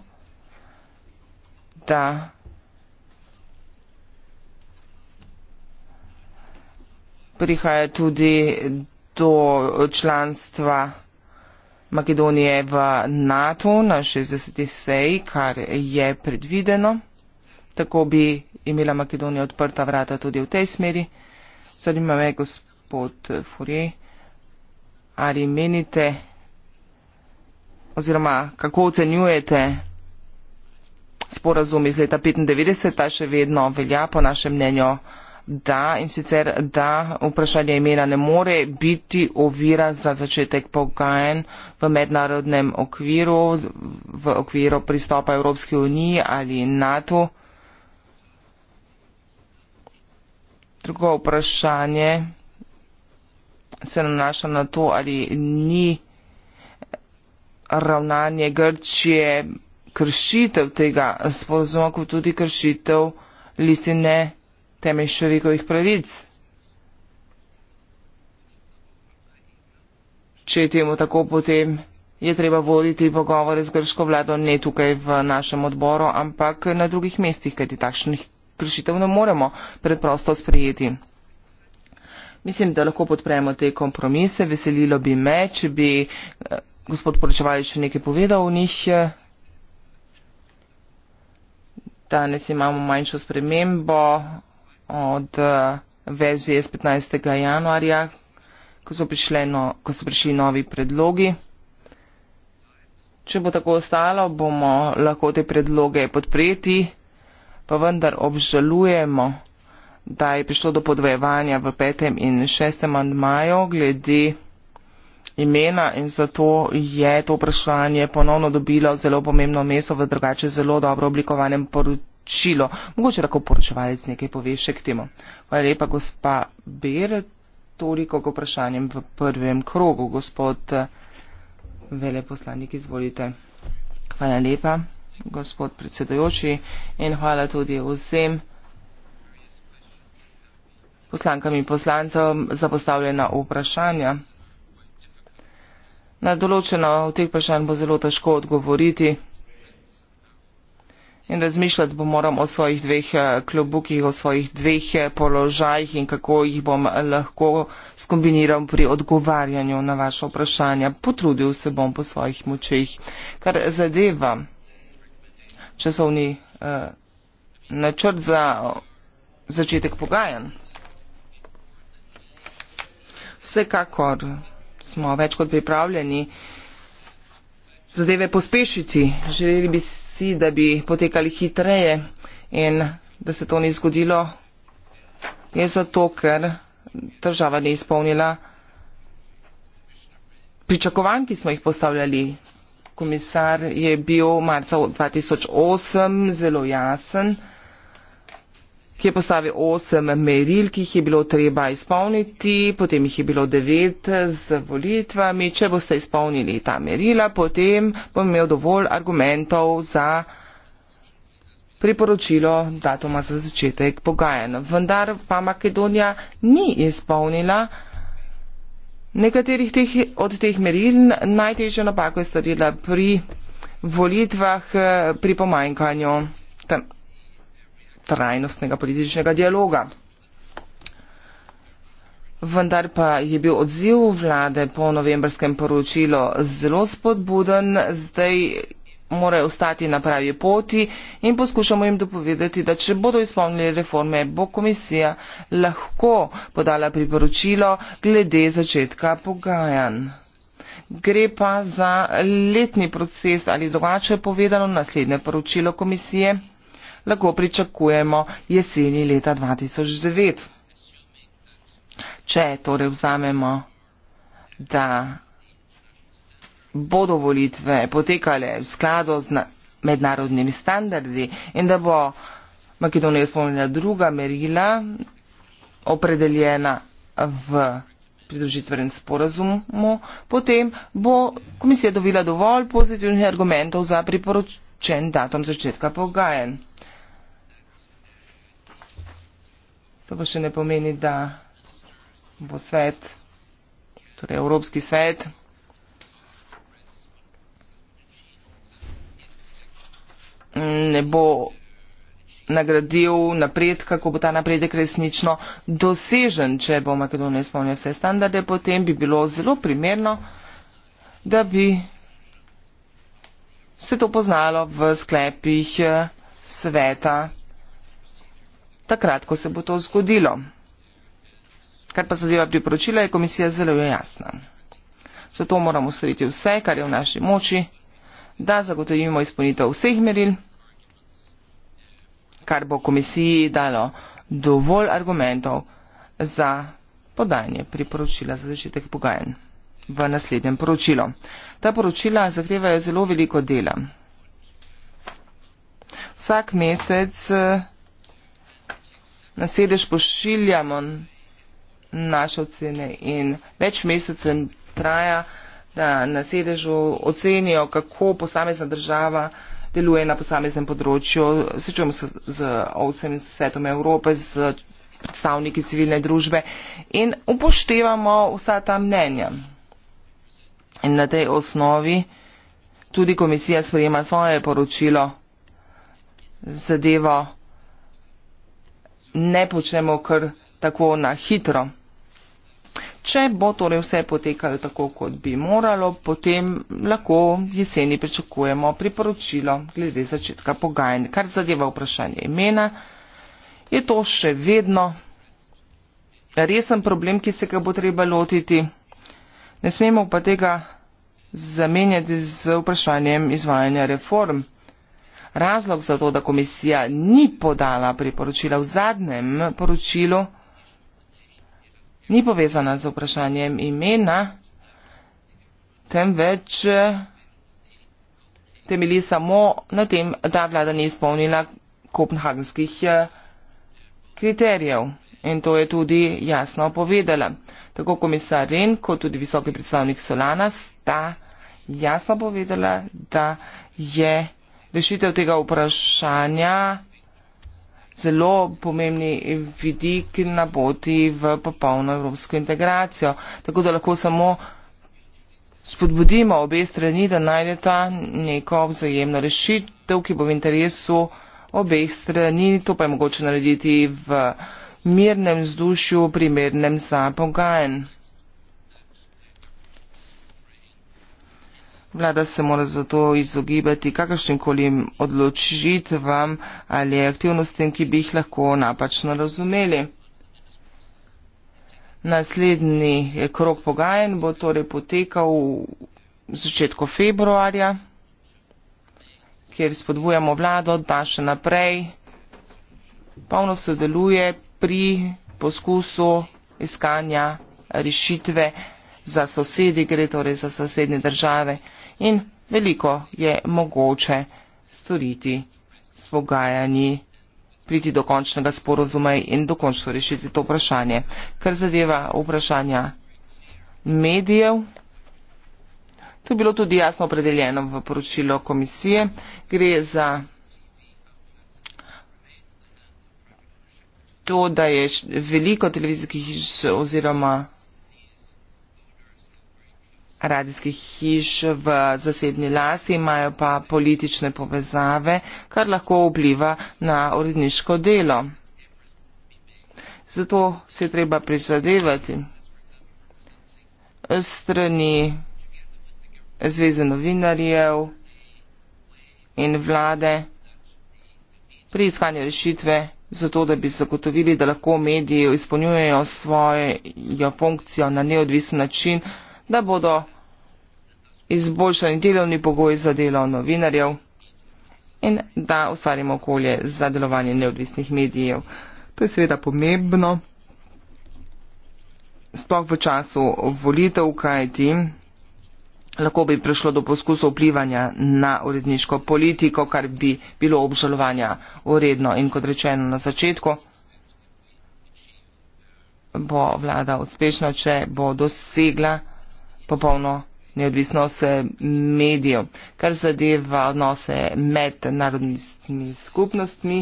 da prihaja tudi do članstva Makedonije v NATO na 60. seji, kar je predvideno. Tako bi imela Makedonija odprta vrata tudi v tej smeri. Zanima me, gospod Furje, ali menite oziroma kako ocenjujete sporazum iz leta 1995, ta še vedno velja po našem mnenju da in sicer, da vprašanje imena ne more biti ovira za začetek pogajen v mednarodnem okviru, v okviru pristopa Evropske unije ali NATO. Drugo vprašanje se nanaša na to, ali ni ravnanje Grčije kršitev tega sporozuma, kot tudi kršitev listine temelj človekovih pravic. Če je temu tako, potem je treba voditi pogovore z grško vlado ne tukaj v našem odboru, ampak na drugih mestih, kajti takšnih kršitev ne moremo preprosto sprejeti. Mislim, da lahko podpremo te kompromise. Veselilo bi me, če bi eh, gospod poročevalič še nekaj povedal o njih. Danes imamo manjšo spremembo od eh, verzije z 15. januarja, ko so, no, ko so prišli novi predlogi. Če bo tako ostalo, bomo lahko te predloge podpreti, pa vendar obžalujemo, da je prišlo do podvojevanja v petem in šestem mandmaju glede imena in zato je to vprašanje ponovno dobilo zelo pomembno mesto v drugače zelo dobro oblikovanem poročilu poročilo. Mogoče lahko poročevalec nekaj pove še k temu. Hvala lepa, gospa Bere. Toliko k vprašanjem v prvem krogu, gospod eh, veleposlanik, izvolite. Hvala lepa, gospod predsedojoči in hvala tudi vsem poslankam in poslancem za postavljena vprašanja. Na določeno v teh vprašanj bo zelo težko odgovoriti in razmišljati bom moram o svojih dveh eh, klobukih, o svojih dveh eh, položajih in kako jih bom eh, lahko skombiniral pri odgovarjanju na vaše vprašanja. Potrudil se bom po svojih močeh. Kar zadeva časovni eh, načrt za začetek pogajanj. Vsekakor smo več kot pripravljeni zadeve pospešiti. Želeli bi oblasti, da bi potekali hitreje in da se to ni zgodilo, je zato, ker država ni izpolnila pričakovanj, ki smo jih postavljali. Komisar je bil marca 2008 zelo jasen ki je postavil osem meril, ki jih je bilo treba izpolniti, potem jih je bilo devet z volitvami. Če boste izpolnili ta merila, potem bom imel dovolj argumentov za priporočilo datuma za začetek pogajanj. Vendar pa Makedonija ni izpolnila nekaterih teh, od teh meril. Najtežjo napako je storila pri volitvah, pri pomanjkanju. Tam trajnostnega političnega dialoga. Vendar pa je bil odziv vlade po novembrskem poročilu zelo spodbuden, zdaj morajo ostati na pravi poti in poskušamo jim dopovedati, da če bodo izpolnili reforme, bo komisija lahko podala priporočilo glede začetka pogajanj. Gre pa za letni proces ali drugače povedano naslednje poročilo komisije lahko pričakujemo jeseni leta 2009. Če torej vzamemo, da bodo volitve potekale v skladu z mednarodnimi standardi in da bo Makedonija izpolnila druga merila, opredeljena v pridružitvenem sporazumu, potem bo komisija dobila dovolj pozitivnih argumentov za priporočen datum začetka pogajanj. To pa še ne pomeni, da bo svet, torej Evropski svet, ne bo nagradil napredka, ko bo ta napredek resnično dosežen. Če bo Makedonija izpolnila vse standarde, potem bi bilo zelo primerno, da bi se to poznalo v sklepih eh, sveta takrat, ko se bo to zgodilo. Kar pa zadeva priporočila, je komisija zelo jasna. Zato moramo storiti vse, kar je v naši moči, da zagotovimo izpolnitev vseh meril, kar bo komisiji dalo dovolj argumentov za podanje priporočila za začetek pogajanj v naslednjem poročilu. Ta poročila zahtevajo zelo veliko dela. Vsak mesec. Uh, na sedež pošiljamo naše ocene in več mesecem traja, da na sedežu ocenijo, kako posamezna država deluje na posameznem področju. Srečujemo se z ovsem svetom Evrope, z predstavniki civilne družbe in upoštevamo vsa ta mnenja. In na tej osnovi tudi komisija sprejema svoje poročilo zadevo ne počnemo kar tako na hitro. Če bo torej vse potekalo tako, kot bi moralo, potem lahko jeseni pričakujemo priporočilo glede začetka pogajanj. Kar zadeva vprašanje imena, je to še vedno resen problem, ki se ga bo treba lotiti. Ne smemo pa tega zamenjati z vprašanjem izvajanja reform. Razlog za to, da komisija ni podala priporočila v zadnjem poročilu, ni povezana z vprašanjem imena, temveč temeli samo na tem, da vlada ni izpolnila kopenhagenskih kriterijev. In to je tudi jasno povedala. Tako komisar Ren, kot tudi visoki predstavnik Solana, sta jasno povedala, da je rešitev tega vprašanja zelo pomembni vidik na poti v popolno evropsko integracijo. Tako da lahko samo spodbudimo obe strani, da najdeta neko vzajemno rešitev, ki bo v interesu obeh strani. To pa je mogoče narediti v mirnem vzdušju, primernem za pogajanje. Vlada se mora zato izogibati kakršnim koli odločitvam ali aktivnostim, ki bi jih lahko napačno razumeli. Naslednji eh, krok pogajen bo torej potekal v začetku februarja, kjer spodbujamo vlado, da še naprej polno sodeluje pri poskusu iskanja rešitve za sosedi, gre torej za sosednje države in veliko je mogoče storiti s pogajanji, priti do končnega sporozuma in dokončno rešiti to vprašanje. Kar zadeva vprašanja medijev, to je bilo tudi jasno opredeljeno v poročilo komisije, gre za to, da je veliko televizijskih oziroma radijskih hiš v zasebni lasti, imajo pa politične povezave, kar lahko vpliva na uredniško delo. Zato se treba prizadevati strani Zveze novinarjev in vlade pri iskanju rešitve, zato da bi zagotovili, da lahko mediji izpolnjujejo svojo funkcijo na neodvisen način da bodo izboljšani delovni pogoji za delo novinarjev in da ustvarimo okolje za delovanje neodvisnih medijev. To je seveda pomembno, sploh v času volitev, kajti lahko bi prišlo do poskusa vplivanja na uredniško politiko, kar bi bilo obžalovanja uredno in kot rečeno na začetku bo vlada uspešna, če bo dosegla popolno neodvisno se medijev, kar zadeva odnose med narodnimi skupnostmi.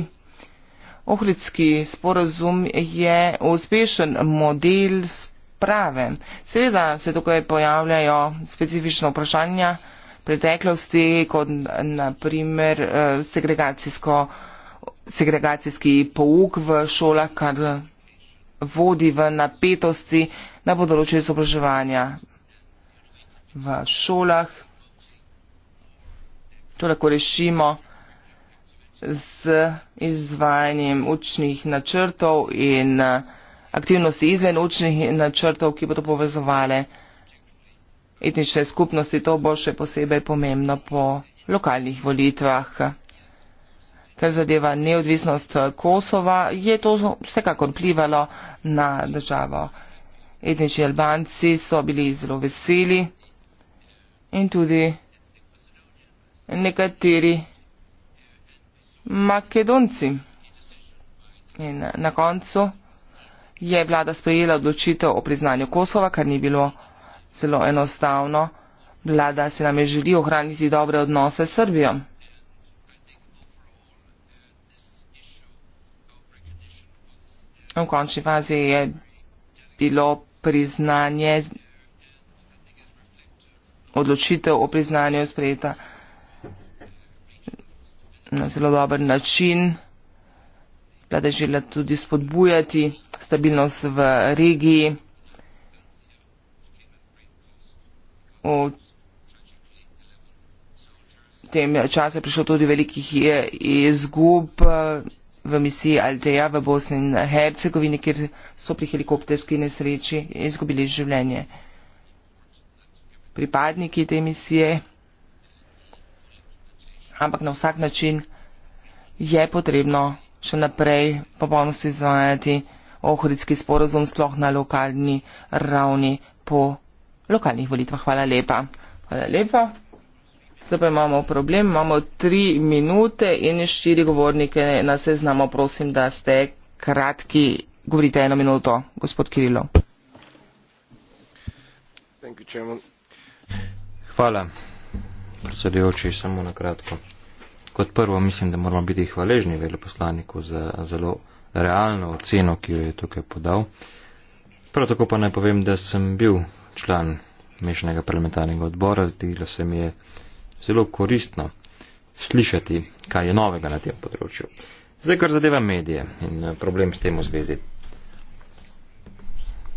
Ohridski sporazum je uspešen model sprave. Seveda se tukaj pojavljajo specifično vprašanja preteklosti, kot naprimer eh, segregacijski pouk v šolah, kar vodi v napetosti na področju izobraževanja v šolah. To lahko rešimo z izvajanjem učnih načrtov in eh, aktivnosti izven učnih načrtov, ki bodo povezovali etnične skupnosti. To bo še posebej pomembno po lokalnih volitvah. Kar zadeva neodvisnost Kosova, je to vsekakor vplivalo na državo. Etnični Albanci so bili zelo veseli in tudi nekateri makedonci. In na koncu je vlada sprejela odločitev o priznanju Kosova, kar ni bilo zelo enostavno. Vlada se nam je želi ohraniti dobre odnose s Srbijo. V končni fazi je bilo priznanje odločitev o priznanju sprejeta na zelo dober način. Vlada je želela tudi spodbujati stabilnost v regiji. O tem času je prišlo tudi velikih izgub eh, v misiji Alteja v Bosni in Hercegovini, kjer so pri helikopterski nesreči izgubili življenje pripadniki te misije. Ampak na vsak način je potrebno še naprej popolnosti izvajati ohridski sporozum, sploh na lokalni ravni po lokalnih volitvah. Hvala lepa. Hvala lepa. Zdaj pa imamo problem. Imamo tri minute in štiri govornike na seznamu. Prosim, da ste kratki. Govorite eno minuto, gospod Kirilov. Thank you, Chairman. Hvala, predsedujoči, samo na kratko. Kot prvo mislim, da moramo biti hvaležni veleposlaniku za zelo realno oceno, ki jo je tukaj podal. Prav tako pa naj povem, da sem bil član mešanega parlamentarnega odbora, zdelo se mi je zelo koristno slišati, kaj je novega na tem področju. Zdaj, kar zadeva medije in problem s tem v zvezi.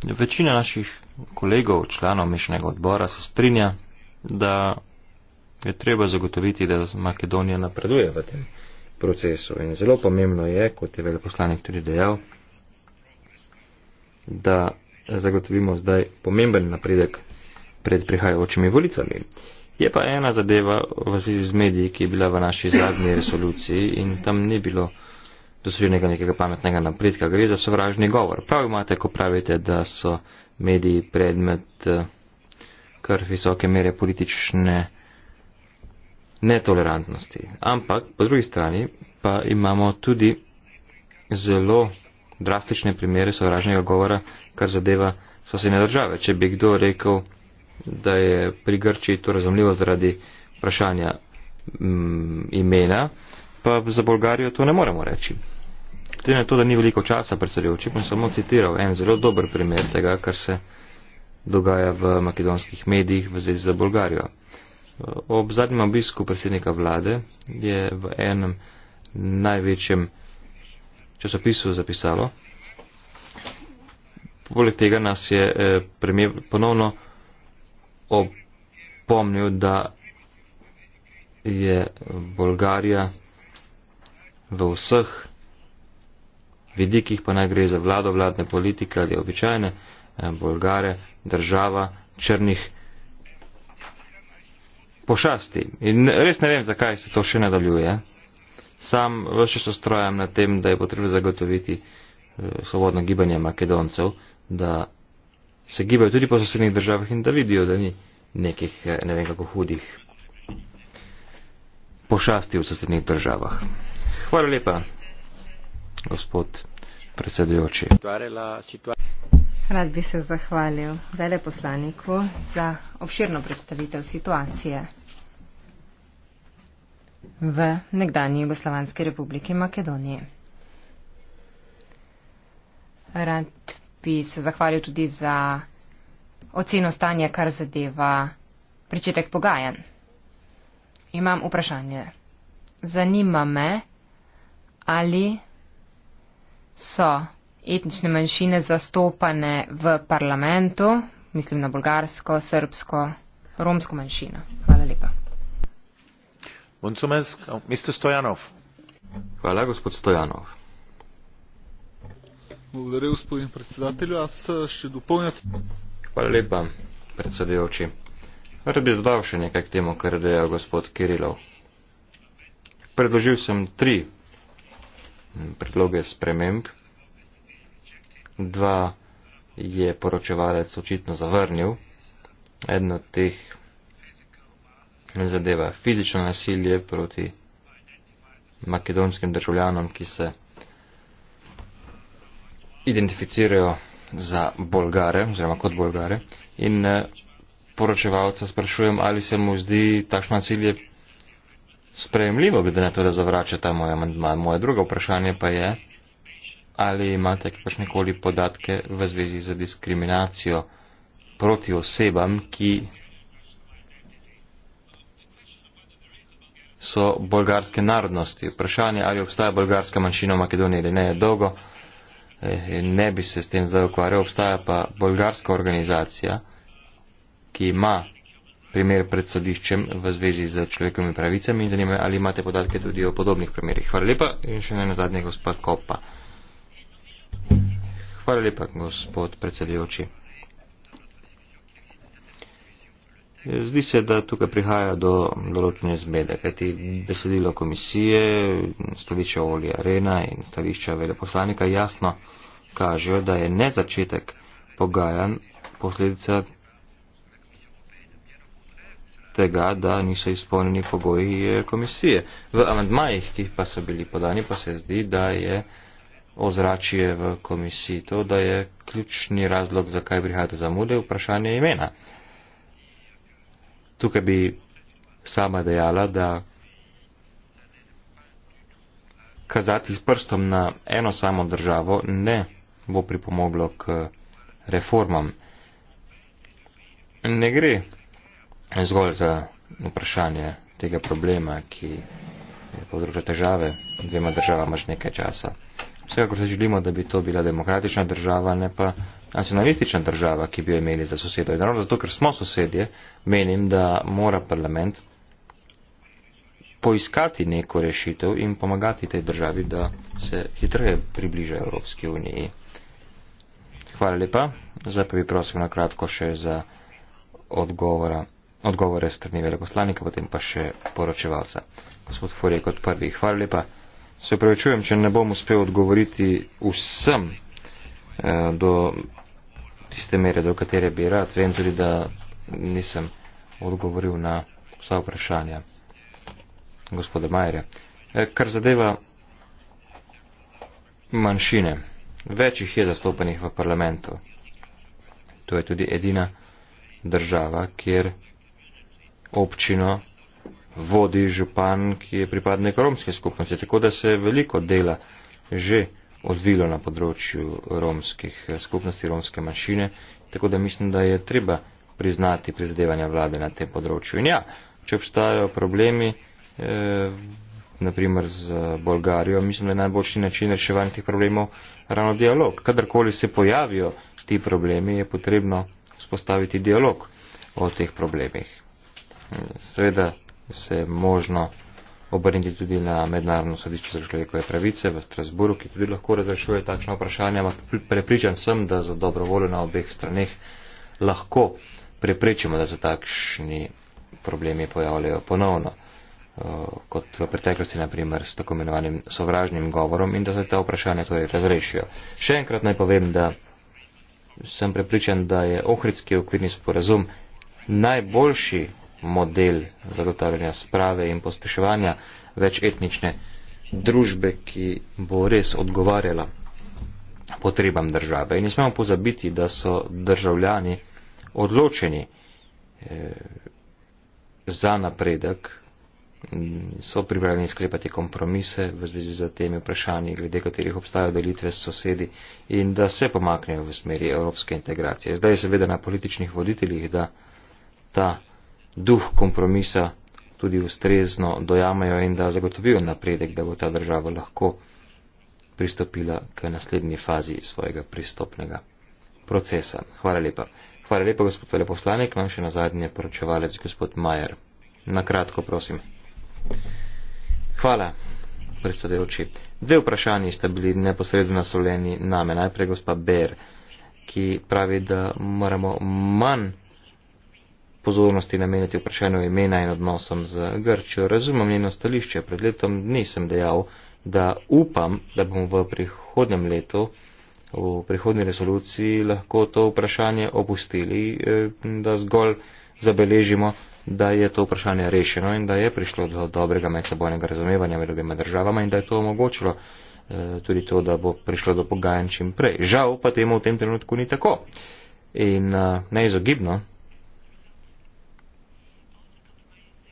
Večina naših kolegov, članov mešnega odbora se strinja, da je treba zagotoviti, da Makedonija napreduje v tem procesu. In zelo pomembno je, kot je veleposlanik tudi dejal, da zagotovimo zdaj pomemben napredek pred prihajajočimi volitvami. Je pa ena zadeva v zvezi z mediji, ki je bila v naši zadnji resoluciji in tam ni bilo doseženega nekega pametnega napredka. Gre za sovražni govor. Prav imate, ko pravite, da so mediji predmet eh, kar visoke mere politične netolerantnosti. Ampak po drugi strani pa imamo tudi zelo drastične primere sovražnega govora, kar zadeva sosednje države. Če bi kdo rekel, da je pri Grčiji to razumljivo zaradi vprašanja m, mm, imena, pa za Bolgarijo to ne moremo reči glede na to, da ni veliko časa predsedujoči, bom samo citiral en zelo dober primer tega, kar se dogaja v makedonskih medijih v zvezi z Bolgarijo. Ob zadnjem obisku predsednika vlade je v enem največjem časopisu zapisalo, poleg tega nas je eh, premijer ponovno opomnil, da je Bolgarija v vseh vidikih, pa naj gre za vlado, vladne politike ali običajne, eh, bolgare, država črnih pošasti. In res ne vem, zakaj se to še nadaljuje. Sam vse se strojam na tem, da je potrebno zagotoviti eh, svobodno gibanje Makedoncev, da se gibajo tudi po sosednjih državah in da vidijo, da ni nekih eh, ne vem kako hudih pošasti v sosednjih državah. Hvala lepa gospod predsedujoči. Rad bi se zahvalil veleposlaniku za obširno predstavitev situacije v nekdanji Jugoslavanski republiki Makedoniji. Rad bi se zahvalil tudi za oceno stanja, kar zadeva pričetek pogajanj. Imam vprašanje. Zanima me, ali so etnične manjšine zastopane v parlamentu, mislim na bolgarsko, srbsko, romsko manjšino. Hvala lepa. Hvala, gospod Stojanov. Благодаря, господин председателю. Аз ще допълня. Хвала лепа, председателчи. Рад би додал ще нека к тему, кърде господ Кирилов. Предложил съм три predloge sprememb. Dva je poročevalec očitno zavrnil. Eno od teh zadeva fizično nasilje proti makedonskim državljanom, ki se identificirajo za bolgare oziroma kot bolgare. In eh, poročevalca sprašujem, ali se mu zdi takšno nasilje sprejemljivo, glede na to, da zavračate moj amandman. Moje drugo vprašanje pa je, ali imate kakšne koli podatke v zvezi z diskriminacijo proti osebam, ki so bolgarske narodnosti. Vprašanje, ali obstaja bolgarska manjšina v Makedoniji ali ne, je dolgo. Eh, ne bi se s tem zdaj ukvarjal, obstaja pa bolgarska organizacija, ki ima primer pred sodiščem v zvezi z človekovimi pravicami in zanima, ali imate podatke tudi o podobnih primerih. Hvala lepa in še na zadnje gospa Kopa. Hvala lepa, gospod predsedujoči. Zdi se, da tukaj prihaja do določene zmede, kajti besedilo komisije, stališče Oli Arena in stališča veleposlanika jasno kažejo, da je ne začetek pogajan posledica tega, da niso izpolnjeni pogoji eh, komisije. V amandmajih, ki pa so bili podani, pa se zdi, da je ozračje v komisiji to, da je ključni razlog, zakaj prihajate zamude, vprašanje imena. Tukaj bi sama dejala, da kazati s prstom na eno samo državo ne bo pripomoglo k reformam. Ne gre zgolj za vprašanje tega problema, ki povzroča težave dvema državama že nekaj časa. Vsekakor se želimo, da bi to bila demokratična država, ne pa nacionalistična država, ki bi jo imeli za sosedo. In ravno zato, ker smo sosedje, menim, da mora parlament poiskati neko rešitev in pomagati tej državi, da se hitreje približa Evropski uniji. Hvala lepa. Zdaj pa bi prosil na kratko še za odgovora odgovore strani veleposlanika, potem pa še poročevalca. Gospod Furje, kot prvi, hvala lepa. Se upravičujem, če ne bom uspel odgovoriti vsem eh, do tiste mere, do katere bi rad. Vem tudi, da nisem odgovoril na vsa vprašanja gospoda Majerja. Eh, kar zadeva manjšine, večjih je zastopanih v parlamentu. To je tudi edina država, kjer občino vodi župan, ki je pripadnik romske skupnosti. Tako da se je veliko dela že odvilo na področju romskih eh, skupnosti, romske manjšine. Tako da mislim, da je treba priznati prizadevanja vlade na tem področju. In ja, če obstajajo problemi, e, eh, naprimer z Bolgarijo, mislim, da je najboljši način reševanja teh problemov ravno dialog. Kadarkoli se pojavijo ti problemi, je potrebno spostaviti dialog o teh problemih. Seveda se je možno obrniti tudi na mednarodno sodišče za človekove pravice v Strasburu, ki tudi lahko razrešuje takšno vprašanje, ampak prepričan sem, da za dobro voljo na obeh straneh lahko preprečimo, da se takšni problemi pojavljajo ponovno, eh, kot v preteklosti, naprimer, s tako imenovanim sovražnim govorom in da se ta vprašanja torej razrešijo. Še enkrat naj povem, da sem prepričan, da je Ohridski okvirni sporazum najboljši model zagotavljanja sprave in pospeševanja večetnične družbe, ki bo res odgovarjala potrebam države. In ne smemo pozabiti, da so državljani odločeni eh, za napredek, so pripravljeni sklepati kompromise v zvezi z temi vprašanji, glede katerih obstajajo delitve s sosedi in da se pomaknejo v smeri evropske integracije. Zdaj je seveda na političnih voditeljih, da ta duh kompromisa tudi ustrezno dojamajo in da zagotovijo napredek, da bo ta država lahko pristopila k naslednji fazi svojega pristopnega procesa. Hvala lepa. Hvala lepa, gospod veleposlanik. Vam še na zadnje poročevalec, gospod Majer. Na kratko, prosim. Hvala, predsedujoči. Dve vprašanji sta bili neposredno naslovljeni name. Najprej gospa Ber, ki pravi, da moramo manj pozornosti nameniti vprašanju imena in odnosom z Grčijo. Razumem njeno stališče. Pred letom dni sem dejal, da upam, da bomo v prihodnem letu, v prihodni resoluciji, lahko to vprašanje opustili, eh, da zgolj zabeležimo, da je to vprašanje rešeno in da je prišlo do dobrega medsebojnega razumevanja med obima državama in da je to omogočilo eh, tudi to, da bo prišlo do pogajanj čim prej. Žal pa temu v tem trenutku ni tako. In eh, neizogibno,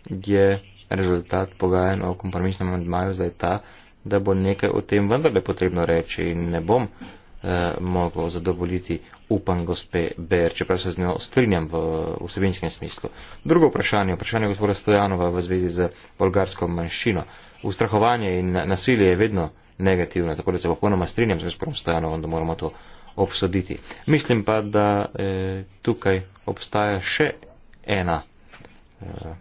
je rezultat pogajanj o kompromisnem amandmaju zdaj ta, da bo nekaj o tem vendarle potrebno reči in ne bom eh, mogel zadovoljiti upan gospe Ber, čeprav se z njo strinjam v vsebinskem smislu. Drugo vprašanje, vprašanje gospoda Stojanova v zvezi z bolgarsko manjšino. Ustrahovanje in nasilje je vedno negativno, tako da se popolnoma strinjam z gospodom Stojanovom, da moramo to obsoditi. Mislim pa, da eh, tukaj obstaja še ena. Eh,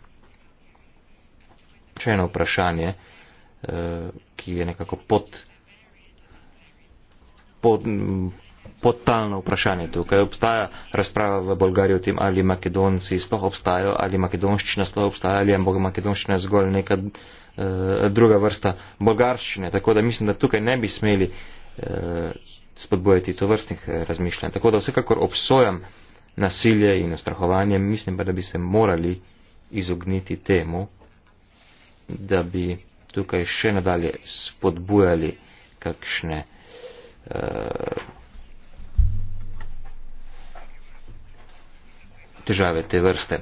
še eno vprašanje, eh, ki je nekako pod, pod, podtalno vprašanje tukaj. Obstaja razprava v Bolgariji o tem, ali makedonci sploh obstajajo, ali makedonščina sploh obstaja, ali ampak makedonščina je zgolj neka eh, druga vrsta bolgarščine. Tako da mislim, da tukaj ne bi smeli eh, spodbojati to vrstnih razmišljanj. Tako da vsekakor obsojam nasilje in ustrahovanje, mislim pa, da bi se morali izogniti temu, da bi tukaj še nadalje spodbujali kakšne uh, težave te vrste.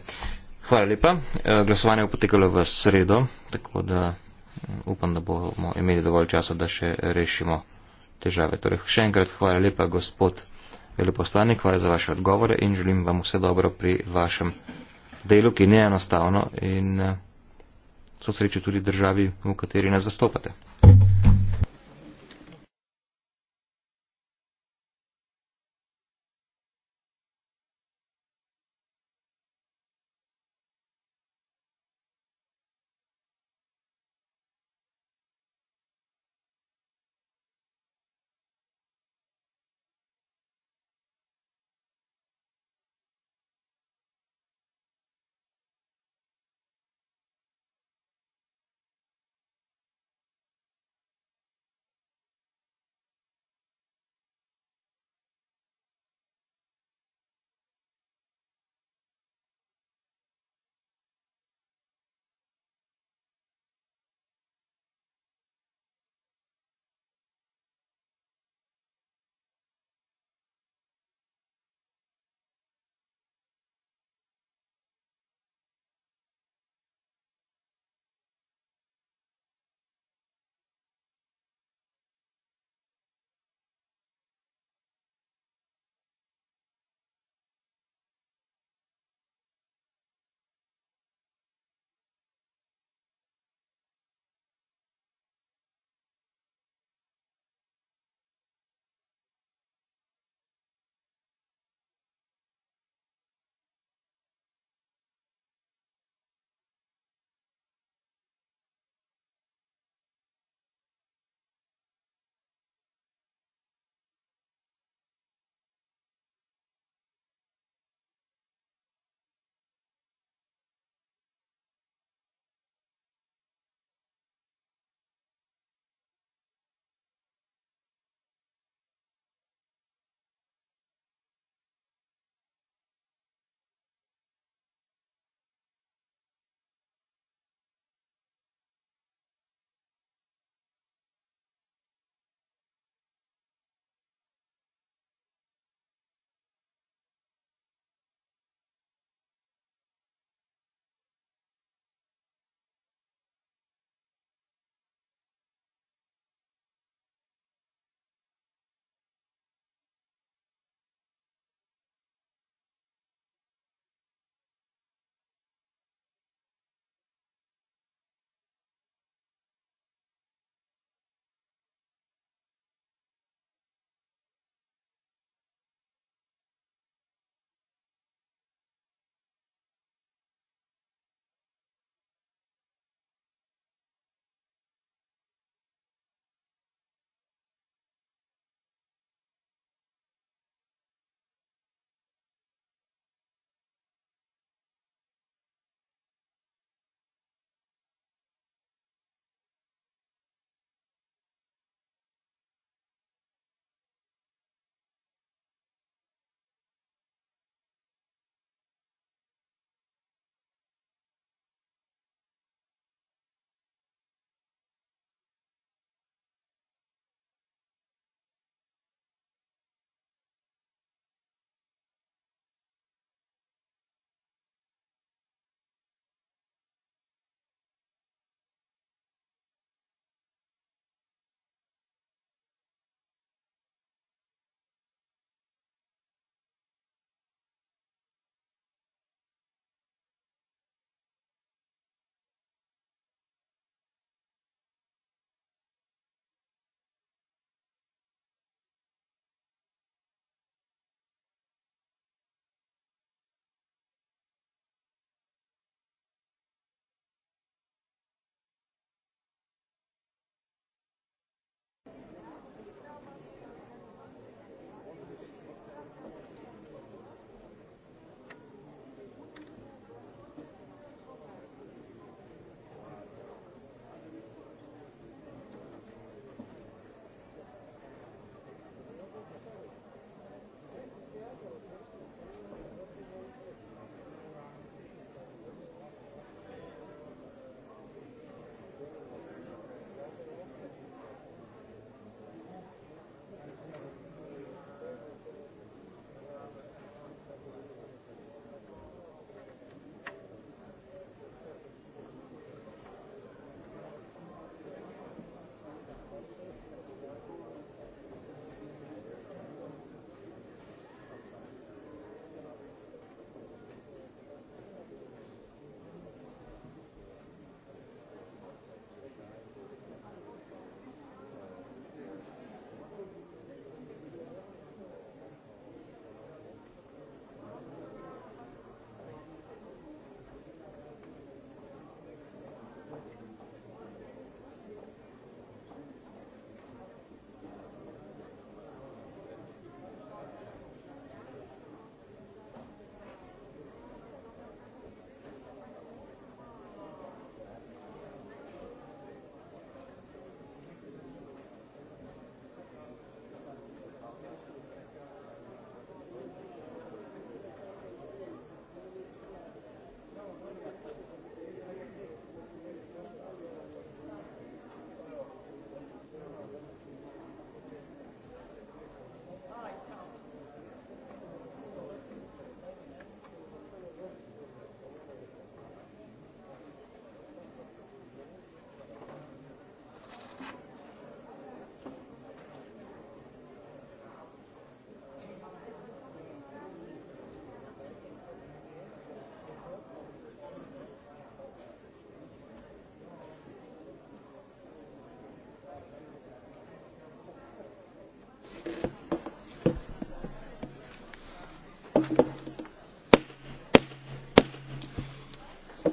Hvala lepa. Eh, glasovanje je potekalo v sredo, tako da mm, upam, da bomo imeli dovolj časa, da še rešimo težave. Torej, še enkrat hvala lepa, gospod veleposlanik, hvala za vaše odgovore in želim vam vse dobro pri vašem delu, ki ni enostavno. In, uh, so srečo tudi državi, v kateri nas zastopate.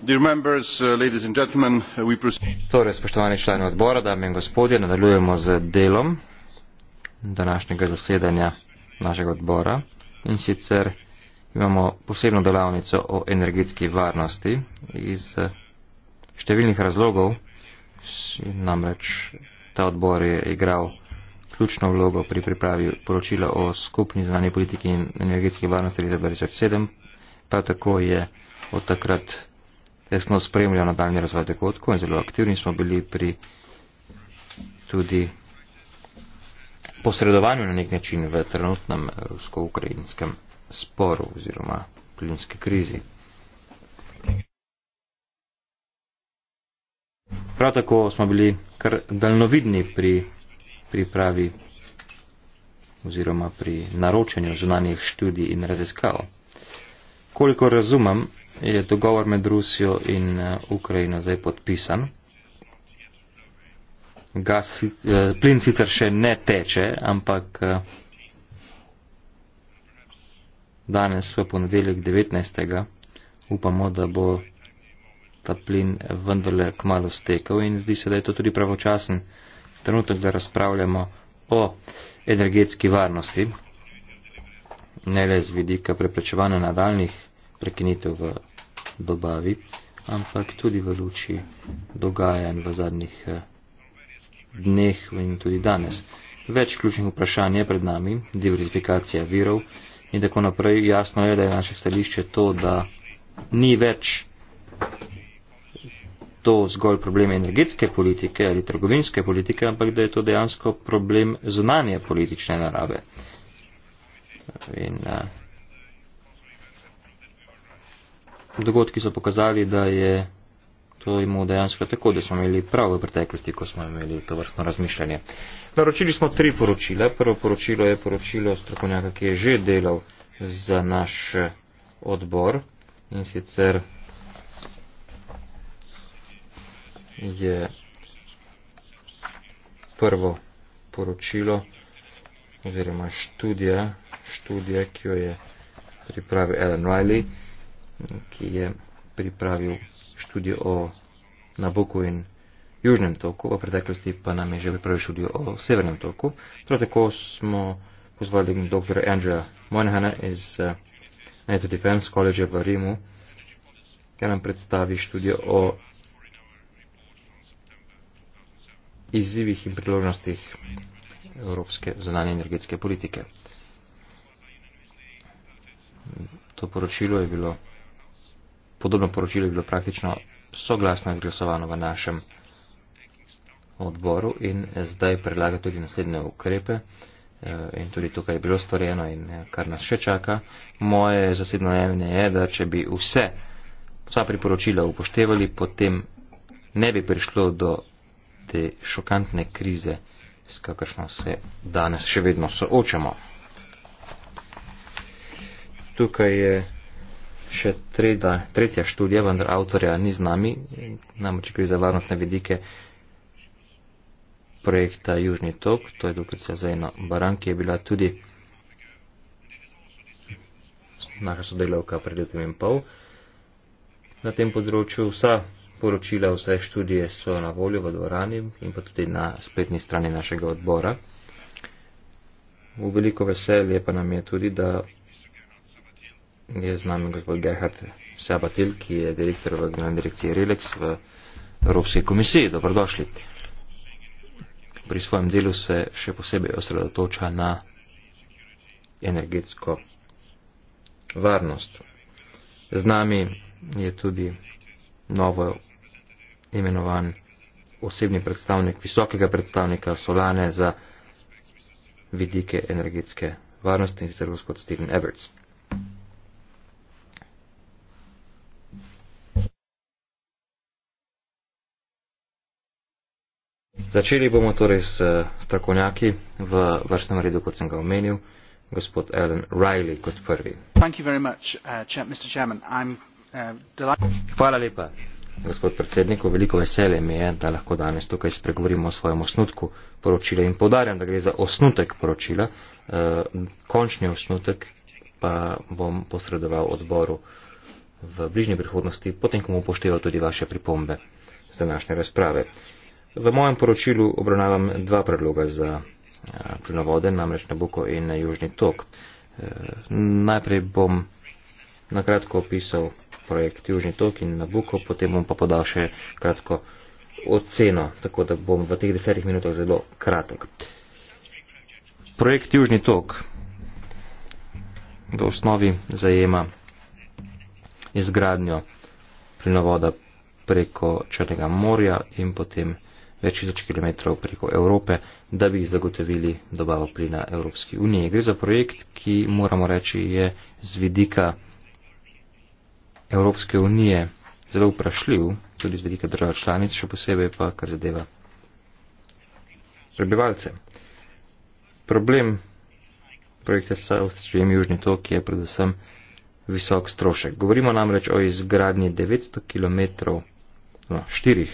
Uh, uh, torej spoštovani člani odbora dame in gospodje nadaljujemo z delom današnjega zasedanja našega odbora in sicer imamo posebno delavnico o energetski varnosti iz uh, številnih razlogov namreč ta odbor je igral ključno vlogo pri pripravi poročila o skupni zunanji politiki in energetski varnosti leta dva tisoč sedem prav tako je od takrat tesno spremljal nadaljni razvoj dogodkov in zelo aktivni smo bili pri tudi posredovanju na nek način v trenutnem rusko-ukrajinskem sporu oziroma plinske krizi. Prav tako smo bili kar daljnovidni pri pripravi oziroma pri naročanju zunanjih študij in raziskav. Koliko razumem, je dogovor med Rusijo in eh, Ukrajino zdaj podpisan. Gaz, eh, plin sicer še ne teče, ampak eh, danes v ponedeljek 19. upamo, da bo ta plin vendarle kmalo stekel in zdi se, da je to tudi pravočasen trenutek, da razpravljamo o energetski varnosti, ne le z vidika preprečevanja nadaljnih prekinitev v dobavi, ampak tudi v luči dogajanj v zadnjih eh, dneh in tudi danes. Več ključnih vprašanj je pred nami, diverzifikacija virov in tako naprej. Jasno je, da je naše stališče to, da ni več to zgolj problem energetske politike ali trgovinske politike, ampak da je to dejansko problem zunanje politične narave. In, uh, dogodki so pokazali, da je to imel dejansko tako, da smo imeli prav v preteklosti, ko smo imeli to vrstno razmišljanje. Naročili smo tri poročila. Prvo poročilo je poročilo strokovnjaka, ki je že delal za naš eh, odbor in sicer je prvo poročilo oziroma študija, študija, ki jo je pripravil Ellen Riley. Mm -hmm ki je pripravil študijo o Naboku in Južnem toku, v preteklosti pa nam je že pripravil študijo o Severnem toku. Prav tako smo pozvali dr. Andrea Moynihana iz eh, NATO Defense College v Rimu, ki nam predstavi študijo o izzivih in priložnostih evropske zunanje energetske politike. To poročilo je bilo podobno poročilo je bilo praktično soglasno glasovano v našem odboru in zdaj predlaga tudi naslednje ukrepe eh, in tudi to, kar je bilo storjeno in eh, kar nas še čaka. Moje zasedno najemne je, da če bi vse, vsa priporočila upoštevali, potem ne bi prišlo do te šokantne krize, s kakršno se danes še vedno soočamo. Tukaj je še treda, tretja študija, vendar avtorja ni z nami, namreč gre za varnostne vidike projekta Južni tok, to je dokrat za eno baran, ki je bila tudi naša sodelovka pred letom in pol. Na tem področju vsa poročila, vse študije so na voljo v dvorani in pa tudi na spletni strani našega odbora. V veliko veselje pa nam je tudi, da Je z nami gospod Gerhard Sabatil, ki je direktor v Generalni direkciji Relex v Evropski komisiji. Dobrodošli. Pri svojem delu se še posebej osredotoča na energetsko varnost. Z nami je tudi novo imenovan osebni predstavnik, visokega predstavnika Solane za vidike energetske varnosti, in sicer gospod Steven Everts. Začeli bomo torej s strokovnjaki v vrstnem redu, kot sem ga omenil, gospod Alan Riley kot prvi. Much, uh, uh, Hvala lepa, gospod predsednik. Veliko veselje mi je, da lahko danes tukaj spregovorimo o svojem osnutku poročila in podarjam, da gre za osnutek poročila. Uh, končni osnutek pa bom posredoval odboru v bližnji prihodnosti, potem, ko bom upošteval tudi vaše pripombe z današnje razprave. Uh, V mojem poročilu obravnavam dva predloga za eh, plinovode, namreč Nabuko in Južni tok. Eh, najprej bom nakratko opisal projekt Južni tok in Nabuko, potem bom pa podal še kratko oceno, tako da bom v teh desetih minutah zelo kratek. Projekt Južni tok v osnovi zajema izgradnjo plinovoda preko Črnega morja in potem več tisoč kilometrov preko Evrope, da bi zagotovili dobavo plina Evropski uniji. Gre za projekt, ki moramo reči je z vidika Evropske unije zelo vprašljiv, tudi z vidika držav članic, še posebej pa kar zadeva prebivalce. Problem projekta South Stream Južni tok je predvsem visok strošek. Govorimo namreč o izgradnji 900 km, no, 4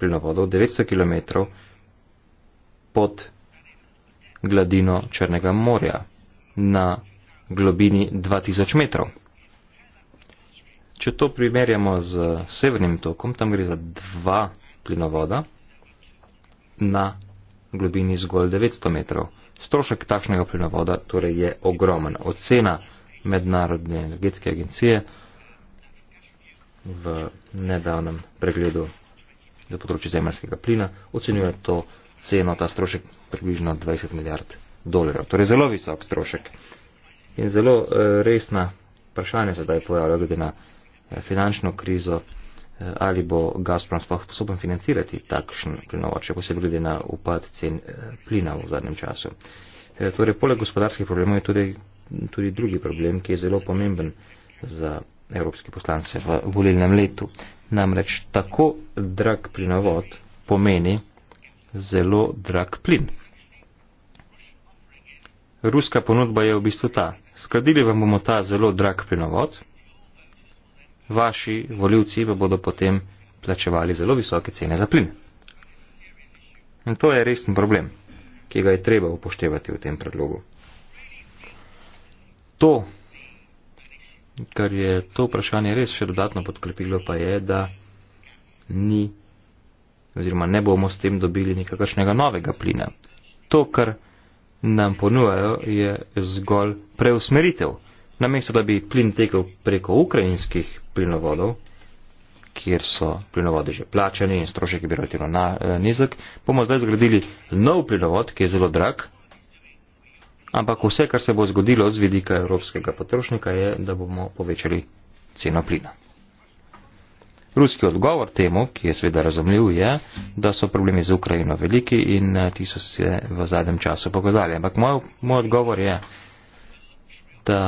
plinovodov 900 km pod gladino Črnega morja na globini 2000 metrov. Če to primerjamo z severnim tokom, tam gre za dva plinovoda na globini zgolj 900 metrov. Strošek takšnega plinovoda torej je ogromen. Ocena Mednarodne energetske agencije v nedavnem pregledu za področje zemljskega plina, ocenjuje to ceno, ta strošek približno 20 milijard dolarjev. Torej zelo visok strošek. In zelo eh, resna vprašanja se zdaj pojavlja glede na eh, finančno krizo, eh, ali bo Gazprom sploh sposoben financirati takšen plinovod, če posebej glede na upad cen eh, plina v zadnjem času. Eh, torej, poleg gospodarskih problemov je tudi, tudi drugi problem, ki je zelo pomemben za evropske poslance v volilnem letu. Namreč tako drag plinovod pomeni zelo drag plin. Ruska ponudba je v bistvu ta. Skladili vam bomo ta zelo drag plinovod, vaši voljivci pa bodo potem plačevali zelo visoke cene za plin. In to je resen problem, ki ga je treba upoštevati v tem predlogu. To, kar je to vprašanje res še dodatno podkrepilo, pa je, da ni oziroma ne bomo s tem dobili nikakršnega novega plina. To, kar nam ponujajo, je zgolj preusmeritev. Namesto, da bi plin tekel preko ukrajinskih plinovodov, kjer so plinovode že plačeni in strošek je bil relativno eh, nizek, bomo zdaj zgradili nov plinovod, ki je zelo drag, ampak vse, kar se bo zgodilo z vidika evropskega potrošnika, je, da bomo povečali ceno plina. Ruski odgovor temu, ki je sveda razumljiv, je, da so problemi z Ukrajino veliki in eh, ti so se v zadnjem času pokazali. Ampak moj, moj odgovor je, da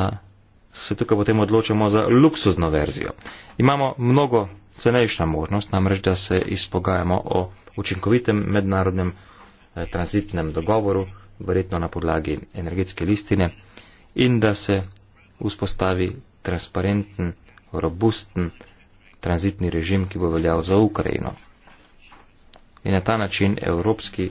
se tukaj potem odločamo za luksuzno verzijo. Imamo mnogo cenejša možnost, namreč da se izpogajamo o učinkovitem mednarodnem Eh, transitnem dogovoru, verjetno na podlagi energetske listine, in da se vzpostavi transparenten, robusten transitni režim, ki bo veljal za Ukrajino. In na ta način evropski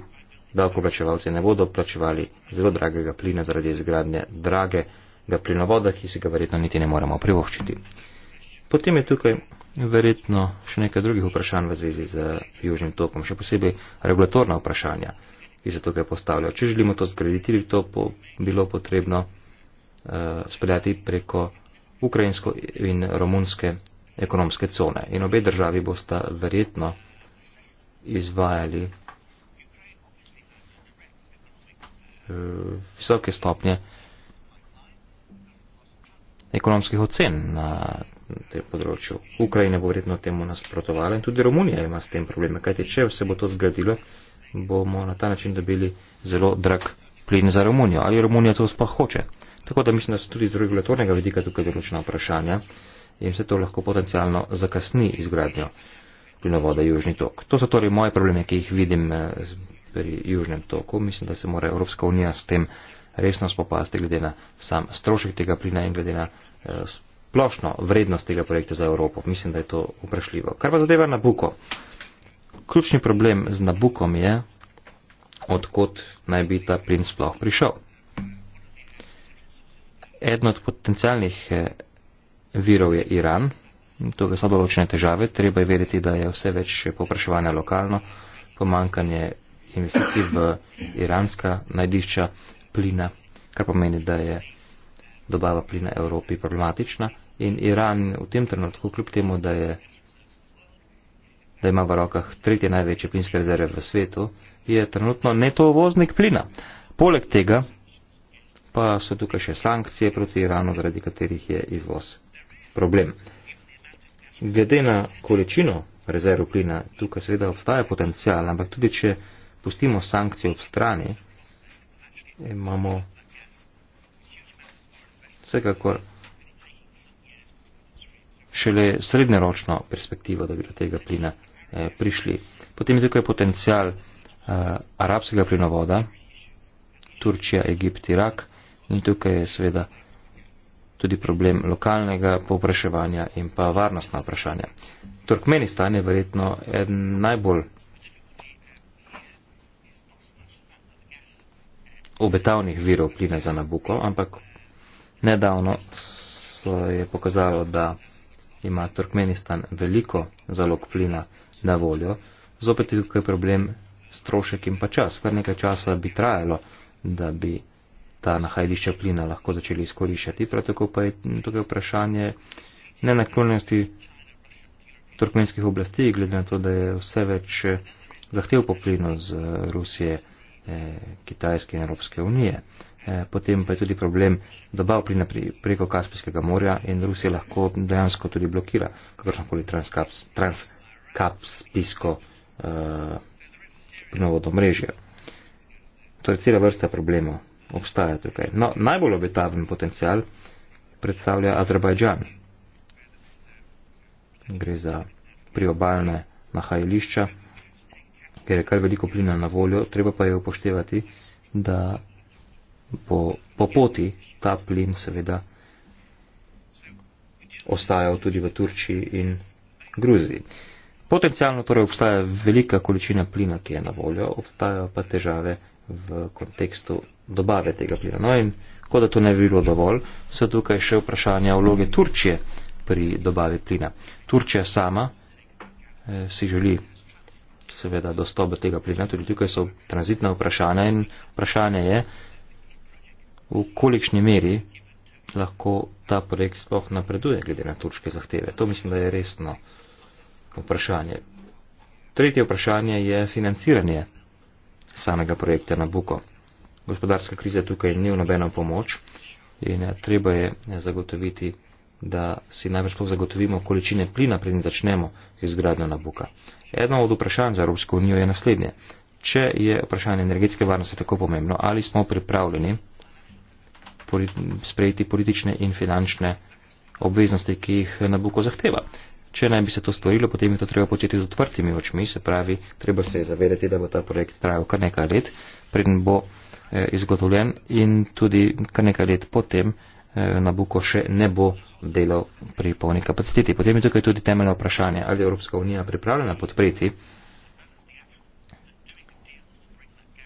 davkoplačevalci ne bodo plačevali zelo dragega plina zaradi izgradnje dragega plinovoda, ki si ga verjetno niti ne moremo privoščiti. Potem je tukaj verjetno še nekaj drugih vprašanj v zvezi z južnim tokom, še posebej regulatorna vprašanja, ki se tukaj postavljajo. Če želimo to zgraditi, bi to po, bilo potrebno uh, speljati preko ukrajinsko in romunske ekonomske cone. In obe državi bosta verjetno izvajali uh, visoke stopnje ekonomskih ocen na na tem področju. Ukrajina bo verjetno temu nasprotovala in tudi Romunija ima s tem probleme. Kajte, če se bo to zgradilo, bomo na ta način dobili zelo drag plin za Romunijo. Ali Romunija to sploh hoče? Tako da mislim, da so tudi z regulatornega vidika tukaj določena vprašanja in se to lahko potencialno zakasni izgradnjo plinovoda Južni tok. To so torej moje probleme, ki jih vidim eh, pri Južnem toku. Mislim, da se mora Evropska unija s tem resno spopasti glede na sam strošek tega plina in glede na uh, splošno vrednost tega projekta za Evropo. Mislim, da je to vprašljivo. Kar pa zadeva Nabuko. Ključni problem z Nabukom je, odkot naj bi ta plin sploh prišel. Eden od potencialnih eh, virov je Iran. Tukaj so določene težave. Treba je vedeti, da je vse več popraševanja lokalno, pomankanje investicij v iranska najdišča plina, kar pomeni, da je dobava plina Evropi problematična in Iran v tem trenutku, kljub temu, da, je, da ima v rokah tretje največje plinske rezerve v svetu, je trenutno netovoznik plina. Poleg tega pa so tukaj še sankcije proti Iranu, zaradi katerih je izvoz problem. Glede na količino rezerv plina, tukaj seveda obstaja potencial, ampak tudi če pustimo sankcije ob strani, imamo vsekakor šele srednjeročno perspektivo, da bi do tega plina eh, prišli. Potem je tukaj potencial eh, arabskega plinovoda, Turčija, Egipt, Irak in tukaj je seveda tudi problem lokalnega povpraševanja in pa varnostna vprašanja. Turkmenistan je verjetno eden najbolj obetavnih virov plina za Nabuko, ampak Nedavno se je pokazalo, da ima Turkmenistan veliko zalog plina na voljo, zopet je tukaj problem strošek in pa čas. Kar nekaj časa bi trajalo, da bi ta nahajališča plina lahko začeli izkoriščati. Prav tako pa je tukaj vprašanje nenaklonjenosti turkmenskih oblasti, glede na to, da je vse več eh, zahtev po plinu z eh, Rusije, eh, Kitajske in Evropske unije. Eh, potem pa je tudi problem dobav plina preko Kaspijskega morja in Rusija lahko dejansko tudi blokira kakršnokoli transkapsijsko trans eh, novo domrežje. Torej, cela vrsta problemov obstaja tukaj. No, najbolj obetaven potencial predstavlja Azerbajdžan. Gre za priobalne nahajališča, ker je kar veliko plina na voljo, treba pa je upoštevati, da po, po poti ta plin seveda ostajal tudi v Turčiji in Gruziji. Potencialno torej obstaja velika količina plina, ki je na voljo, obstajajo pa težave v kontekstu dobave tega plina. No in ko da to ne bi bilo dovolj, so tukaj še vprašanja vloge Turčije pri dobavi plina. Turčija sama eh, si želi seveda dostop do tega plina, tudi tukaj so tranzitna vprašanja in vprašanje je, eh, v kolikšni meri lahko ta projekt sploh napreduje glede na turške zahteve. To mislim, da je resno vprašanje. Tretje vprašanje je financiranje samega projekta Nabuko. Gospodarska kriza tukaj ni v nobeno pomoč in eh, treba je eh, zagotoviti, da si največ sploh zagotovimo količine plina, preden začnemo izgradnjo Nabuka. Eno od vprašanj za Evropsko unijo je naslednje. Če je vprašanje energetske varnosti tako pomembno, ali smo pripravljeni politi sprejeti politične in finančne obveznosti, ki jih Nabuko zahteva. Če naj bi se to storilo, potem je to treba početi z otvrtimi očmi, se pravi, treba se zavedati, da bo ta projekt trajal kar nekaj let, preden bo eh, izgotovljen in tudi kar nekaj let potem eh, Nabuko še ne bo delal pri polni kapaciteti. Potem je tukaj tudi temeljno vprašanje, ali je Evropska unija pripravljena podpreti.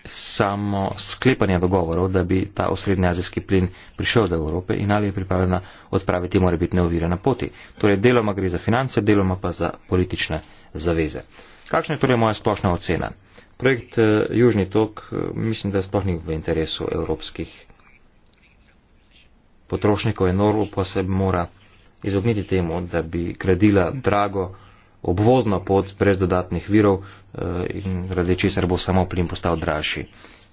samo sklepanja dogovorov, da bi ta osrednjeazijski plin prišel do Evrope in ali je pripravljena odpraviti morebitne ovire na poti. Torej, deloma gre za finance, deloma pa za politične zaveze. Kakšna je torej moja splošna ocena? Projekt eh, Južni tok eh, mislim, da je sploh ni v interesu evropskih potrošnikov enormo, pa se mora izogniti temu, da bi gradila drago obvozna pot brez dodatnih virov eh, in radi česar bo samo plin postal dražji.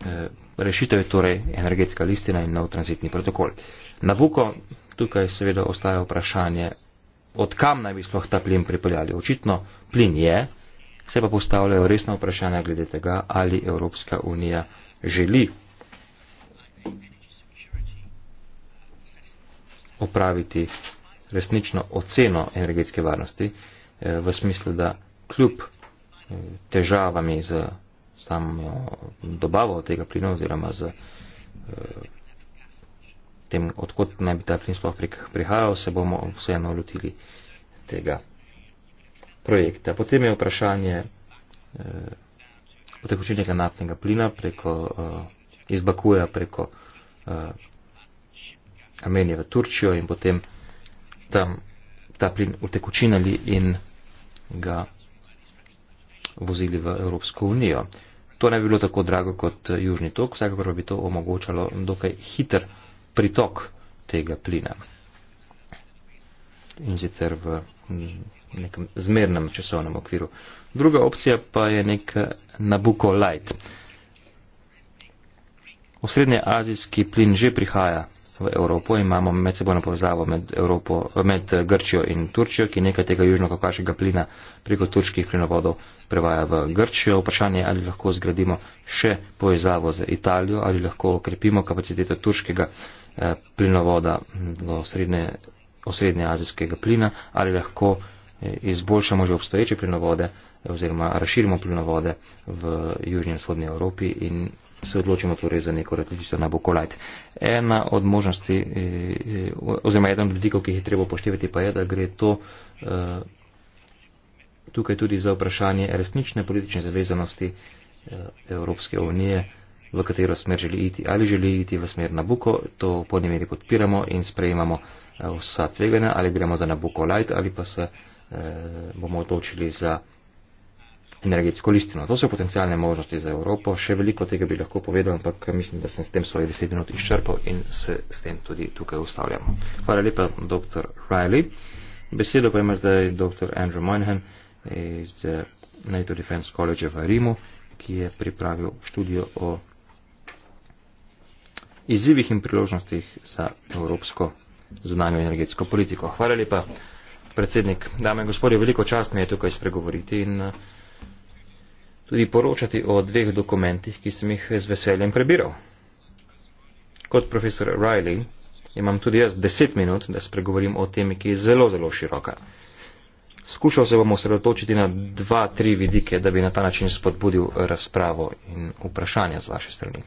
Eh, rešitev je torej energetska listina in nov transitni protokol. Na Vuko tukaj seveda ostaja vprašanje, od kam naj bi sploh ta plin pripeljali. Očitno plin je, se pa postavljajo resna vprašanja glede tega, ali Evropska unija želi opraviti resnično oceno energetske varnosti. Eh, v smislu, da kljub eh, težavami z samo dobavo tega plina oziroma z eh, tem, odkot naj bi ta plin sploh prihajal, se bomo vseeno lotili tega projekta. Potem je vprašanje potekočenega naftnega plina preko, iz Bakuja preko Armenije v Turčijo in potem tam ta plin utekočinali in ga vozili v Evropsko unijo. To ne bi bilo tako drago kot južni tok, vsekakor bi to omogočalo dokaj hiter pritok tega plina in sicer v nekem zmernem časovnem okviru. Druga opcija pa je nek Nabucco Light. Osrednje azijski plin že prihaja v Evropo. Imamo med sebojno povezavo med, Evropo, med Grčijo in Turčijo, ki nekaj tega južno-kaukaškega plina preko turških plinovodov prevaja v Grčijo. Vprašanje je, ali lahko zgradimo še povezavo z Italijo, ali lahko okrepimo kapaciteto turškega eh, plinovoda do srednje, osrednje azijskega plina, ali lahko eh, izboljšamo že obstoječe plinovode eh, oziroma razširimo plinovode v južnji in vzhodnji Evropi in se odločimo torej za neko različico na bokolajt. Ena od možnosti, eh, eh, oziroma eden od vidikov, ki jih je treba upoštevati, pa je, da gre to eh, tukaj tudi za vprašanje resnične politične zavezanosti Evropske unije v katero smer želi iti ali želi iti v smer Nabuko, to v podni meri podpiramo in sprejemamo vsa tvegana, ali gremo za Nabuko Light ali pa se eh, bomo odločili za energetsko listino. To so potencijalne možnosti za Evropo, še veliko tega bi lahko povedal, ampak mislim, da sem s tem svoje 10 minut izčrpal in se s tem tudi tukaj ustavljam. Hvala lepa, dr. Riley. Besedo pa ima zdaj dr. Andrew Moynihan iz eh, NATO Defense College v Rimu, ki je pripravil študijo o izzivih in priložnostih za evropsko zunanjo energetsko politiko. Hvala lepa, predsednik. Dame in gospodje, veliko čast mi je tukaj spregovoriti in uh, tudi poročati o dveh dokumentih, ki sem jih z veseljem prebiral. Kot profesor Riley imam tudi jaz deset minut, da spregovorim o temi, ki je zelo, zelo široka. Skušal se bom osredotočiti na dva, tri vidike, da bi na ta način spodbudil razpravo in vprašanja z vaše strani.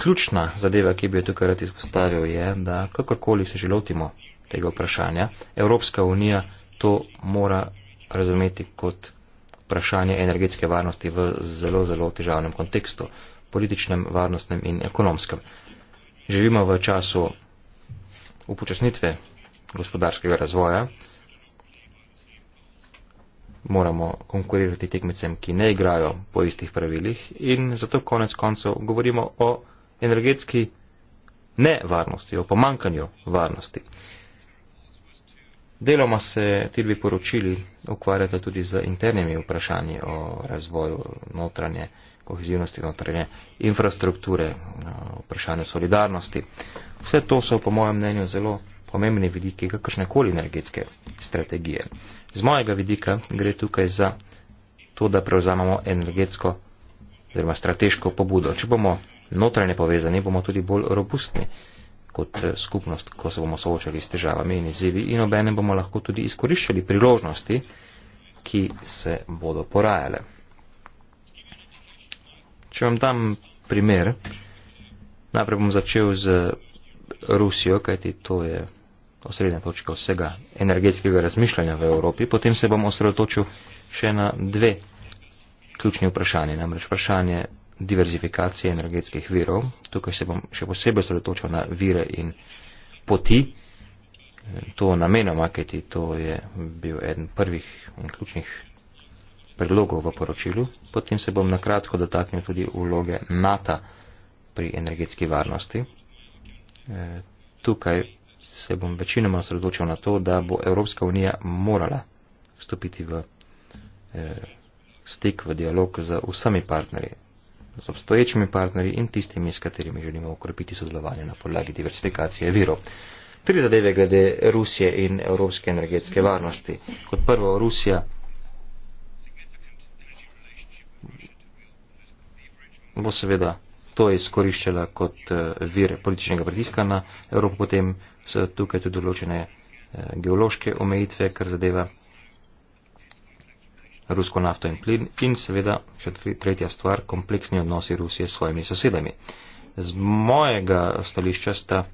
Ključna zadeva, ki bi jo tukaj rad izpostavil, je, da kakorkoli se želotimo tega vprašanja, Evropska unija to mora razumeti kot vprašanje energetske varnosti v zelo, zelo težavnem kontekstu, političnem, varnostnem in ekonomskem. Živimo v času upočasnitve gospodarskega razvoja, moramo konkurirati tekmicem, ki ne igrajo po istih pravilih in zato konec koncev govorimo o energetski nevarnosti, o pomankanju varnosti. Deloma se ti dve poročili ukvarjata tudi z internimi vprašanji o razvoju notranje kohezivnosti, notranje infrastrukture, vprašanju solidarnosti. Vse to so po mojem mnenju zelo pomembni vidiki kakršnekoli energetske strategije. Z mojega vidika gre tukaj za to, da prevzamemo energetsko oziroma strateško pobudo. Če bomo notranje povezani, bomo tudi bolj robustni kot eh, skupnost, ko se bomo soočali s težavami in izzivi in obenem bomo lahko tudi izkoriščali priložnosti, ki se bodo porajale. Če vam dam primer, najprej bom začel z Rusijo, kajti to je osrednja točka vsega energetskega razmišljanja v Evropi, potem se bom osredotočil še na dve ključne vprašanje, namreč vprašanje diverzifikacije energetskih virov. Tukaj se bom še posebej sredotočil na vire in poti. To namenoma, kajti to je bil eden prvih in ključnih predlogov v poročilu. Potem se bom nakratko dotaknil tudi vloge NATO pri energetski varnosti. E, tukaj se bom večinoma sredotočil na to, da bo Evropska unija morala stopiti v e, stik, v dialog z vsemi partnerji z obstoječimi partnerji in tistimi, s katerimi želimo ukrepiti sodelovanje na podlagi diversifikacije virov. Tri zadeve glede Rusije in evropske energetske varnosti. Kot prvo, Rusija bo seveda to izkoriščala kot eh, vir političnega pritiska na Evropo, potem so tukaj tudi določene eh, geološke omejitve, kar zadeva rusko nafto in plin in seveda še tretja stvar, kompleksni odnosi Rusije s svojimi sosedami. Z mojega stališča sta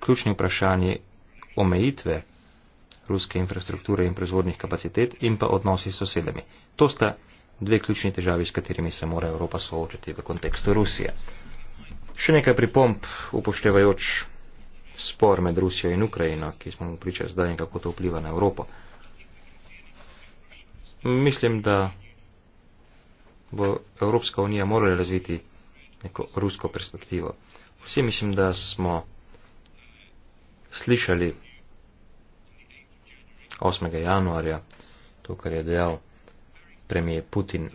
ključni vprašanji omejitve ruske infrastrukture in proizvodnih kapacitet in pa odnosi s sosedami. To sta dve ključni težavi, s katerimi se mora Evropa soočiti v kontekstu Rusije. Še nekaj pripomp, upoštevajoč spor med Rusijo in Ukrajino, ki smo mu priča zdaj in kako to vpliva na Evropo. Mislim, da bo Evropska unija morala razviti neko rusko perspektivo. Vsi mislim, da smo slišali 8. januarja to, kar je dejal premije Putin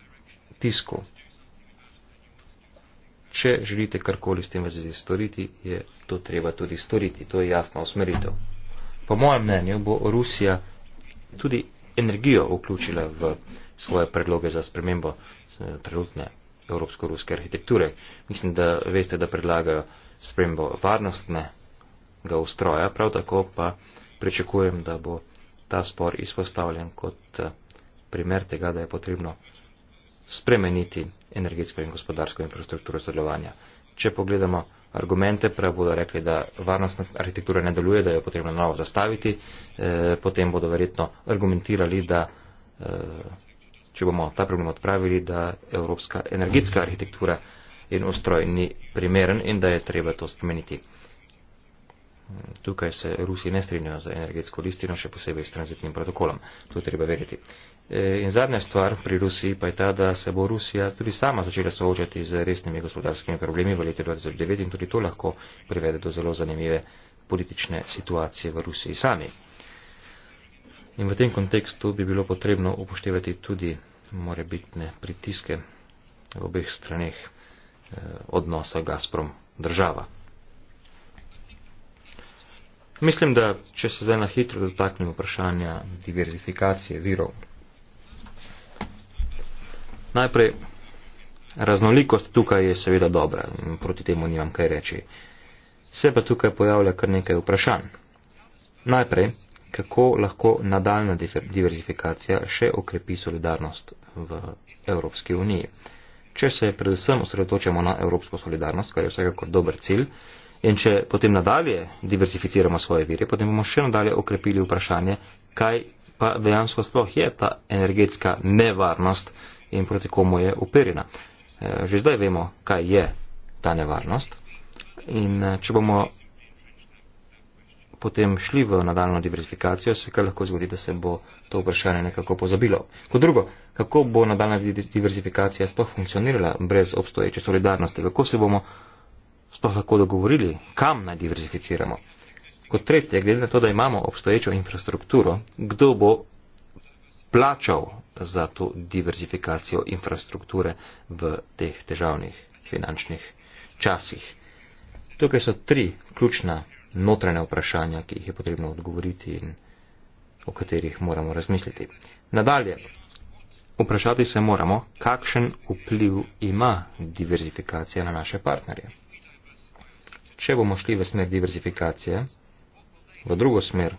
tisku. Če želite karkoli s tem vezi storiti, je to treba tudi storiti. To je jasna osmeritev. Po mojem mnenju bo Rusija tudi energijo vključile v svoje predloge za spremembo eh, trenutne evropsko-ruske arhitekture. Mislim, da veste, da predlagajo spremembo varnostnega ustroja, prav tako pa pričakujem, da bo ta spor izpostavljen kot eh, primer tega, da je potrebno spremeniti energetsko in gospodarsko infrastrukturo sodelovanja. Če pogledamo, argumente, prej bodo rekli, da varnostna arhitektura ne deluje, da jo je potrebno novo zastaviti, eh, potem bodo verjetno argumentirali, da eh, če bomo ta problem odpravili, da evropska energetska arhitektura in ustroj ni primeren in da je treba to spremeniti. Tukaj se Rusi ne strinjajo za energetsko listino, še posebej s tranzitnim protokolom. To treba verjeti. E, in zadnja stvar pri Rusiji pa je ta, da se bo Rusija tudi sama začela soočati z resnimi gospodarskimi problemi v letu 2009 in tudi to lahko privede do zelo zanimive politične situacije v Rusiji sami. In v tem kontekstu bi bilo potrebno upoštevati tudi morebitne pritiske v obeh straneh e, odnosa Gazprom država. Mislim, da če se zdaj na hitro dotaknemo vprašanja diverzifikacije virov. Najprej, raznolikost tukaj je seveda dobra, proti temu nimam kaj reči. Se pa tukaj pojavlja kar nekaj vprašanj. Najprej, kako lahko nadaljna diverzifikacija še okrepi solidarnost v Evropski uniji. Če se predvsem osredotočamo na evropsko solidarnost, kar je vsekakor dober cilj, In če potem nadalje diversificiramo svoje vire, potem bomo še nadalje okrepili vprašanje, kaj pa dejansko sploh je ta energetska nevarnost in proti komu je uperjena. Eh, že zdaj vemo, kaj je ta nevarnost. In eh, če bomo potem šli v nadaljno diversifikacijo, se kaj lahko zgodi, da se bo to vprašanje nekako pozabilo. Kot drugo, kako bo nadaljna diversifikacija sploh funkcionirala brez obstoječe solidarnosti? Kako se bomo sploh lahko dogovorili, kam naj diverzificiramo. Kot tretje, glede na to, da imamo obstoječo infrastrukturo, kdo bo plačal za to diverzifikacijo infrastrukture v teh težavnih finančnih časih. Tukaj so tri ključna notranja vprašanja, ki jih je potrebno odgovoriti in o katerih moramo razmisliti. Nadalje, vprašati se moramo, kakšen vpliv ima diverzifikacija na naše partnerje če bomo šli v smer diverzifikacije, v drugo smer,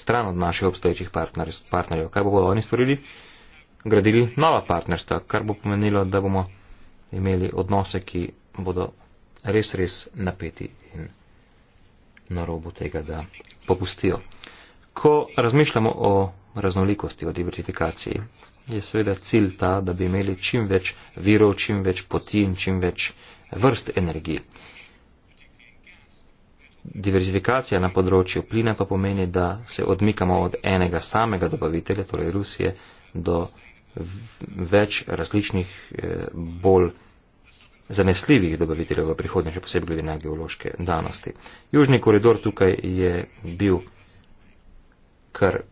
stran od naših obstoječih partnerjev, kaj bodo oni stvorili, gradili nova partnerstva, kar bo pomenilo, da bomo imeli odnose, ki bodo res, res napeti in na robu tega, da popustijo. Ko razmišljamo o raznolikosti, o diversifikaciji, je seveda cilj ta, da bi imeli čim več virov, čim več poti in čim več vrst energije. Diverzifikacija na področju plina pa pomeni, da se odmikamo od enega samega dobavitelja, torej Rusije, do več različnih, eh, bolj zanesljivih dobaviteljev v prihodnje, še posebej glede na geološke danosti. Južni koridor tukaj je bil kar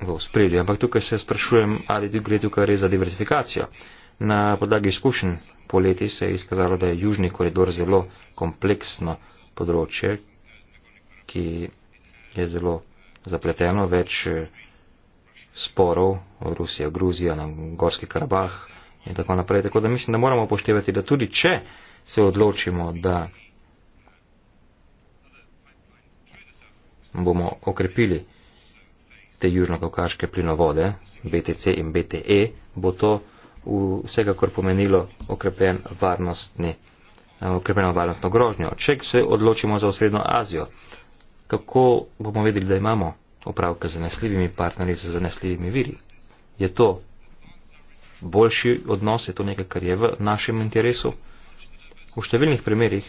v spredju, ampak tukaj se sprašujem, ali gre tukaj res za diverzifikacijo. Na podlagi izkušenj poleti se je izkazalo, da je južni koridor zelo kompleksno področje, ki je zelo zapleteno, več eh, sporov Rusija, Gruzija, na Gorski Karabah in tako naprej. Tako da mislim, da moramo upoštevati, da tudi če se odločimo, da bomo okrepili te južnokaukaške plinovode, BTC in BTE, bo to vsekakor pomenilo okrepen varnostni, okrepeno varnostno grožnjo. Če se odločimo za osrednjo Azijo, kako bomo vedeli, da imamo opravka z zanesljivimi partnerji, z zanesljivimi viri. Je to boljši odnos, je to nekaj, kar je v našem interesu. V številnih primerjih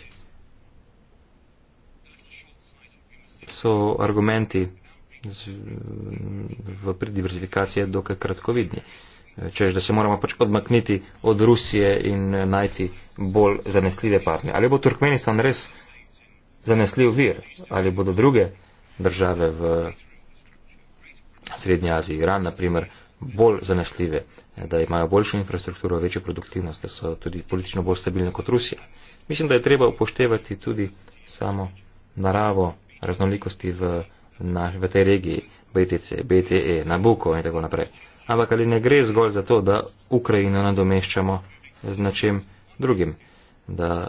so argumenti z, v pridiverzifikaciji dokaj kratkovidni. Češ, da se moramo pač odmakniti od Rusije in najti bolj zanesljive partnerje. Ali bo Turkmenistan res zanesljiv vir. Ali bodo druge države v Srednji Aziji, Iran, na primer, bolj zanesljive, da imajo boljšo infrastrukturo, večjo produktivnost, da so tudi politično bolj stabilne kot Rusija. Mislim, da je treba upoštevati tudi samo naravo raznolikosti v, na, v tej regiji, BTC, BTE, Nabuko in tako naprej. Ampak ali ne gre zgolj za to, da Ukrajino nadomeščamo z načem drugim, da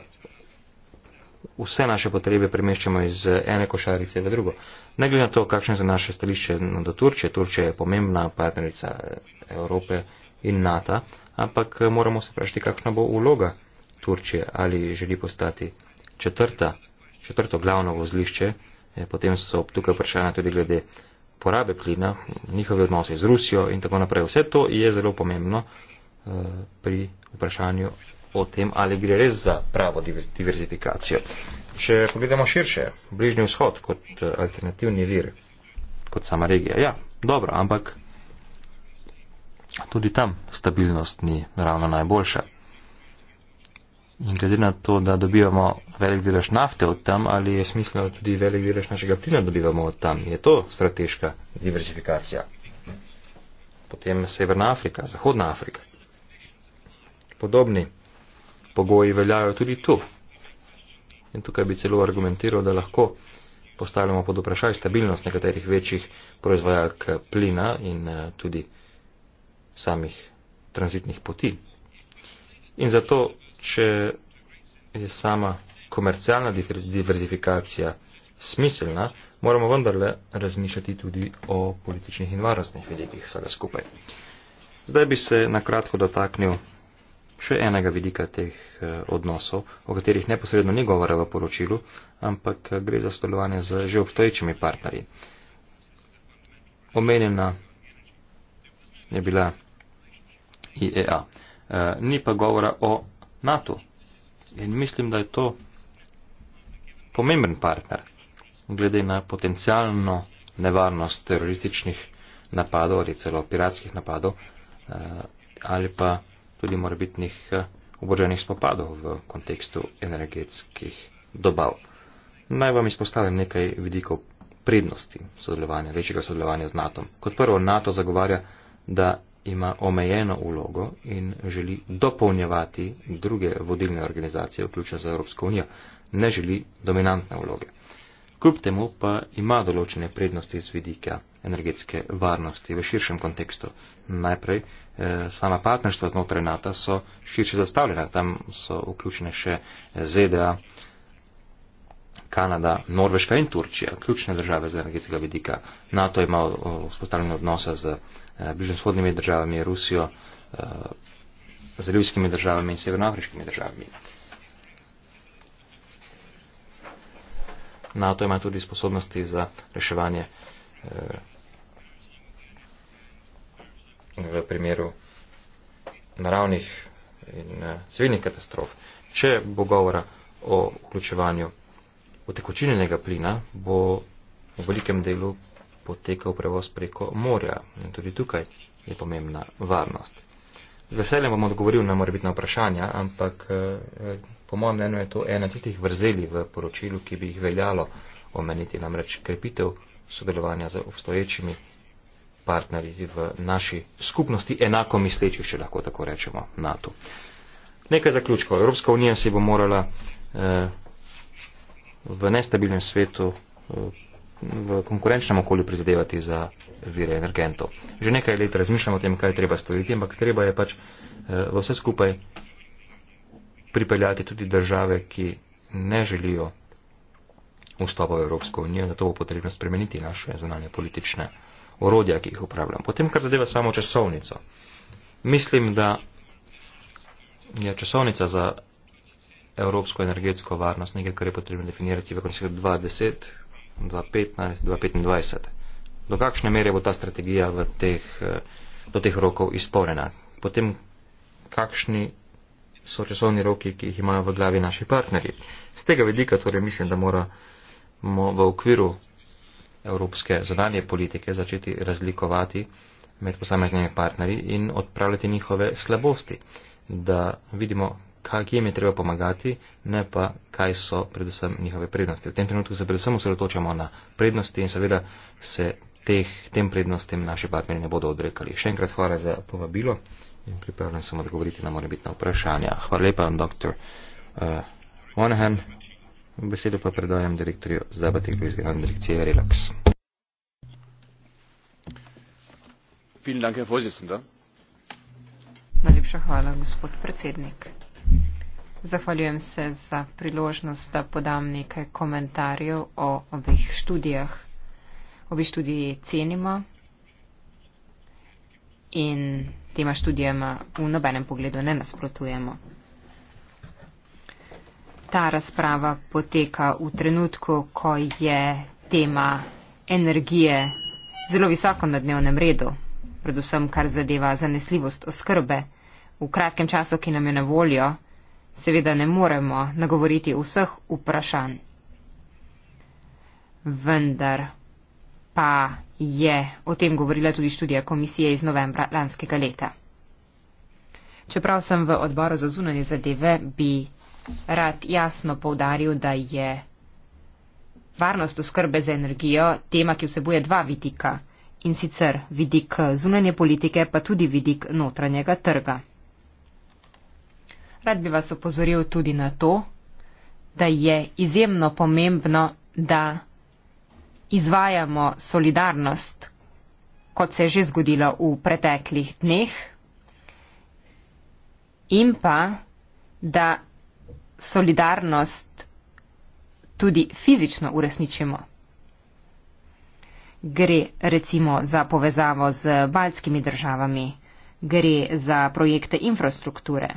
vse naše potrebe premeščamo iz ene košarice v drugo. Ne glede na to, kakšne so naše stališče no, do Turčije. Turčija je pomembna partnerica eh, Evrope in NATO, ampak eh, moramo se vprašati, kakšna bo uloga Turčije, ali želi postati četrta, četrto glavno vozlišče. Eh, potem so tukaj vprašanja tudi glede porabe plina, njihove odnose z Rusijo in tako naprej. Vse to je zelo pomembno pri vprašanju o tem, ali gre res za pravo diverzifikacijo. Če pogledamo širše, Bližnji vzhod kot eh, alternativni vir, kot sama regija. Ja, dobro, ampak tudi tam stabilnost ni ravno najboljša. In glede na to, da dobivamo velik delež nafte od tam, ali je smiselno tudi velik delež našega plina dobivamo od tam, je to strateška diverzifikacija. Potem Severna Afrika, Zahodna Afrika. Podobni pogoji veljajo tudi tu. In tukaj bi celo argumentiral, da lahko postavljamo pod vprašaj stabilnost nekaterih večjih proizvajalk plina in eh, tudi samih tranzitnih poti. In zato, če je sama komercialna diverzifikacija smiselna, moramo vendarle razmišljati tudi o političnih in varnostnih vidikih vsega skupaj. Zdaj bi se na kratko dotaknil še enega vidika teh eh, odnosov, o katerih neposredno ni govora v poročilu, ampak eh, gre za sodelovanje z že obstoječimi partnerji. Omenjena je bila IEA. Eh, ni pa govora o NATO. In mislim, da je to pomemben partner, glede na potencijalno nevarnost terorističnih napadov ali celo piratskih napadov ali pa tudi morebitnih eh, oboženih spopadov v kontekstu energetskih dobav. Naj vam izpostavim nekaj vidikov prednosti sodelovanja, večjega sodelovanja z NATO. Kot prvo, NATO zagovarja, da ima omejeno ulogo in želi dopolnjevati druge vodilne organizacije, vključno z Evropsko unijo, ne želi dominantne vloge. Kljub temu pa ima določene prednosti z vidika energetske varnosti v širšem kontekstu. Najprej eh, sama partnerstva znotraj NATO so širše zastavljena, tam so vključene še ZDA, Kanada, Norveška in Turčija, ključne države z energetskega vidika. NATO ima eh, vzpostavljene odnose z eh, bližnjevzhodnimi državami, Rusijo, z ljubskimi državami in severnoafriškimi državami. NATO ima tudi sposobnosti za reševanje eh, v primeru naravnih in eh, civilnih katastrof. Če bo govora o vključevanju utekočinjenega plina, bo v velikem delu potekal prevoz preko morja in tudi tukaj je pomembna varnost. Z veseljem bom odgovoril na morbitna vprašanja, ampak eh, po mojem mnenju je to ena tistih vrzeli v poročilu, ki bi jih veljalo omeniti, namreč krepitev sodelovanja z obstoječimi partnerji v naši skupnosti, enako misleči, če lahko tako rečemo, NATO. Nekaj zaključkov. Evropska unija si bo morala eh, v nestabilnem svetu eh, v konkurenčnem okolju prizadevati za vire energentov. Že nekaj let razmišljamo o tem, kaj treba storiti, ampak treba je pač v eh, vse skupaj pripeljati tudi države, ki ne želijo vstopa v Evropsko unijo, zato bo potrebno spremeniti naše zunanje politične orodja, ki jih upravljam. Potem, kar zadeva samo časovnico. Mislim, da je časovnica za evropsko energetsko varnost nekaj, kar je potrebno definirati v koncertu 2010, 2015-2025. Do kakšne mere bo ta strategija v teh, eh, do teh rokov izpolnjena? Potem, kakšni so časovni roki, ki jih imajo v glavi naši partnerji? Z tega vedika torej mislim, da moramo v okviru evropske zadanje politike začeti razlikovati med posameznimi partnerji in odpravljati njihove slabosti, da vidimo, kaj jim je treba pomagati, ne pa kaj so predvsem njihove prednosti. V tem trenutku se predvsem osredotočamo na prednosti in seveda se teh, tem prednostem naši partnerji ne bodo odrekali. Še enkrat hvala za povabilo in pripravljen sem odgovoriti na morebitna vprašanja. Hvala lepa, dr. Uh, eh, Monahan. Besedo pa predajam direktorju Zabatih Bizgran direkcije Relax. Najlepša hvala, gospod predsednik. Zahvaljujem se za priložnost, da podam nekaj komentarjev o obih študijah. Obi študiji cenimo in tema študijama v nobenem pogledu ne nasprotujemo. Ta razprava poteka v trenutku, ko je tema energije zelo visoko na dnevnem redu, predvsem kar zadeva zanesljivost oskrbe v kratkem času, ki nam je na voljo seveda ne moremo nagovoriti vseh vprašanj. Vendar pa je o tem govorila tudi študija komisije iz novembra lanskega leta. Čeprav sem v odboru za zunanje zadeve, bi rad jasno povdaril, da je varnost oskrbe za energijo tema, ki vsebuje dva vidika in sicer vidik zunanje politike, pa tudi vidik notranjega trga. Rad bi vas opozoril tudi na to, da je izjemno pomembno, da izvajamo solidarnost, kot se je že zgodilo v preteklih dneh, in pa, da solidarnost tudi fizično uresničimo. Gre recimo za povezavo z baltskimi državami, gre za projekte infrastrukture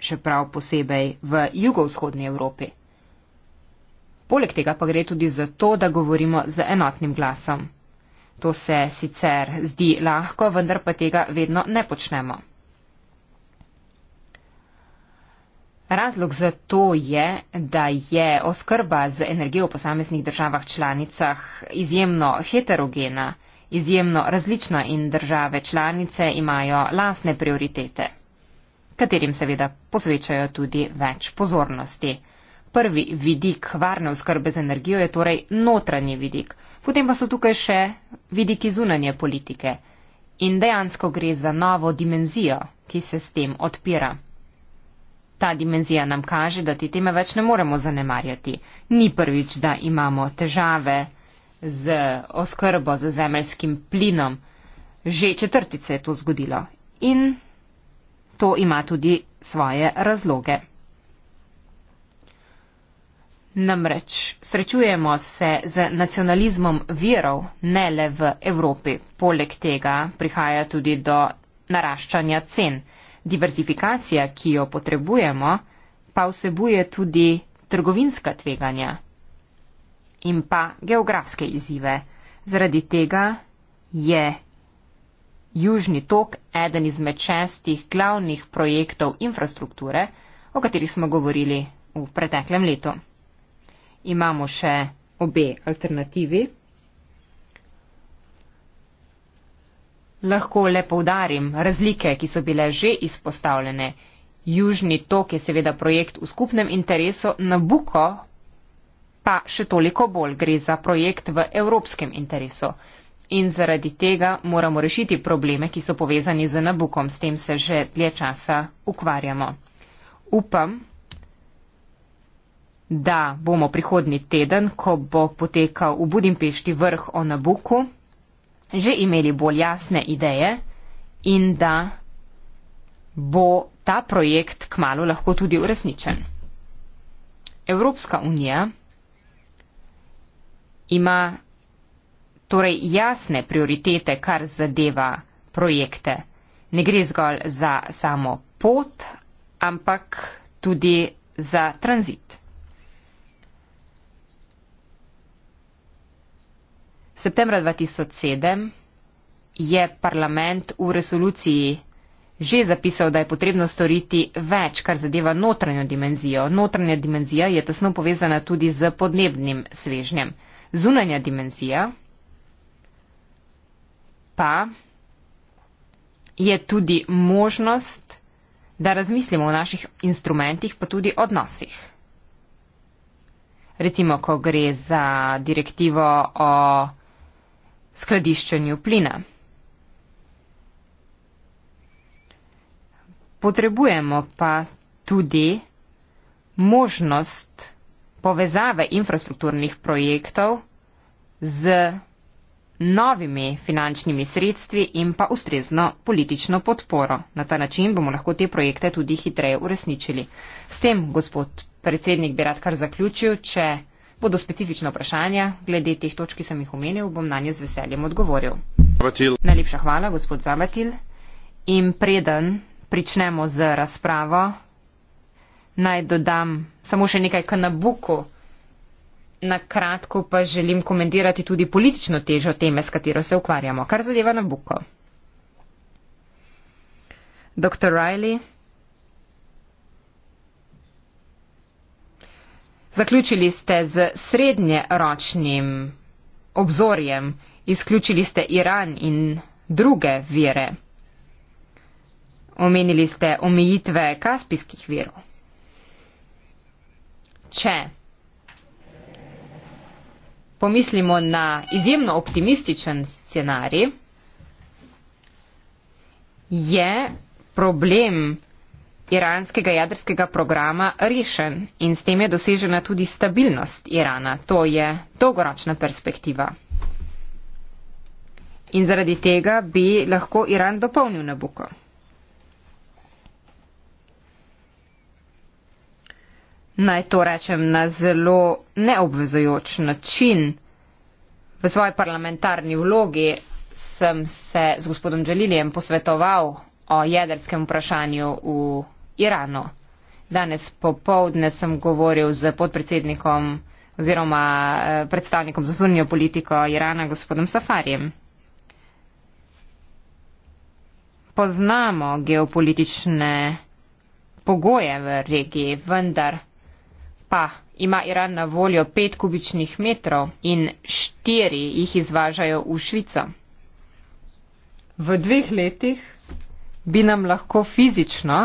še prav posebej v jugovzhodni Evropi. Poleg tega pa gre tudi za to, da govorimo z enotnim glasom. To se sicer zdi lahko, vendar pa tega vedno ne počnemo. Razlog za to je, da je oskrba z energijo v posameznih državah članicah izjemno heterogena, izjemno različna in države članice imajo lasne prioritete katerim seveda posvečajo tudi več pozornosti. Prvi vidik varne oskrbe z energijo je torej notranji vidik, potem pa so tukaj še vidiki zunanje politike. In dejansko gre za novo dimenzijo, ki se s tem odpira. Ta dimenzija nam kaže, da te teme več ne moremo zanemarjati. Ni prvič, da imamo težave z oskrbo z zemeljskim plinom. Že četrtice je to zgodilo. In To ima tudi svoje razloge. Namreč srečujemo se z nacionalizmom virov ne le v Evropi. Poleg tega prihaja tudi do naraščanja cen. Diverzifikacija, ki jo potrebujemo, pa vsebuje tudi trgovinska tveganja in pa geografske izzive. Zaradi tega je Južni tok, eden izmed šestih glavnih projektov infrastrukture, o katerih smo govorili v preteklem letu. Imamo še obe alternativi. Lahko le poudarim razlike, ki so bile že izpostavljene. Južni tok je seveda projekt v skupnem interesu, Nabuko pa še toliko bolj gre za projekt v evropskem interesu in zaradi tega moramo rešiti probleme, ki so povezani z nabukom. S tem se že dlje časa ukvarjamo. Upam, da bomo prihodni teden, ko bo potekal v Budimpešti vrh o nabuku, že imeli bolj jasne ideje in da bo ta projekt kmalo lahko tudi uresničen. Evropska unija ima torej jasne prioritete, kar zadeva projekte. Ne gre zgolj za samo pot, ampak tudi za tranzit. Septembra 2007 je parlament v resoluciji že zapisal, da je potrebno storiti več, kar zadeva notranjo dimenzijo. Notranja dimenzija je tesno povezana tudi z podnebnim svežnjem. Zunanja dimenzija pa je tudi možnost, da razmislimo o naših instrumentih, pa tudi odnosih. Recimo, ko gre za direktivo o skladiščenju plina. Potrebujemo pa tudi možnost povezave infrastrukturnih projektov z novimi finančnimi sredstvi in pa ustrezno politično podporo. Na ta način bomo lahko te projekte tudi hitreje uresničili. S tem, gospod predsednik, bi rad kar zaključil, če bodo specifična vprašanja glede teh točk, ki sem jih omenil, bom na nje z veseljem odgovoril. Zabatil. Najlepša hvala, gospod Zabatil. In preden pričnemo z razpravo, naj dodam samo še nekaj k nabuku. Na kratko pa želim komentirati tudi politično težo teme, s katero se ukvarjamo, kar zadeva Nabuko. Dr. Riley, zaključili ste z srednjeročnim obzorjem, izključili ste Iran in druge vire. Omenili ste omejitve kaspijskih virov. Če pomislimo na izjemno optimističen scenarij, je problem iranskega jedrskega programa rešen in s tem je dosežena tudi stabilnost Irana. To je dolgoročna perspektiva. In zaradi tega bi lahko Iran dopolnil na buko. naj to rečem na zelo neobvezojoč način, v svoji parlamentarni vlogi sem se z gospodom Džalilijem posvetoval o jedrskem vprašanju v Iranu. Danes popovdne sem govoril z podpredsednikom oziroma eh, predstavnikom za zunjo politiko Irana, gospodom Safarijem. Poznamo geopolitične pogoje v regiji, vendar pa ima Iran na voljo pet kubičnih metrov in štiri jih izvažajo v Švico. V dveh letih bi nam lahko fizično,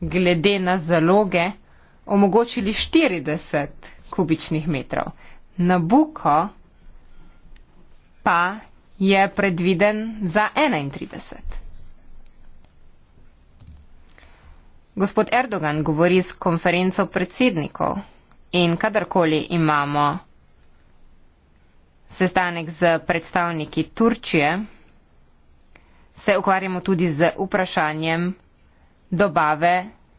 glede na zaloge, omogočili 40 kubičnih metrov. Na Buko pa je predviden za 31. Gospod Erdogan govori s konferenco predsednikov in kadarkoli imamo sestanek z predstavniki Turčije, se ukvarjamo tudi z vprašanjem dobave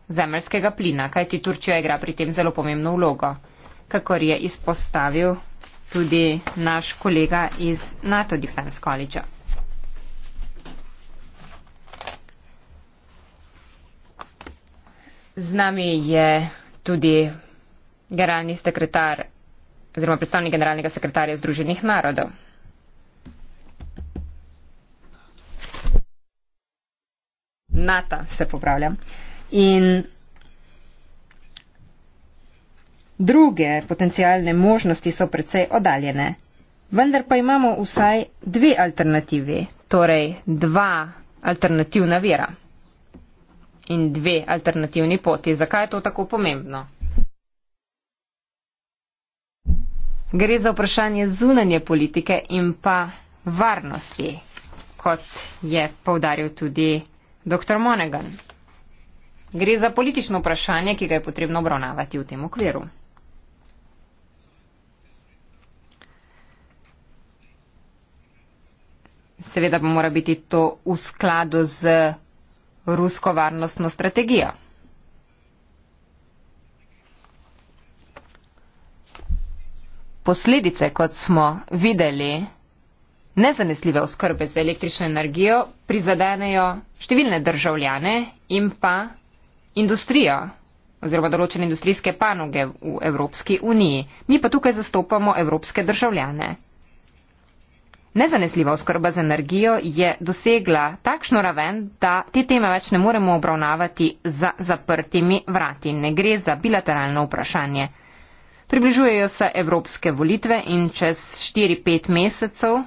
zemljskega plina, kajti Turčija igra pri tem zelo pomembno vlogo, kakor je izpostavil tudi naš kolega iz NATO Defense College. -a. Z nami je tudi generalni sekretar oziroma predstavnik generalnega sekretarja Združenih narodov. Nata se popravljam. In druge potencijalne možnosti so precej oddaljene. Vendar pa imamo vsaj dve alternativi, torej dva alternativna vira in dve alternativni poti. Zakaj je to tako pomembno? Gre za vprašanje zunanje politike in pa varnosti, kot je povdaril tudi dr. Monegan. Gre za politično vprašanje, ki ga je potrebno obravnavati v tem okviru. Seveda pa mora biti to v skladu z rusko varnostno strategijo. Posledice, kot smo videli, nezanesljive oskrbe z električno energijo prizadenejo številne državljane in pa industrijo oziroma določene industrijske panoge v Evropski uniji. Mi pa tukaj zastopamo evropske državljane. Nezanesljiva oskrba z energijo je dosegla takšno raven, da te teme več ne moremo obravnavati za zaprtimi vrati. Ne gre za bilateralno vprašanje. Približujejo se evropske volitve in čez 4-5 mesecev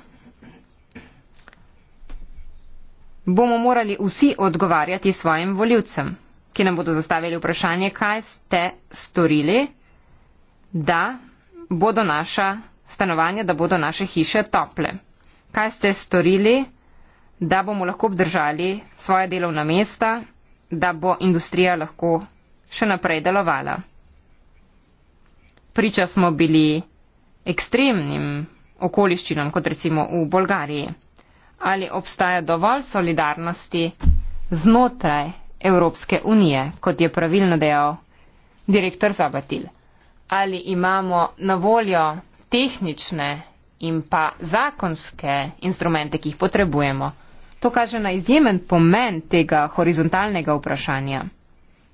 bomo morali vsi odgovarjati svojim voljivcem, ki nam bodo zastavili vprašanje, kaj ste storili, da bodo naša stanovanja, da bodo naše hiše tople kaj ste storili, da bomo lahko obdržali svoje delovna mesta, da bo industrija lahko še naprej delovala. Priča smo bili ekstremnim okoliščinam, kot recimo v Bolgariji. Ali obstaja dovolj solidarnosti znotraj Evropske unije, kot je pravilno dejal direktor Zabatil? Ali imamo na voljo tehnične in pa zakonske instrumente, ki jih potrebujemo. To kaže na izjemen pomen tega horizontalnega vprašanja.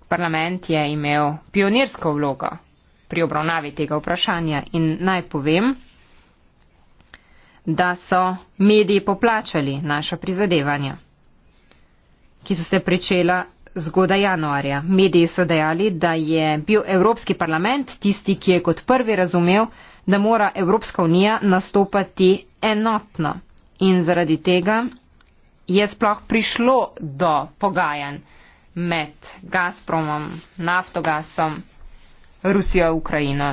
Parlament je imel pionirsko vlogo pri obravnavi tega vprašanja in naj povem, da so mediji poplačali naša prizadevanja, ki so se pričela zgoda januarja. Mediji so dejali, da je bil Evropski parlament tisti, ki je kot prvi razumel, da mora Evropska unija nastopati enotno. In zaradi tega je sploh prišlo do pogajanj med Gazpromom, naftogasom, Rusijo, Ukrajino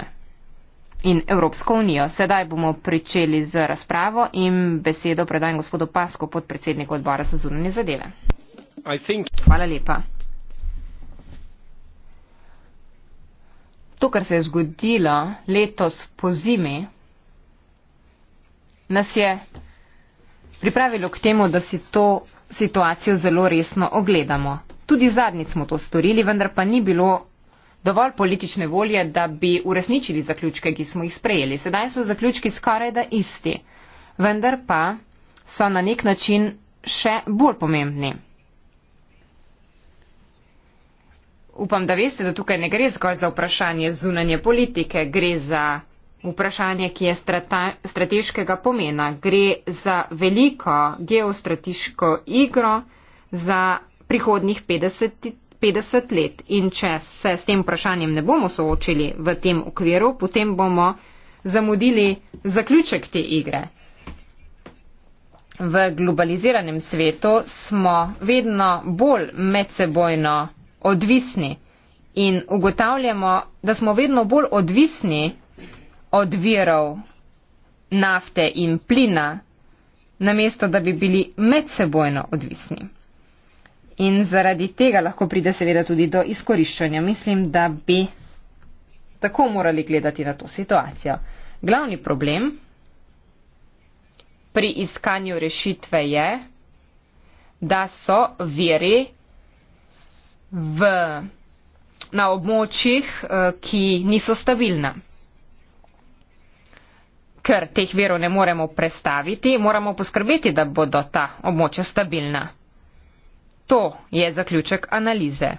in Evropsko unijo. Sedaj bomo pričeli z razpravo in besedo predajam gospodu Pasko, podpredsedniku odbora za zunanje zadeve. Hvala lepa. to, kar se je zgodilo letos po zimi, nas je pripravilo k temu, da si to situacijo zelo resno ogledamo. Tudi zadnjič smo to storili, vendar pa ni bilo dovolj politične volje, da bi uresničili zaključke, ki smo jih sprejeli. Sedaj so zaključki skoraj da isti, vendar pa so na nek način še bolj pomembni. upam, da veste, da tukaj ne gre zgolj za vprašanje zunanje politike, gre za vprašanje, ki je strata, strateškega pomena. Gre za veliko geostrateško igro za prihodnih 50, 50 let. In če se s tem vprašanjem ne bomo soočili v tem okviru, potem bomo zamudili zaključek te igre. V globaliziranem svetu smo vedno bolj medsebojno odvisni in ugotavljamo, da smo vedno bolj odvisni od virov nafte in plina, namesto da bi bili medsebojno odvisni. In zaradi tega lahko pride seveda tudi do izkoriščanja. Mislim, da bi tako morali gledati na to situacijo. Glavni problem pri iskanju rešitve je, da so viri v, na območjih, eh, ki niso stabilna. Ker teh verov ne moremo prestaviti, moramo poskrbeti, da bodo ta območja stabilna. To je zaključek analize.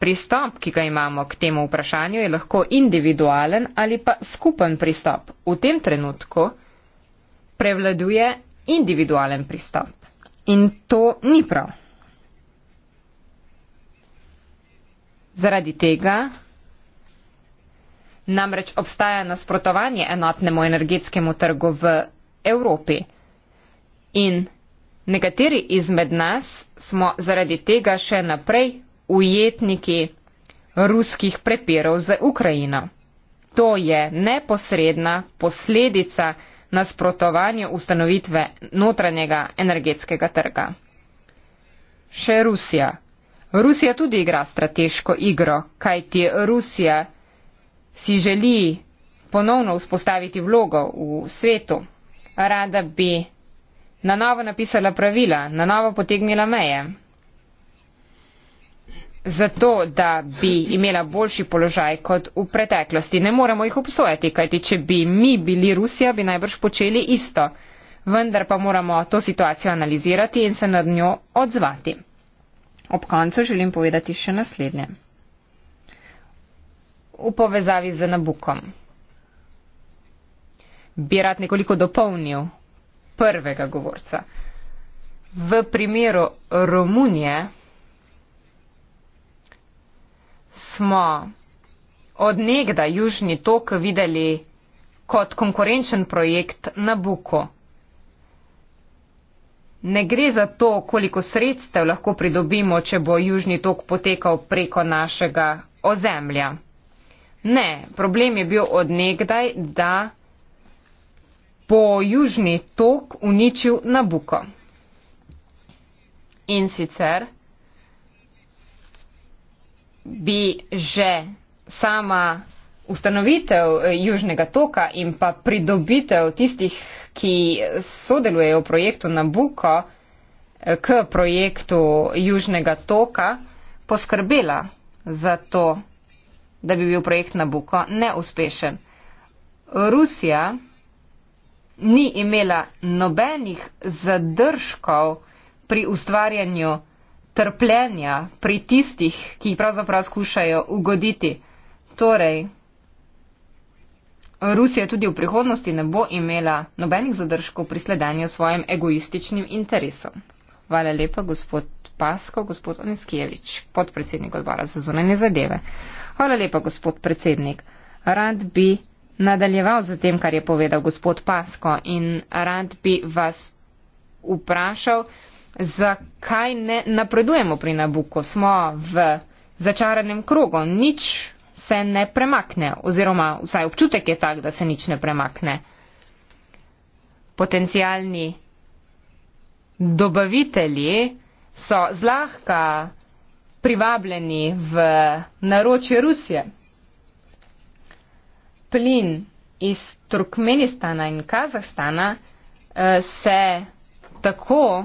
Pristop, ki ga imamo k temu vprašanju, je lahko individualen ali pa skupen pristop. V tem trenutku prevladuje individualen pristop. In to ni prav. Zaradi tega namreč obstaja nasprotovanje enotnemu energetskemu trgu v Evropi. In nekateri izmed nas smo zaradi tega še naprej ujetniki ruskih prepirov z Ukrajino. To je neposredna posledica nasprotovanju ustanovitve notranjega energetskega trga. Še Rusija. Rusija tudi igra strateško igro, kajti Rusija si želi ponovno vzpostaviti vlogo v svetu. Rada bi na novo napisala pravila, na novo potegnila meje. Zato, da bi imela boljši položaj kot v preteklosti. Ne moremo jih obsojati, kajti če bi mi bili Rusija, bi najbrž počeli isto. Vendar pa moramo to situacijo analizirati in se nad njo odzvati. Ob koncu želim povedati še naslednje. V povezavi z nabukom bi rad nekoliko dopolnil prvega govorca. V primeru Romunije smo od nekdaj južni tok videli kot konkurenčen projekt Nabuko, Ne gre za to, koliko sredstev lahko pridobimo, če bo južni tok potekal preko našega ozemlja. Ne, problem je bil odnegdaj, da bo južni tok uničil Nabuko. In sicer bi že sama ustanovitev eh, Južnega toka in pa pridobitev tistih, ki sodelujejo v projektu Nabuko eh, k projektu Južnega toka, poskrbela za to, da bi bil projekt Nabuko neuspešen. Rusija ni imela nobenih zadržkov pri ustvarjanju trpljenja pri tistih, ki pravzaprav skušajo ugoditi. Torej, Rusija tudi v prihodnosti ne bo imela nobenih zadržkov pri sledenju svojim egoističnim interesom. Hvala lepa, gospod Pasko, gospod Oniskijevič, podpredsednik odbora za zunanje zadeve. Hvala lepa, gospod predsednik. Rad bi nadaljeval z tem, kar je povedal gospod Pasko in rad bi vas vprašal, zakaj ne napredujemo pri Nabuku. Smo v začaranem krogu, nič se ne premakne, oziroma vsaj občutek je tak, da se nič ne premakne. Potencijalni dobavitelji so zlahka privabljeni v naročje Rusije. Plin iz Turkmenistana in Kazahstana eh, se tako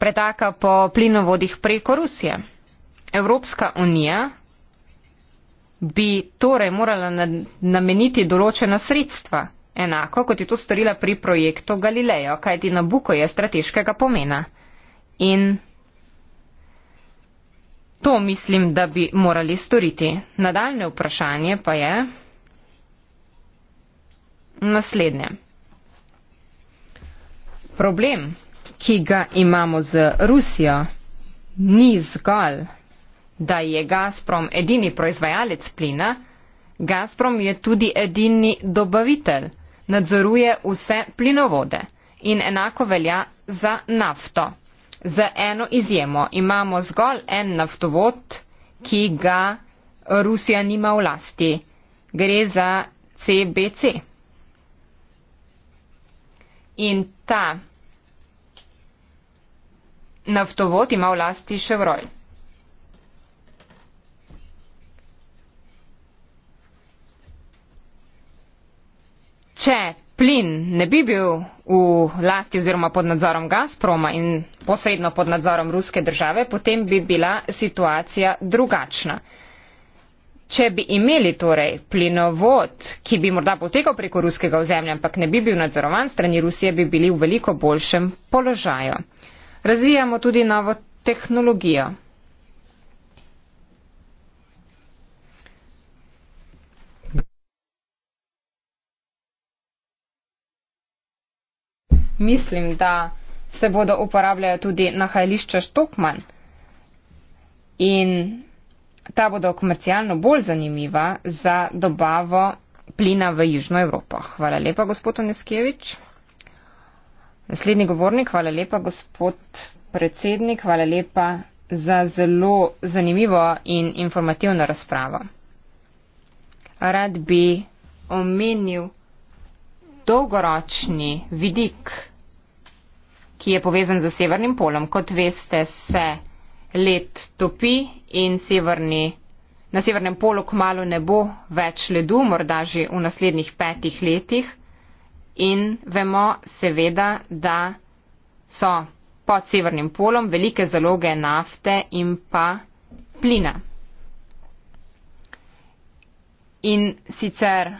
pretaka po plinovodih preko Rusije. Evropska unija bi torej morala nameniti določena sredstva, enako kot je to storila pri projektu Galilejo, kajti Nabuko je strateškega pomena. In to mislim, da bi morali storiti. Nadaljne vprašanje pa je naslednje. Problem, ki ga imamo z Rusijo, ni zgolj da je Gazprom edini proizvajalec plina, Gazprom je tudi edini dobavitelj, nadzoruje vse plinovode in enako velja za nafto. Z eno izjemo imamo zgolj en naftovod, ki ga Rusija nima v lasti. Gre za CBC. In ta naftovod ima v lasti še vroj. če plin ne bi bil v lasti oziroma pod nadzorom Gazproma in posredno pod nadzorom ruske države, potem bi bila situacija drugačna. Če bi imeli torej plinovod, ki bi morda potekal preko ruskega ozemlja, ampak ne bi bil nadzorovan strani Rusije, bi bili v veliko boljšem položaju. Razvijamo tudi novo tehnologijo. mislim, da se bodo uporabljale tudi nahajališča Štokman in ta bodo komercialno bolj zanimiva za dobavo plina v Južno Evropo. Hvala lepa, gospod Oneskevič. Naslednji govornik, hvala lepa, gospod predsednik, hvala lepa za zelo zanimivo in informativno razpravo. Rad bi omenil dolgoročni vidik ki je povezan z severnim polom. Kot veste, se led topi in severni, na severnem polu kmalo ne bo več ledu, morda že v naslednjih petih letih. In vemo seveda, da so pod severnim polom velike zaloge nafte in pa plina. In sicer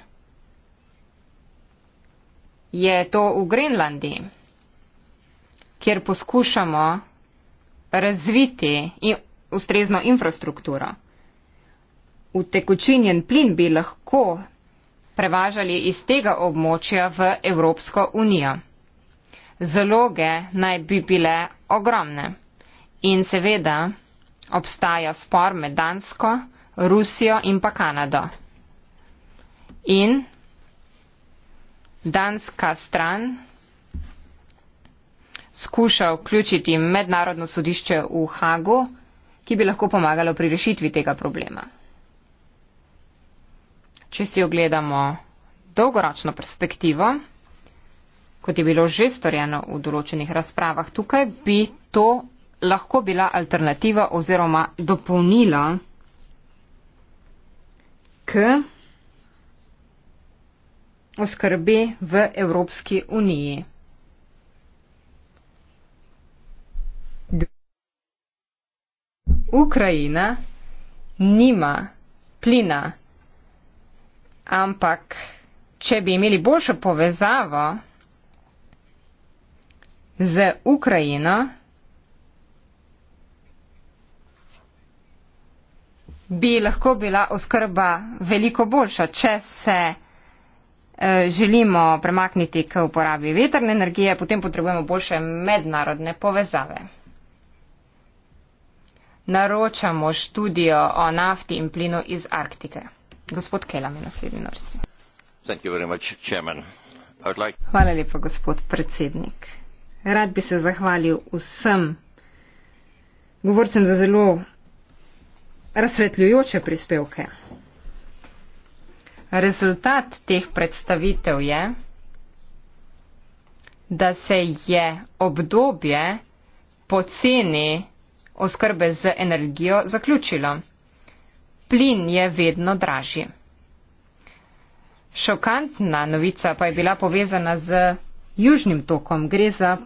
je to v Grenlandiji kjer poskušamo razviti in ustrezno infrastrukturo. Utekočinjen plin bi lahko prevažali iz tega območja v Evropsko unijo. Zaloge naj bi bile ogromne in seveda obstaja spor med Dansko, Rusijo in pa Kanado. In danska stran skuša vključiti mednarodno sodišče v Hagu, ki bi lahko pomagalo pri rešitvi tega problema. Če si ogledamo dolgoročno perspektivo, kot je bilo že storjeno v določenih razpravah tukaj, bi to lahko bila alternativa oziroma dopolnila k oskrbi v Evropski uniji. Ukrajina nima plina, ampak če bi imeli boljšo povezavo z Ukrajino, bi lahko bila oskrba veliko boljša, če se e, želimo premakniti k uporabi veterne energije, potem potrebujemo boljše mednarodne povezave naročamo študijo o nafti in plinu iz Arktike. Gospod Kelam je naslednji vrsti. Like... Hvala lepa, gospod predsednik. Rad bi se zahvalil vsem govorcem za zelo razsvetljujoče prispevke. Rezultat teh predstavitev je, da se je obdobje poceni oskrbe z energijo zaključilo. Plin je vedno dražji. Šokantna novica pa je bila povezana z južnim tokom. Gre za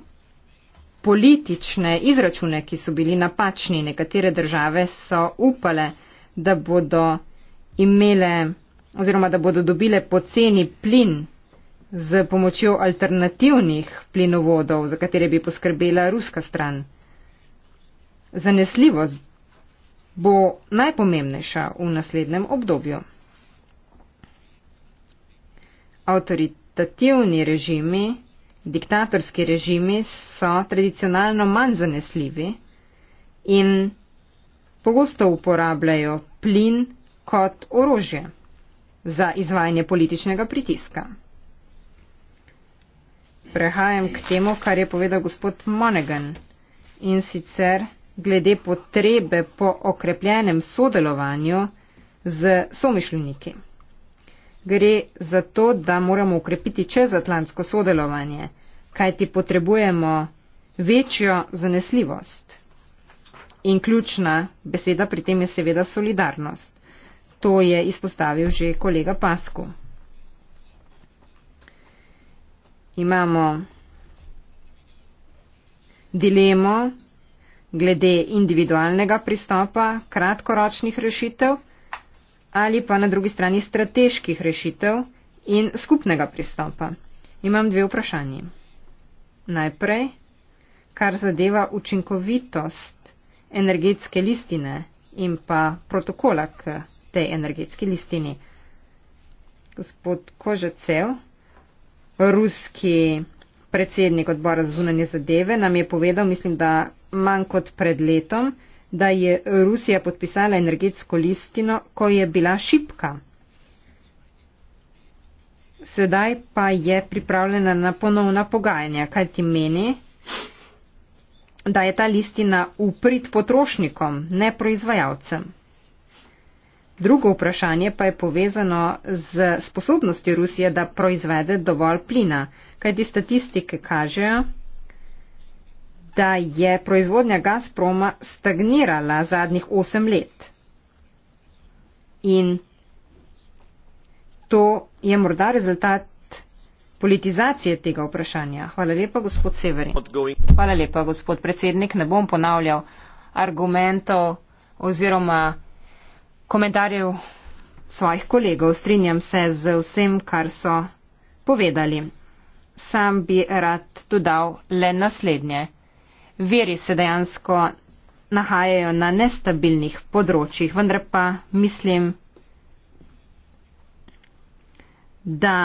politične izračune, ki so bili napačni. Nekatere države so upale, da bodo imele oziroma da bodo dobile poceni plin z pomočjo alternativnih plinovodov, za katere bi poskrbela ruska stran. Zanesljivost bo najpomembnejša v naslednjem obdobju. Autoritativni režimi, diktatorski režimi so tradicionalno manj zanesljivi in pogosto uporabljajo plin kot orožje za izvajanje političnega pritiska. Prehajam k temu, kar je povedal gospod Monaghan in sicer glede potrebe po okrepljenem sodelovanju z somišljeniki. Gre za to, da moramo ukrepiti čezatlantsko sodelovanje, kajti potrebujemo večjo zanesljivost. In ključna beseda pri tem je seveda solidarnost. To je izpostavil že kolega Pasku. Imamo dilemo glede individualnega pristopa kratkoročnih rešitev ali pa na drugi strani strateških rešitev in skupnega pristopa. Imam dve vprašanji. Najprej, kar zadeva učinkovitost energetske listine in pa protokola k tej energetski listini. Gospod Kožecev, ruski predsednik odbora za zunanje zadeve, nam je povedal, mislim, da manj kot pred letom, da je Rusija podpisala energetsko listino, ko je bila šipka. Sedaj pa je pripravljena na ponovna pogajanja, kaj ti meni, da je ta listina uprit potrošnikom, ne proizvajalcem. Drugo vprašanje pa je povezano z sposobnostjo Rusije, da proizvede dovolj plina, kajti statistike kažejo, da je proizvodnja Gazproma stagnirala zadnjih osem let. In to je morda rezultat politizacije tega vprašanja. Hvala lepa, gospod Severin. Hvala lepa, gospod predsednik. Ne bom ponavljal argumentov oziroma komentarjev svojih kolegov. Strinjam se z vsem, kar so povedali. Sam bi rad dodal le naslednje. Veri se dejansko nahajajo na nestabilnih področjih, vendar pa mislim, da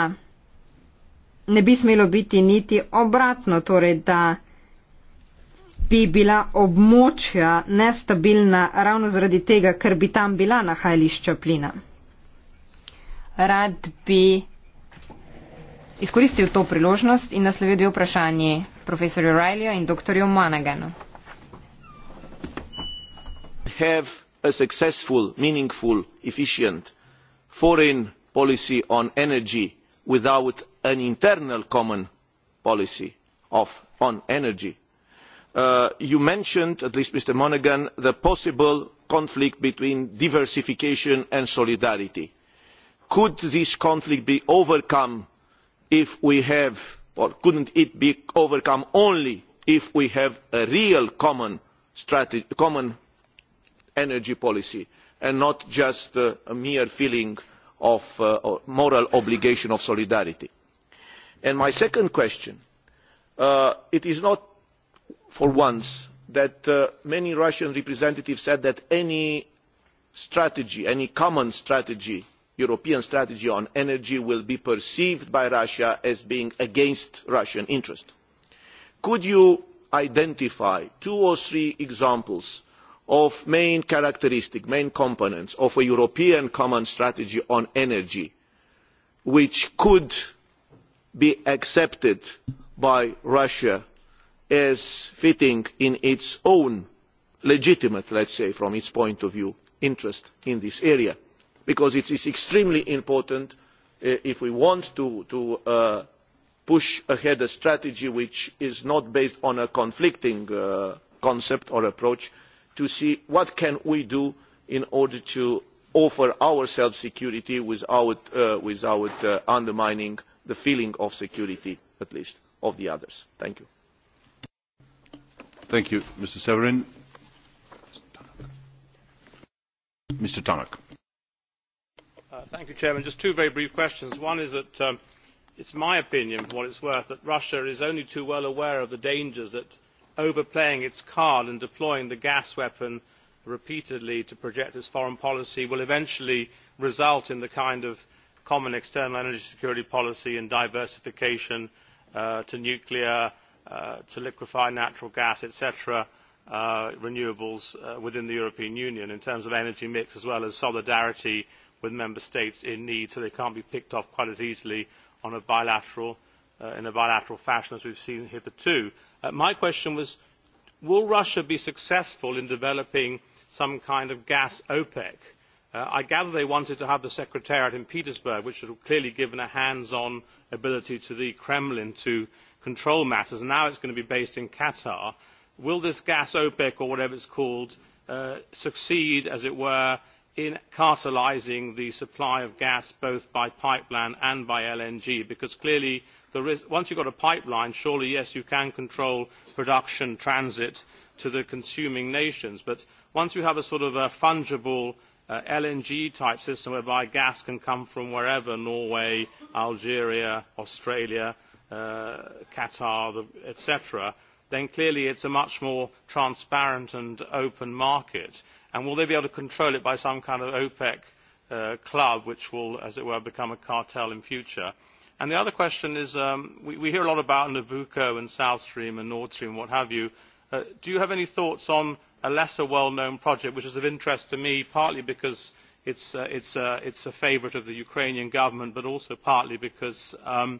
ne bi smelo biti niti obratno, torej da bi bila območja nestabilna ravno zaradi tega, ker bi tam bila nahajališča plina. Rad bi izkoristil to priložnost in naslovil dve vprašanje profesorju Rileyju in doktorju Monaganu. A successful, meaningful, efficient foreign policy on energy without an internal common policy of, on energy. Uh, you mentioned at least mr monaghan the possible conflict between diversification and solidarity. could this conflict be overcome if we have or could it not be overcome only if we have a real common energy policy and not just uh, a mere feeling of uh, moral obligation of solidarity? my second question is not for once that uh, many russian representatives said that any strategy any common strategy european strategy on energy will be perceived by russia as being against russian interests. could you identify two or three examples of main characteristics main components of a european common strategy on energy which could be accepted by russia as fitting in its own legitimate let us say from its point of view interest in this area because it is extremely important eh, if we want to uh, push ahead a strategy which is not based on a conflicting uh, concept or approach to see what we can do in order to offer our self security without uh, undermining the feeling of security at least of the others. Uh, just two very brief questions. one is that um, it is my opinion for what it is worth that russia is only too well aware of the dangers that overplaying its card and deploying the gas weapon repeatedly to project its foreign policy will eventually result in the kind of common external energy security policy and diversification uh, to nuclear Uh, to liquefy natural gas etc. Uh, renewables uh, within the european union in terms of energy mix as well as solidarity with member states in need so they cannot be picked off quite as easily in a bilateral fashion as we have seen hitherto. my question was will russia be successful in developing some kind of gas opec? i gather they wanted to have the secretariat in petersburg which would clearly have given a hands on ability to the kremlin to control matters and now it is going to be based in qatar will this gas opec or whatever it is called uh, succeed as it were in cartelising the supply of gas both by pipeline and by lng because clearly once you have got a pipeline surely yes you can control production transit to the consuming nations but once you have a sort of a fungible uh, lng type system whereby gas can come from wherever norway algeria australia Uh, qatar etc. then clearly it is a much more transparent and open market. will they be able to control it by some kind of opec uh, club which will as it were become a cartel in future? the other question is um, we hear a lot about nabucco and south stream and nord stream and what have you. Uh, do you have any thoughts on a lesser well known project which is of interest to me partly because it is a favourite of the ukrainian government but also partly because um,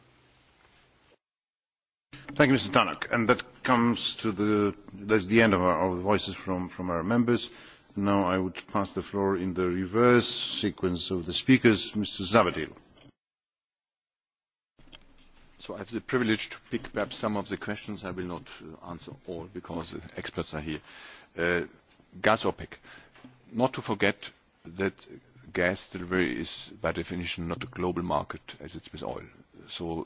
mr tannock and that comes to the end of our voices from our members. now i would pass the floor in the reverse sequence of the speakers mr zavadil. so i have the privilege to pick up some of the questions. i will not uh, answer all because the experts are here. Uh, gas opec. not to forget that gas delivery is by definition not a global market as it is with oil. so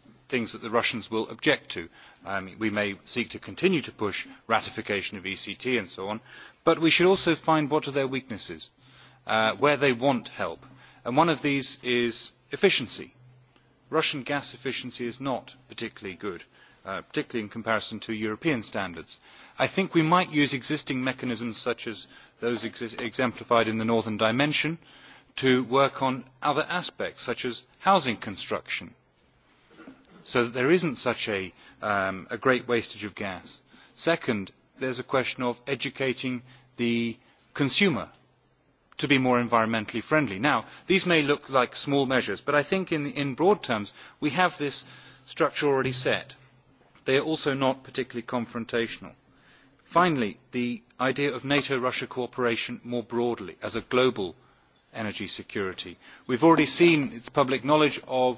things that the russians will object to. Um, we may seek to continue to push ratification of ect and so on but we should also find out what their weaknesses are uh, where they want help and one of these is efficiency. russian gas efficiency is not particularly good uh, particularly in comparison to european standards. i think we might use existing mechanisms such as those exemplified in the northern dimension to work on other aspects such as housing construction so that there is not such um, a great wastage of gas. second there is a question of educating the consumer to be more environmentally friendly. these may look like small measures but i think in broad terms we have this structure already set. they are also not particularly confrontational. finally the idea of nato russia cooperation more broadly as a global energy security. we have already seen it is public knowledge of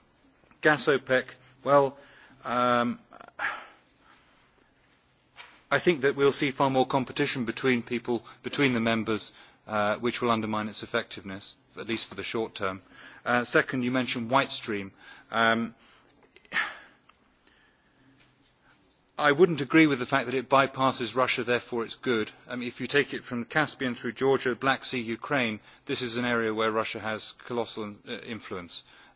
gas OPEC, well, um, I think that we'll see far more competition between people, between the members, uh, which will undermine its effectiveness, at least for the short term. Uh, second, you mentioned white stream. Um, I wouldn't agree with the fact that it bypasses Russia, therefore it's good. I mean, if you take it from Caspian through Georgia, Black Sea, Ukraine, this is an area where Russia has colossal in, uh, influence. Uh,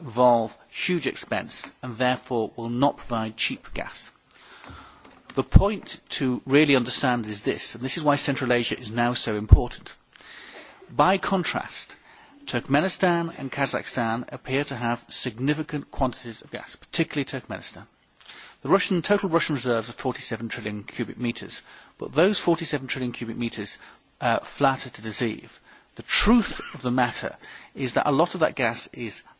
involve huge expense and therefore will not provide cheap gas. The point to really understand is this, and this is why Central Asia is now so important. By contrast, Turkmenistan and Kazakhstan appear to have significant quantities of gas, particularly Turkmenistan. The Russian, total Russian reserves are 47 trillion cubic metres, but those 47 trillion cubic metres uh, flatter to deceive. The truth of the matter is that a lot of that gas is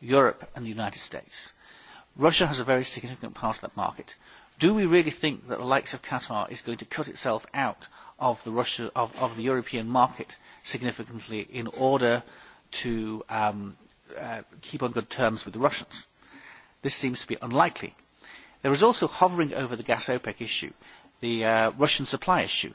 Europe and the United States. Russia has a very significant part of that market. Do we really think that the likes of Qatar is going to cut itself out of the, Russia, of, of the European market significantly in order to um, uh, keep on good terms with the Russians? This seems to be unlikely. There is also hovering over the gas OPEC issue, the uh, Russian supply issue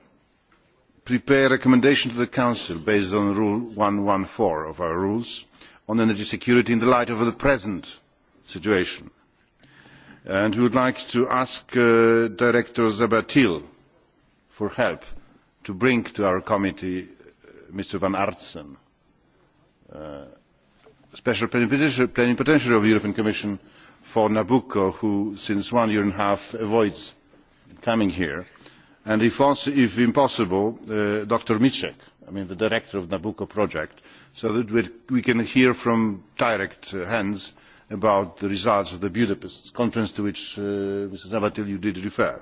prepare a recommendation to the council based on rule one hundred and fourteen of our rules on energy security in the light of the present situation and we would like to ask uh, director zabatil for help to bring to our committee uh, mr van artsen uh, special plenipotentiary of the european commission for nabucco who since one year and a half avoids coming here and if possible uh, dr miek the director of the nabucco project so that we can hear from direct uh, hands about the results of the budapest conference to which uh, ms sabatel you did refer.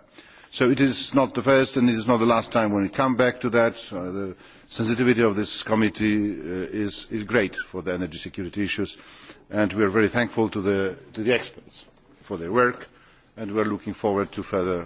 so it is not the first and it is not the last time we will come back to that. the sensitivity of this committee is great for the energy security issues and we are very thankful to the experts for their work and we are looking forward to further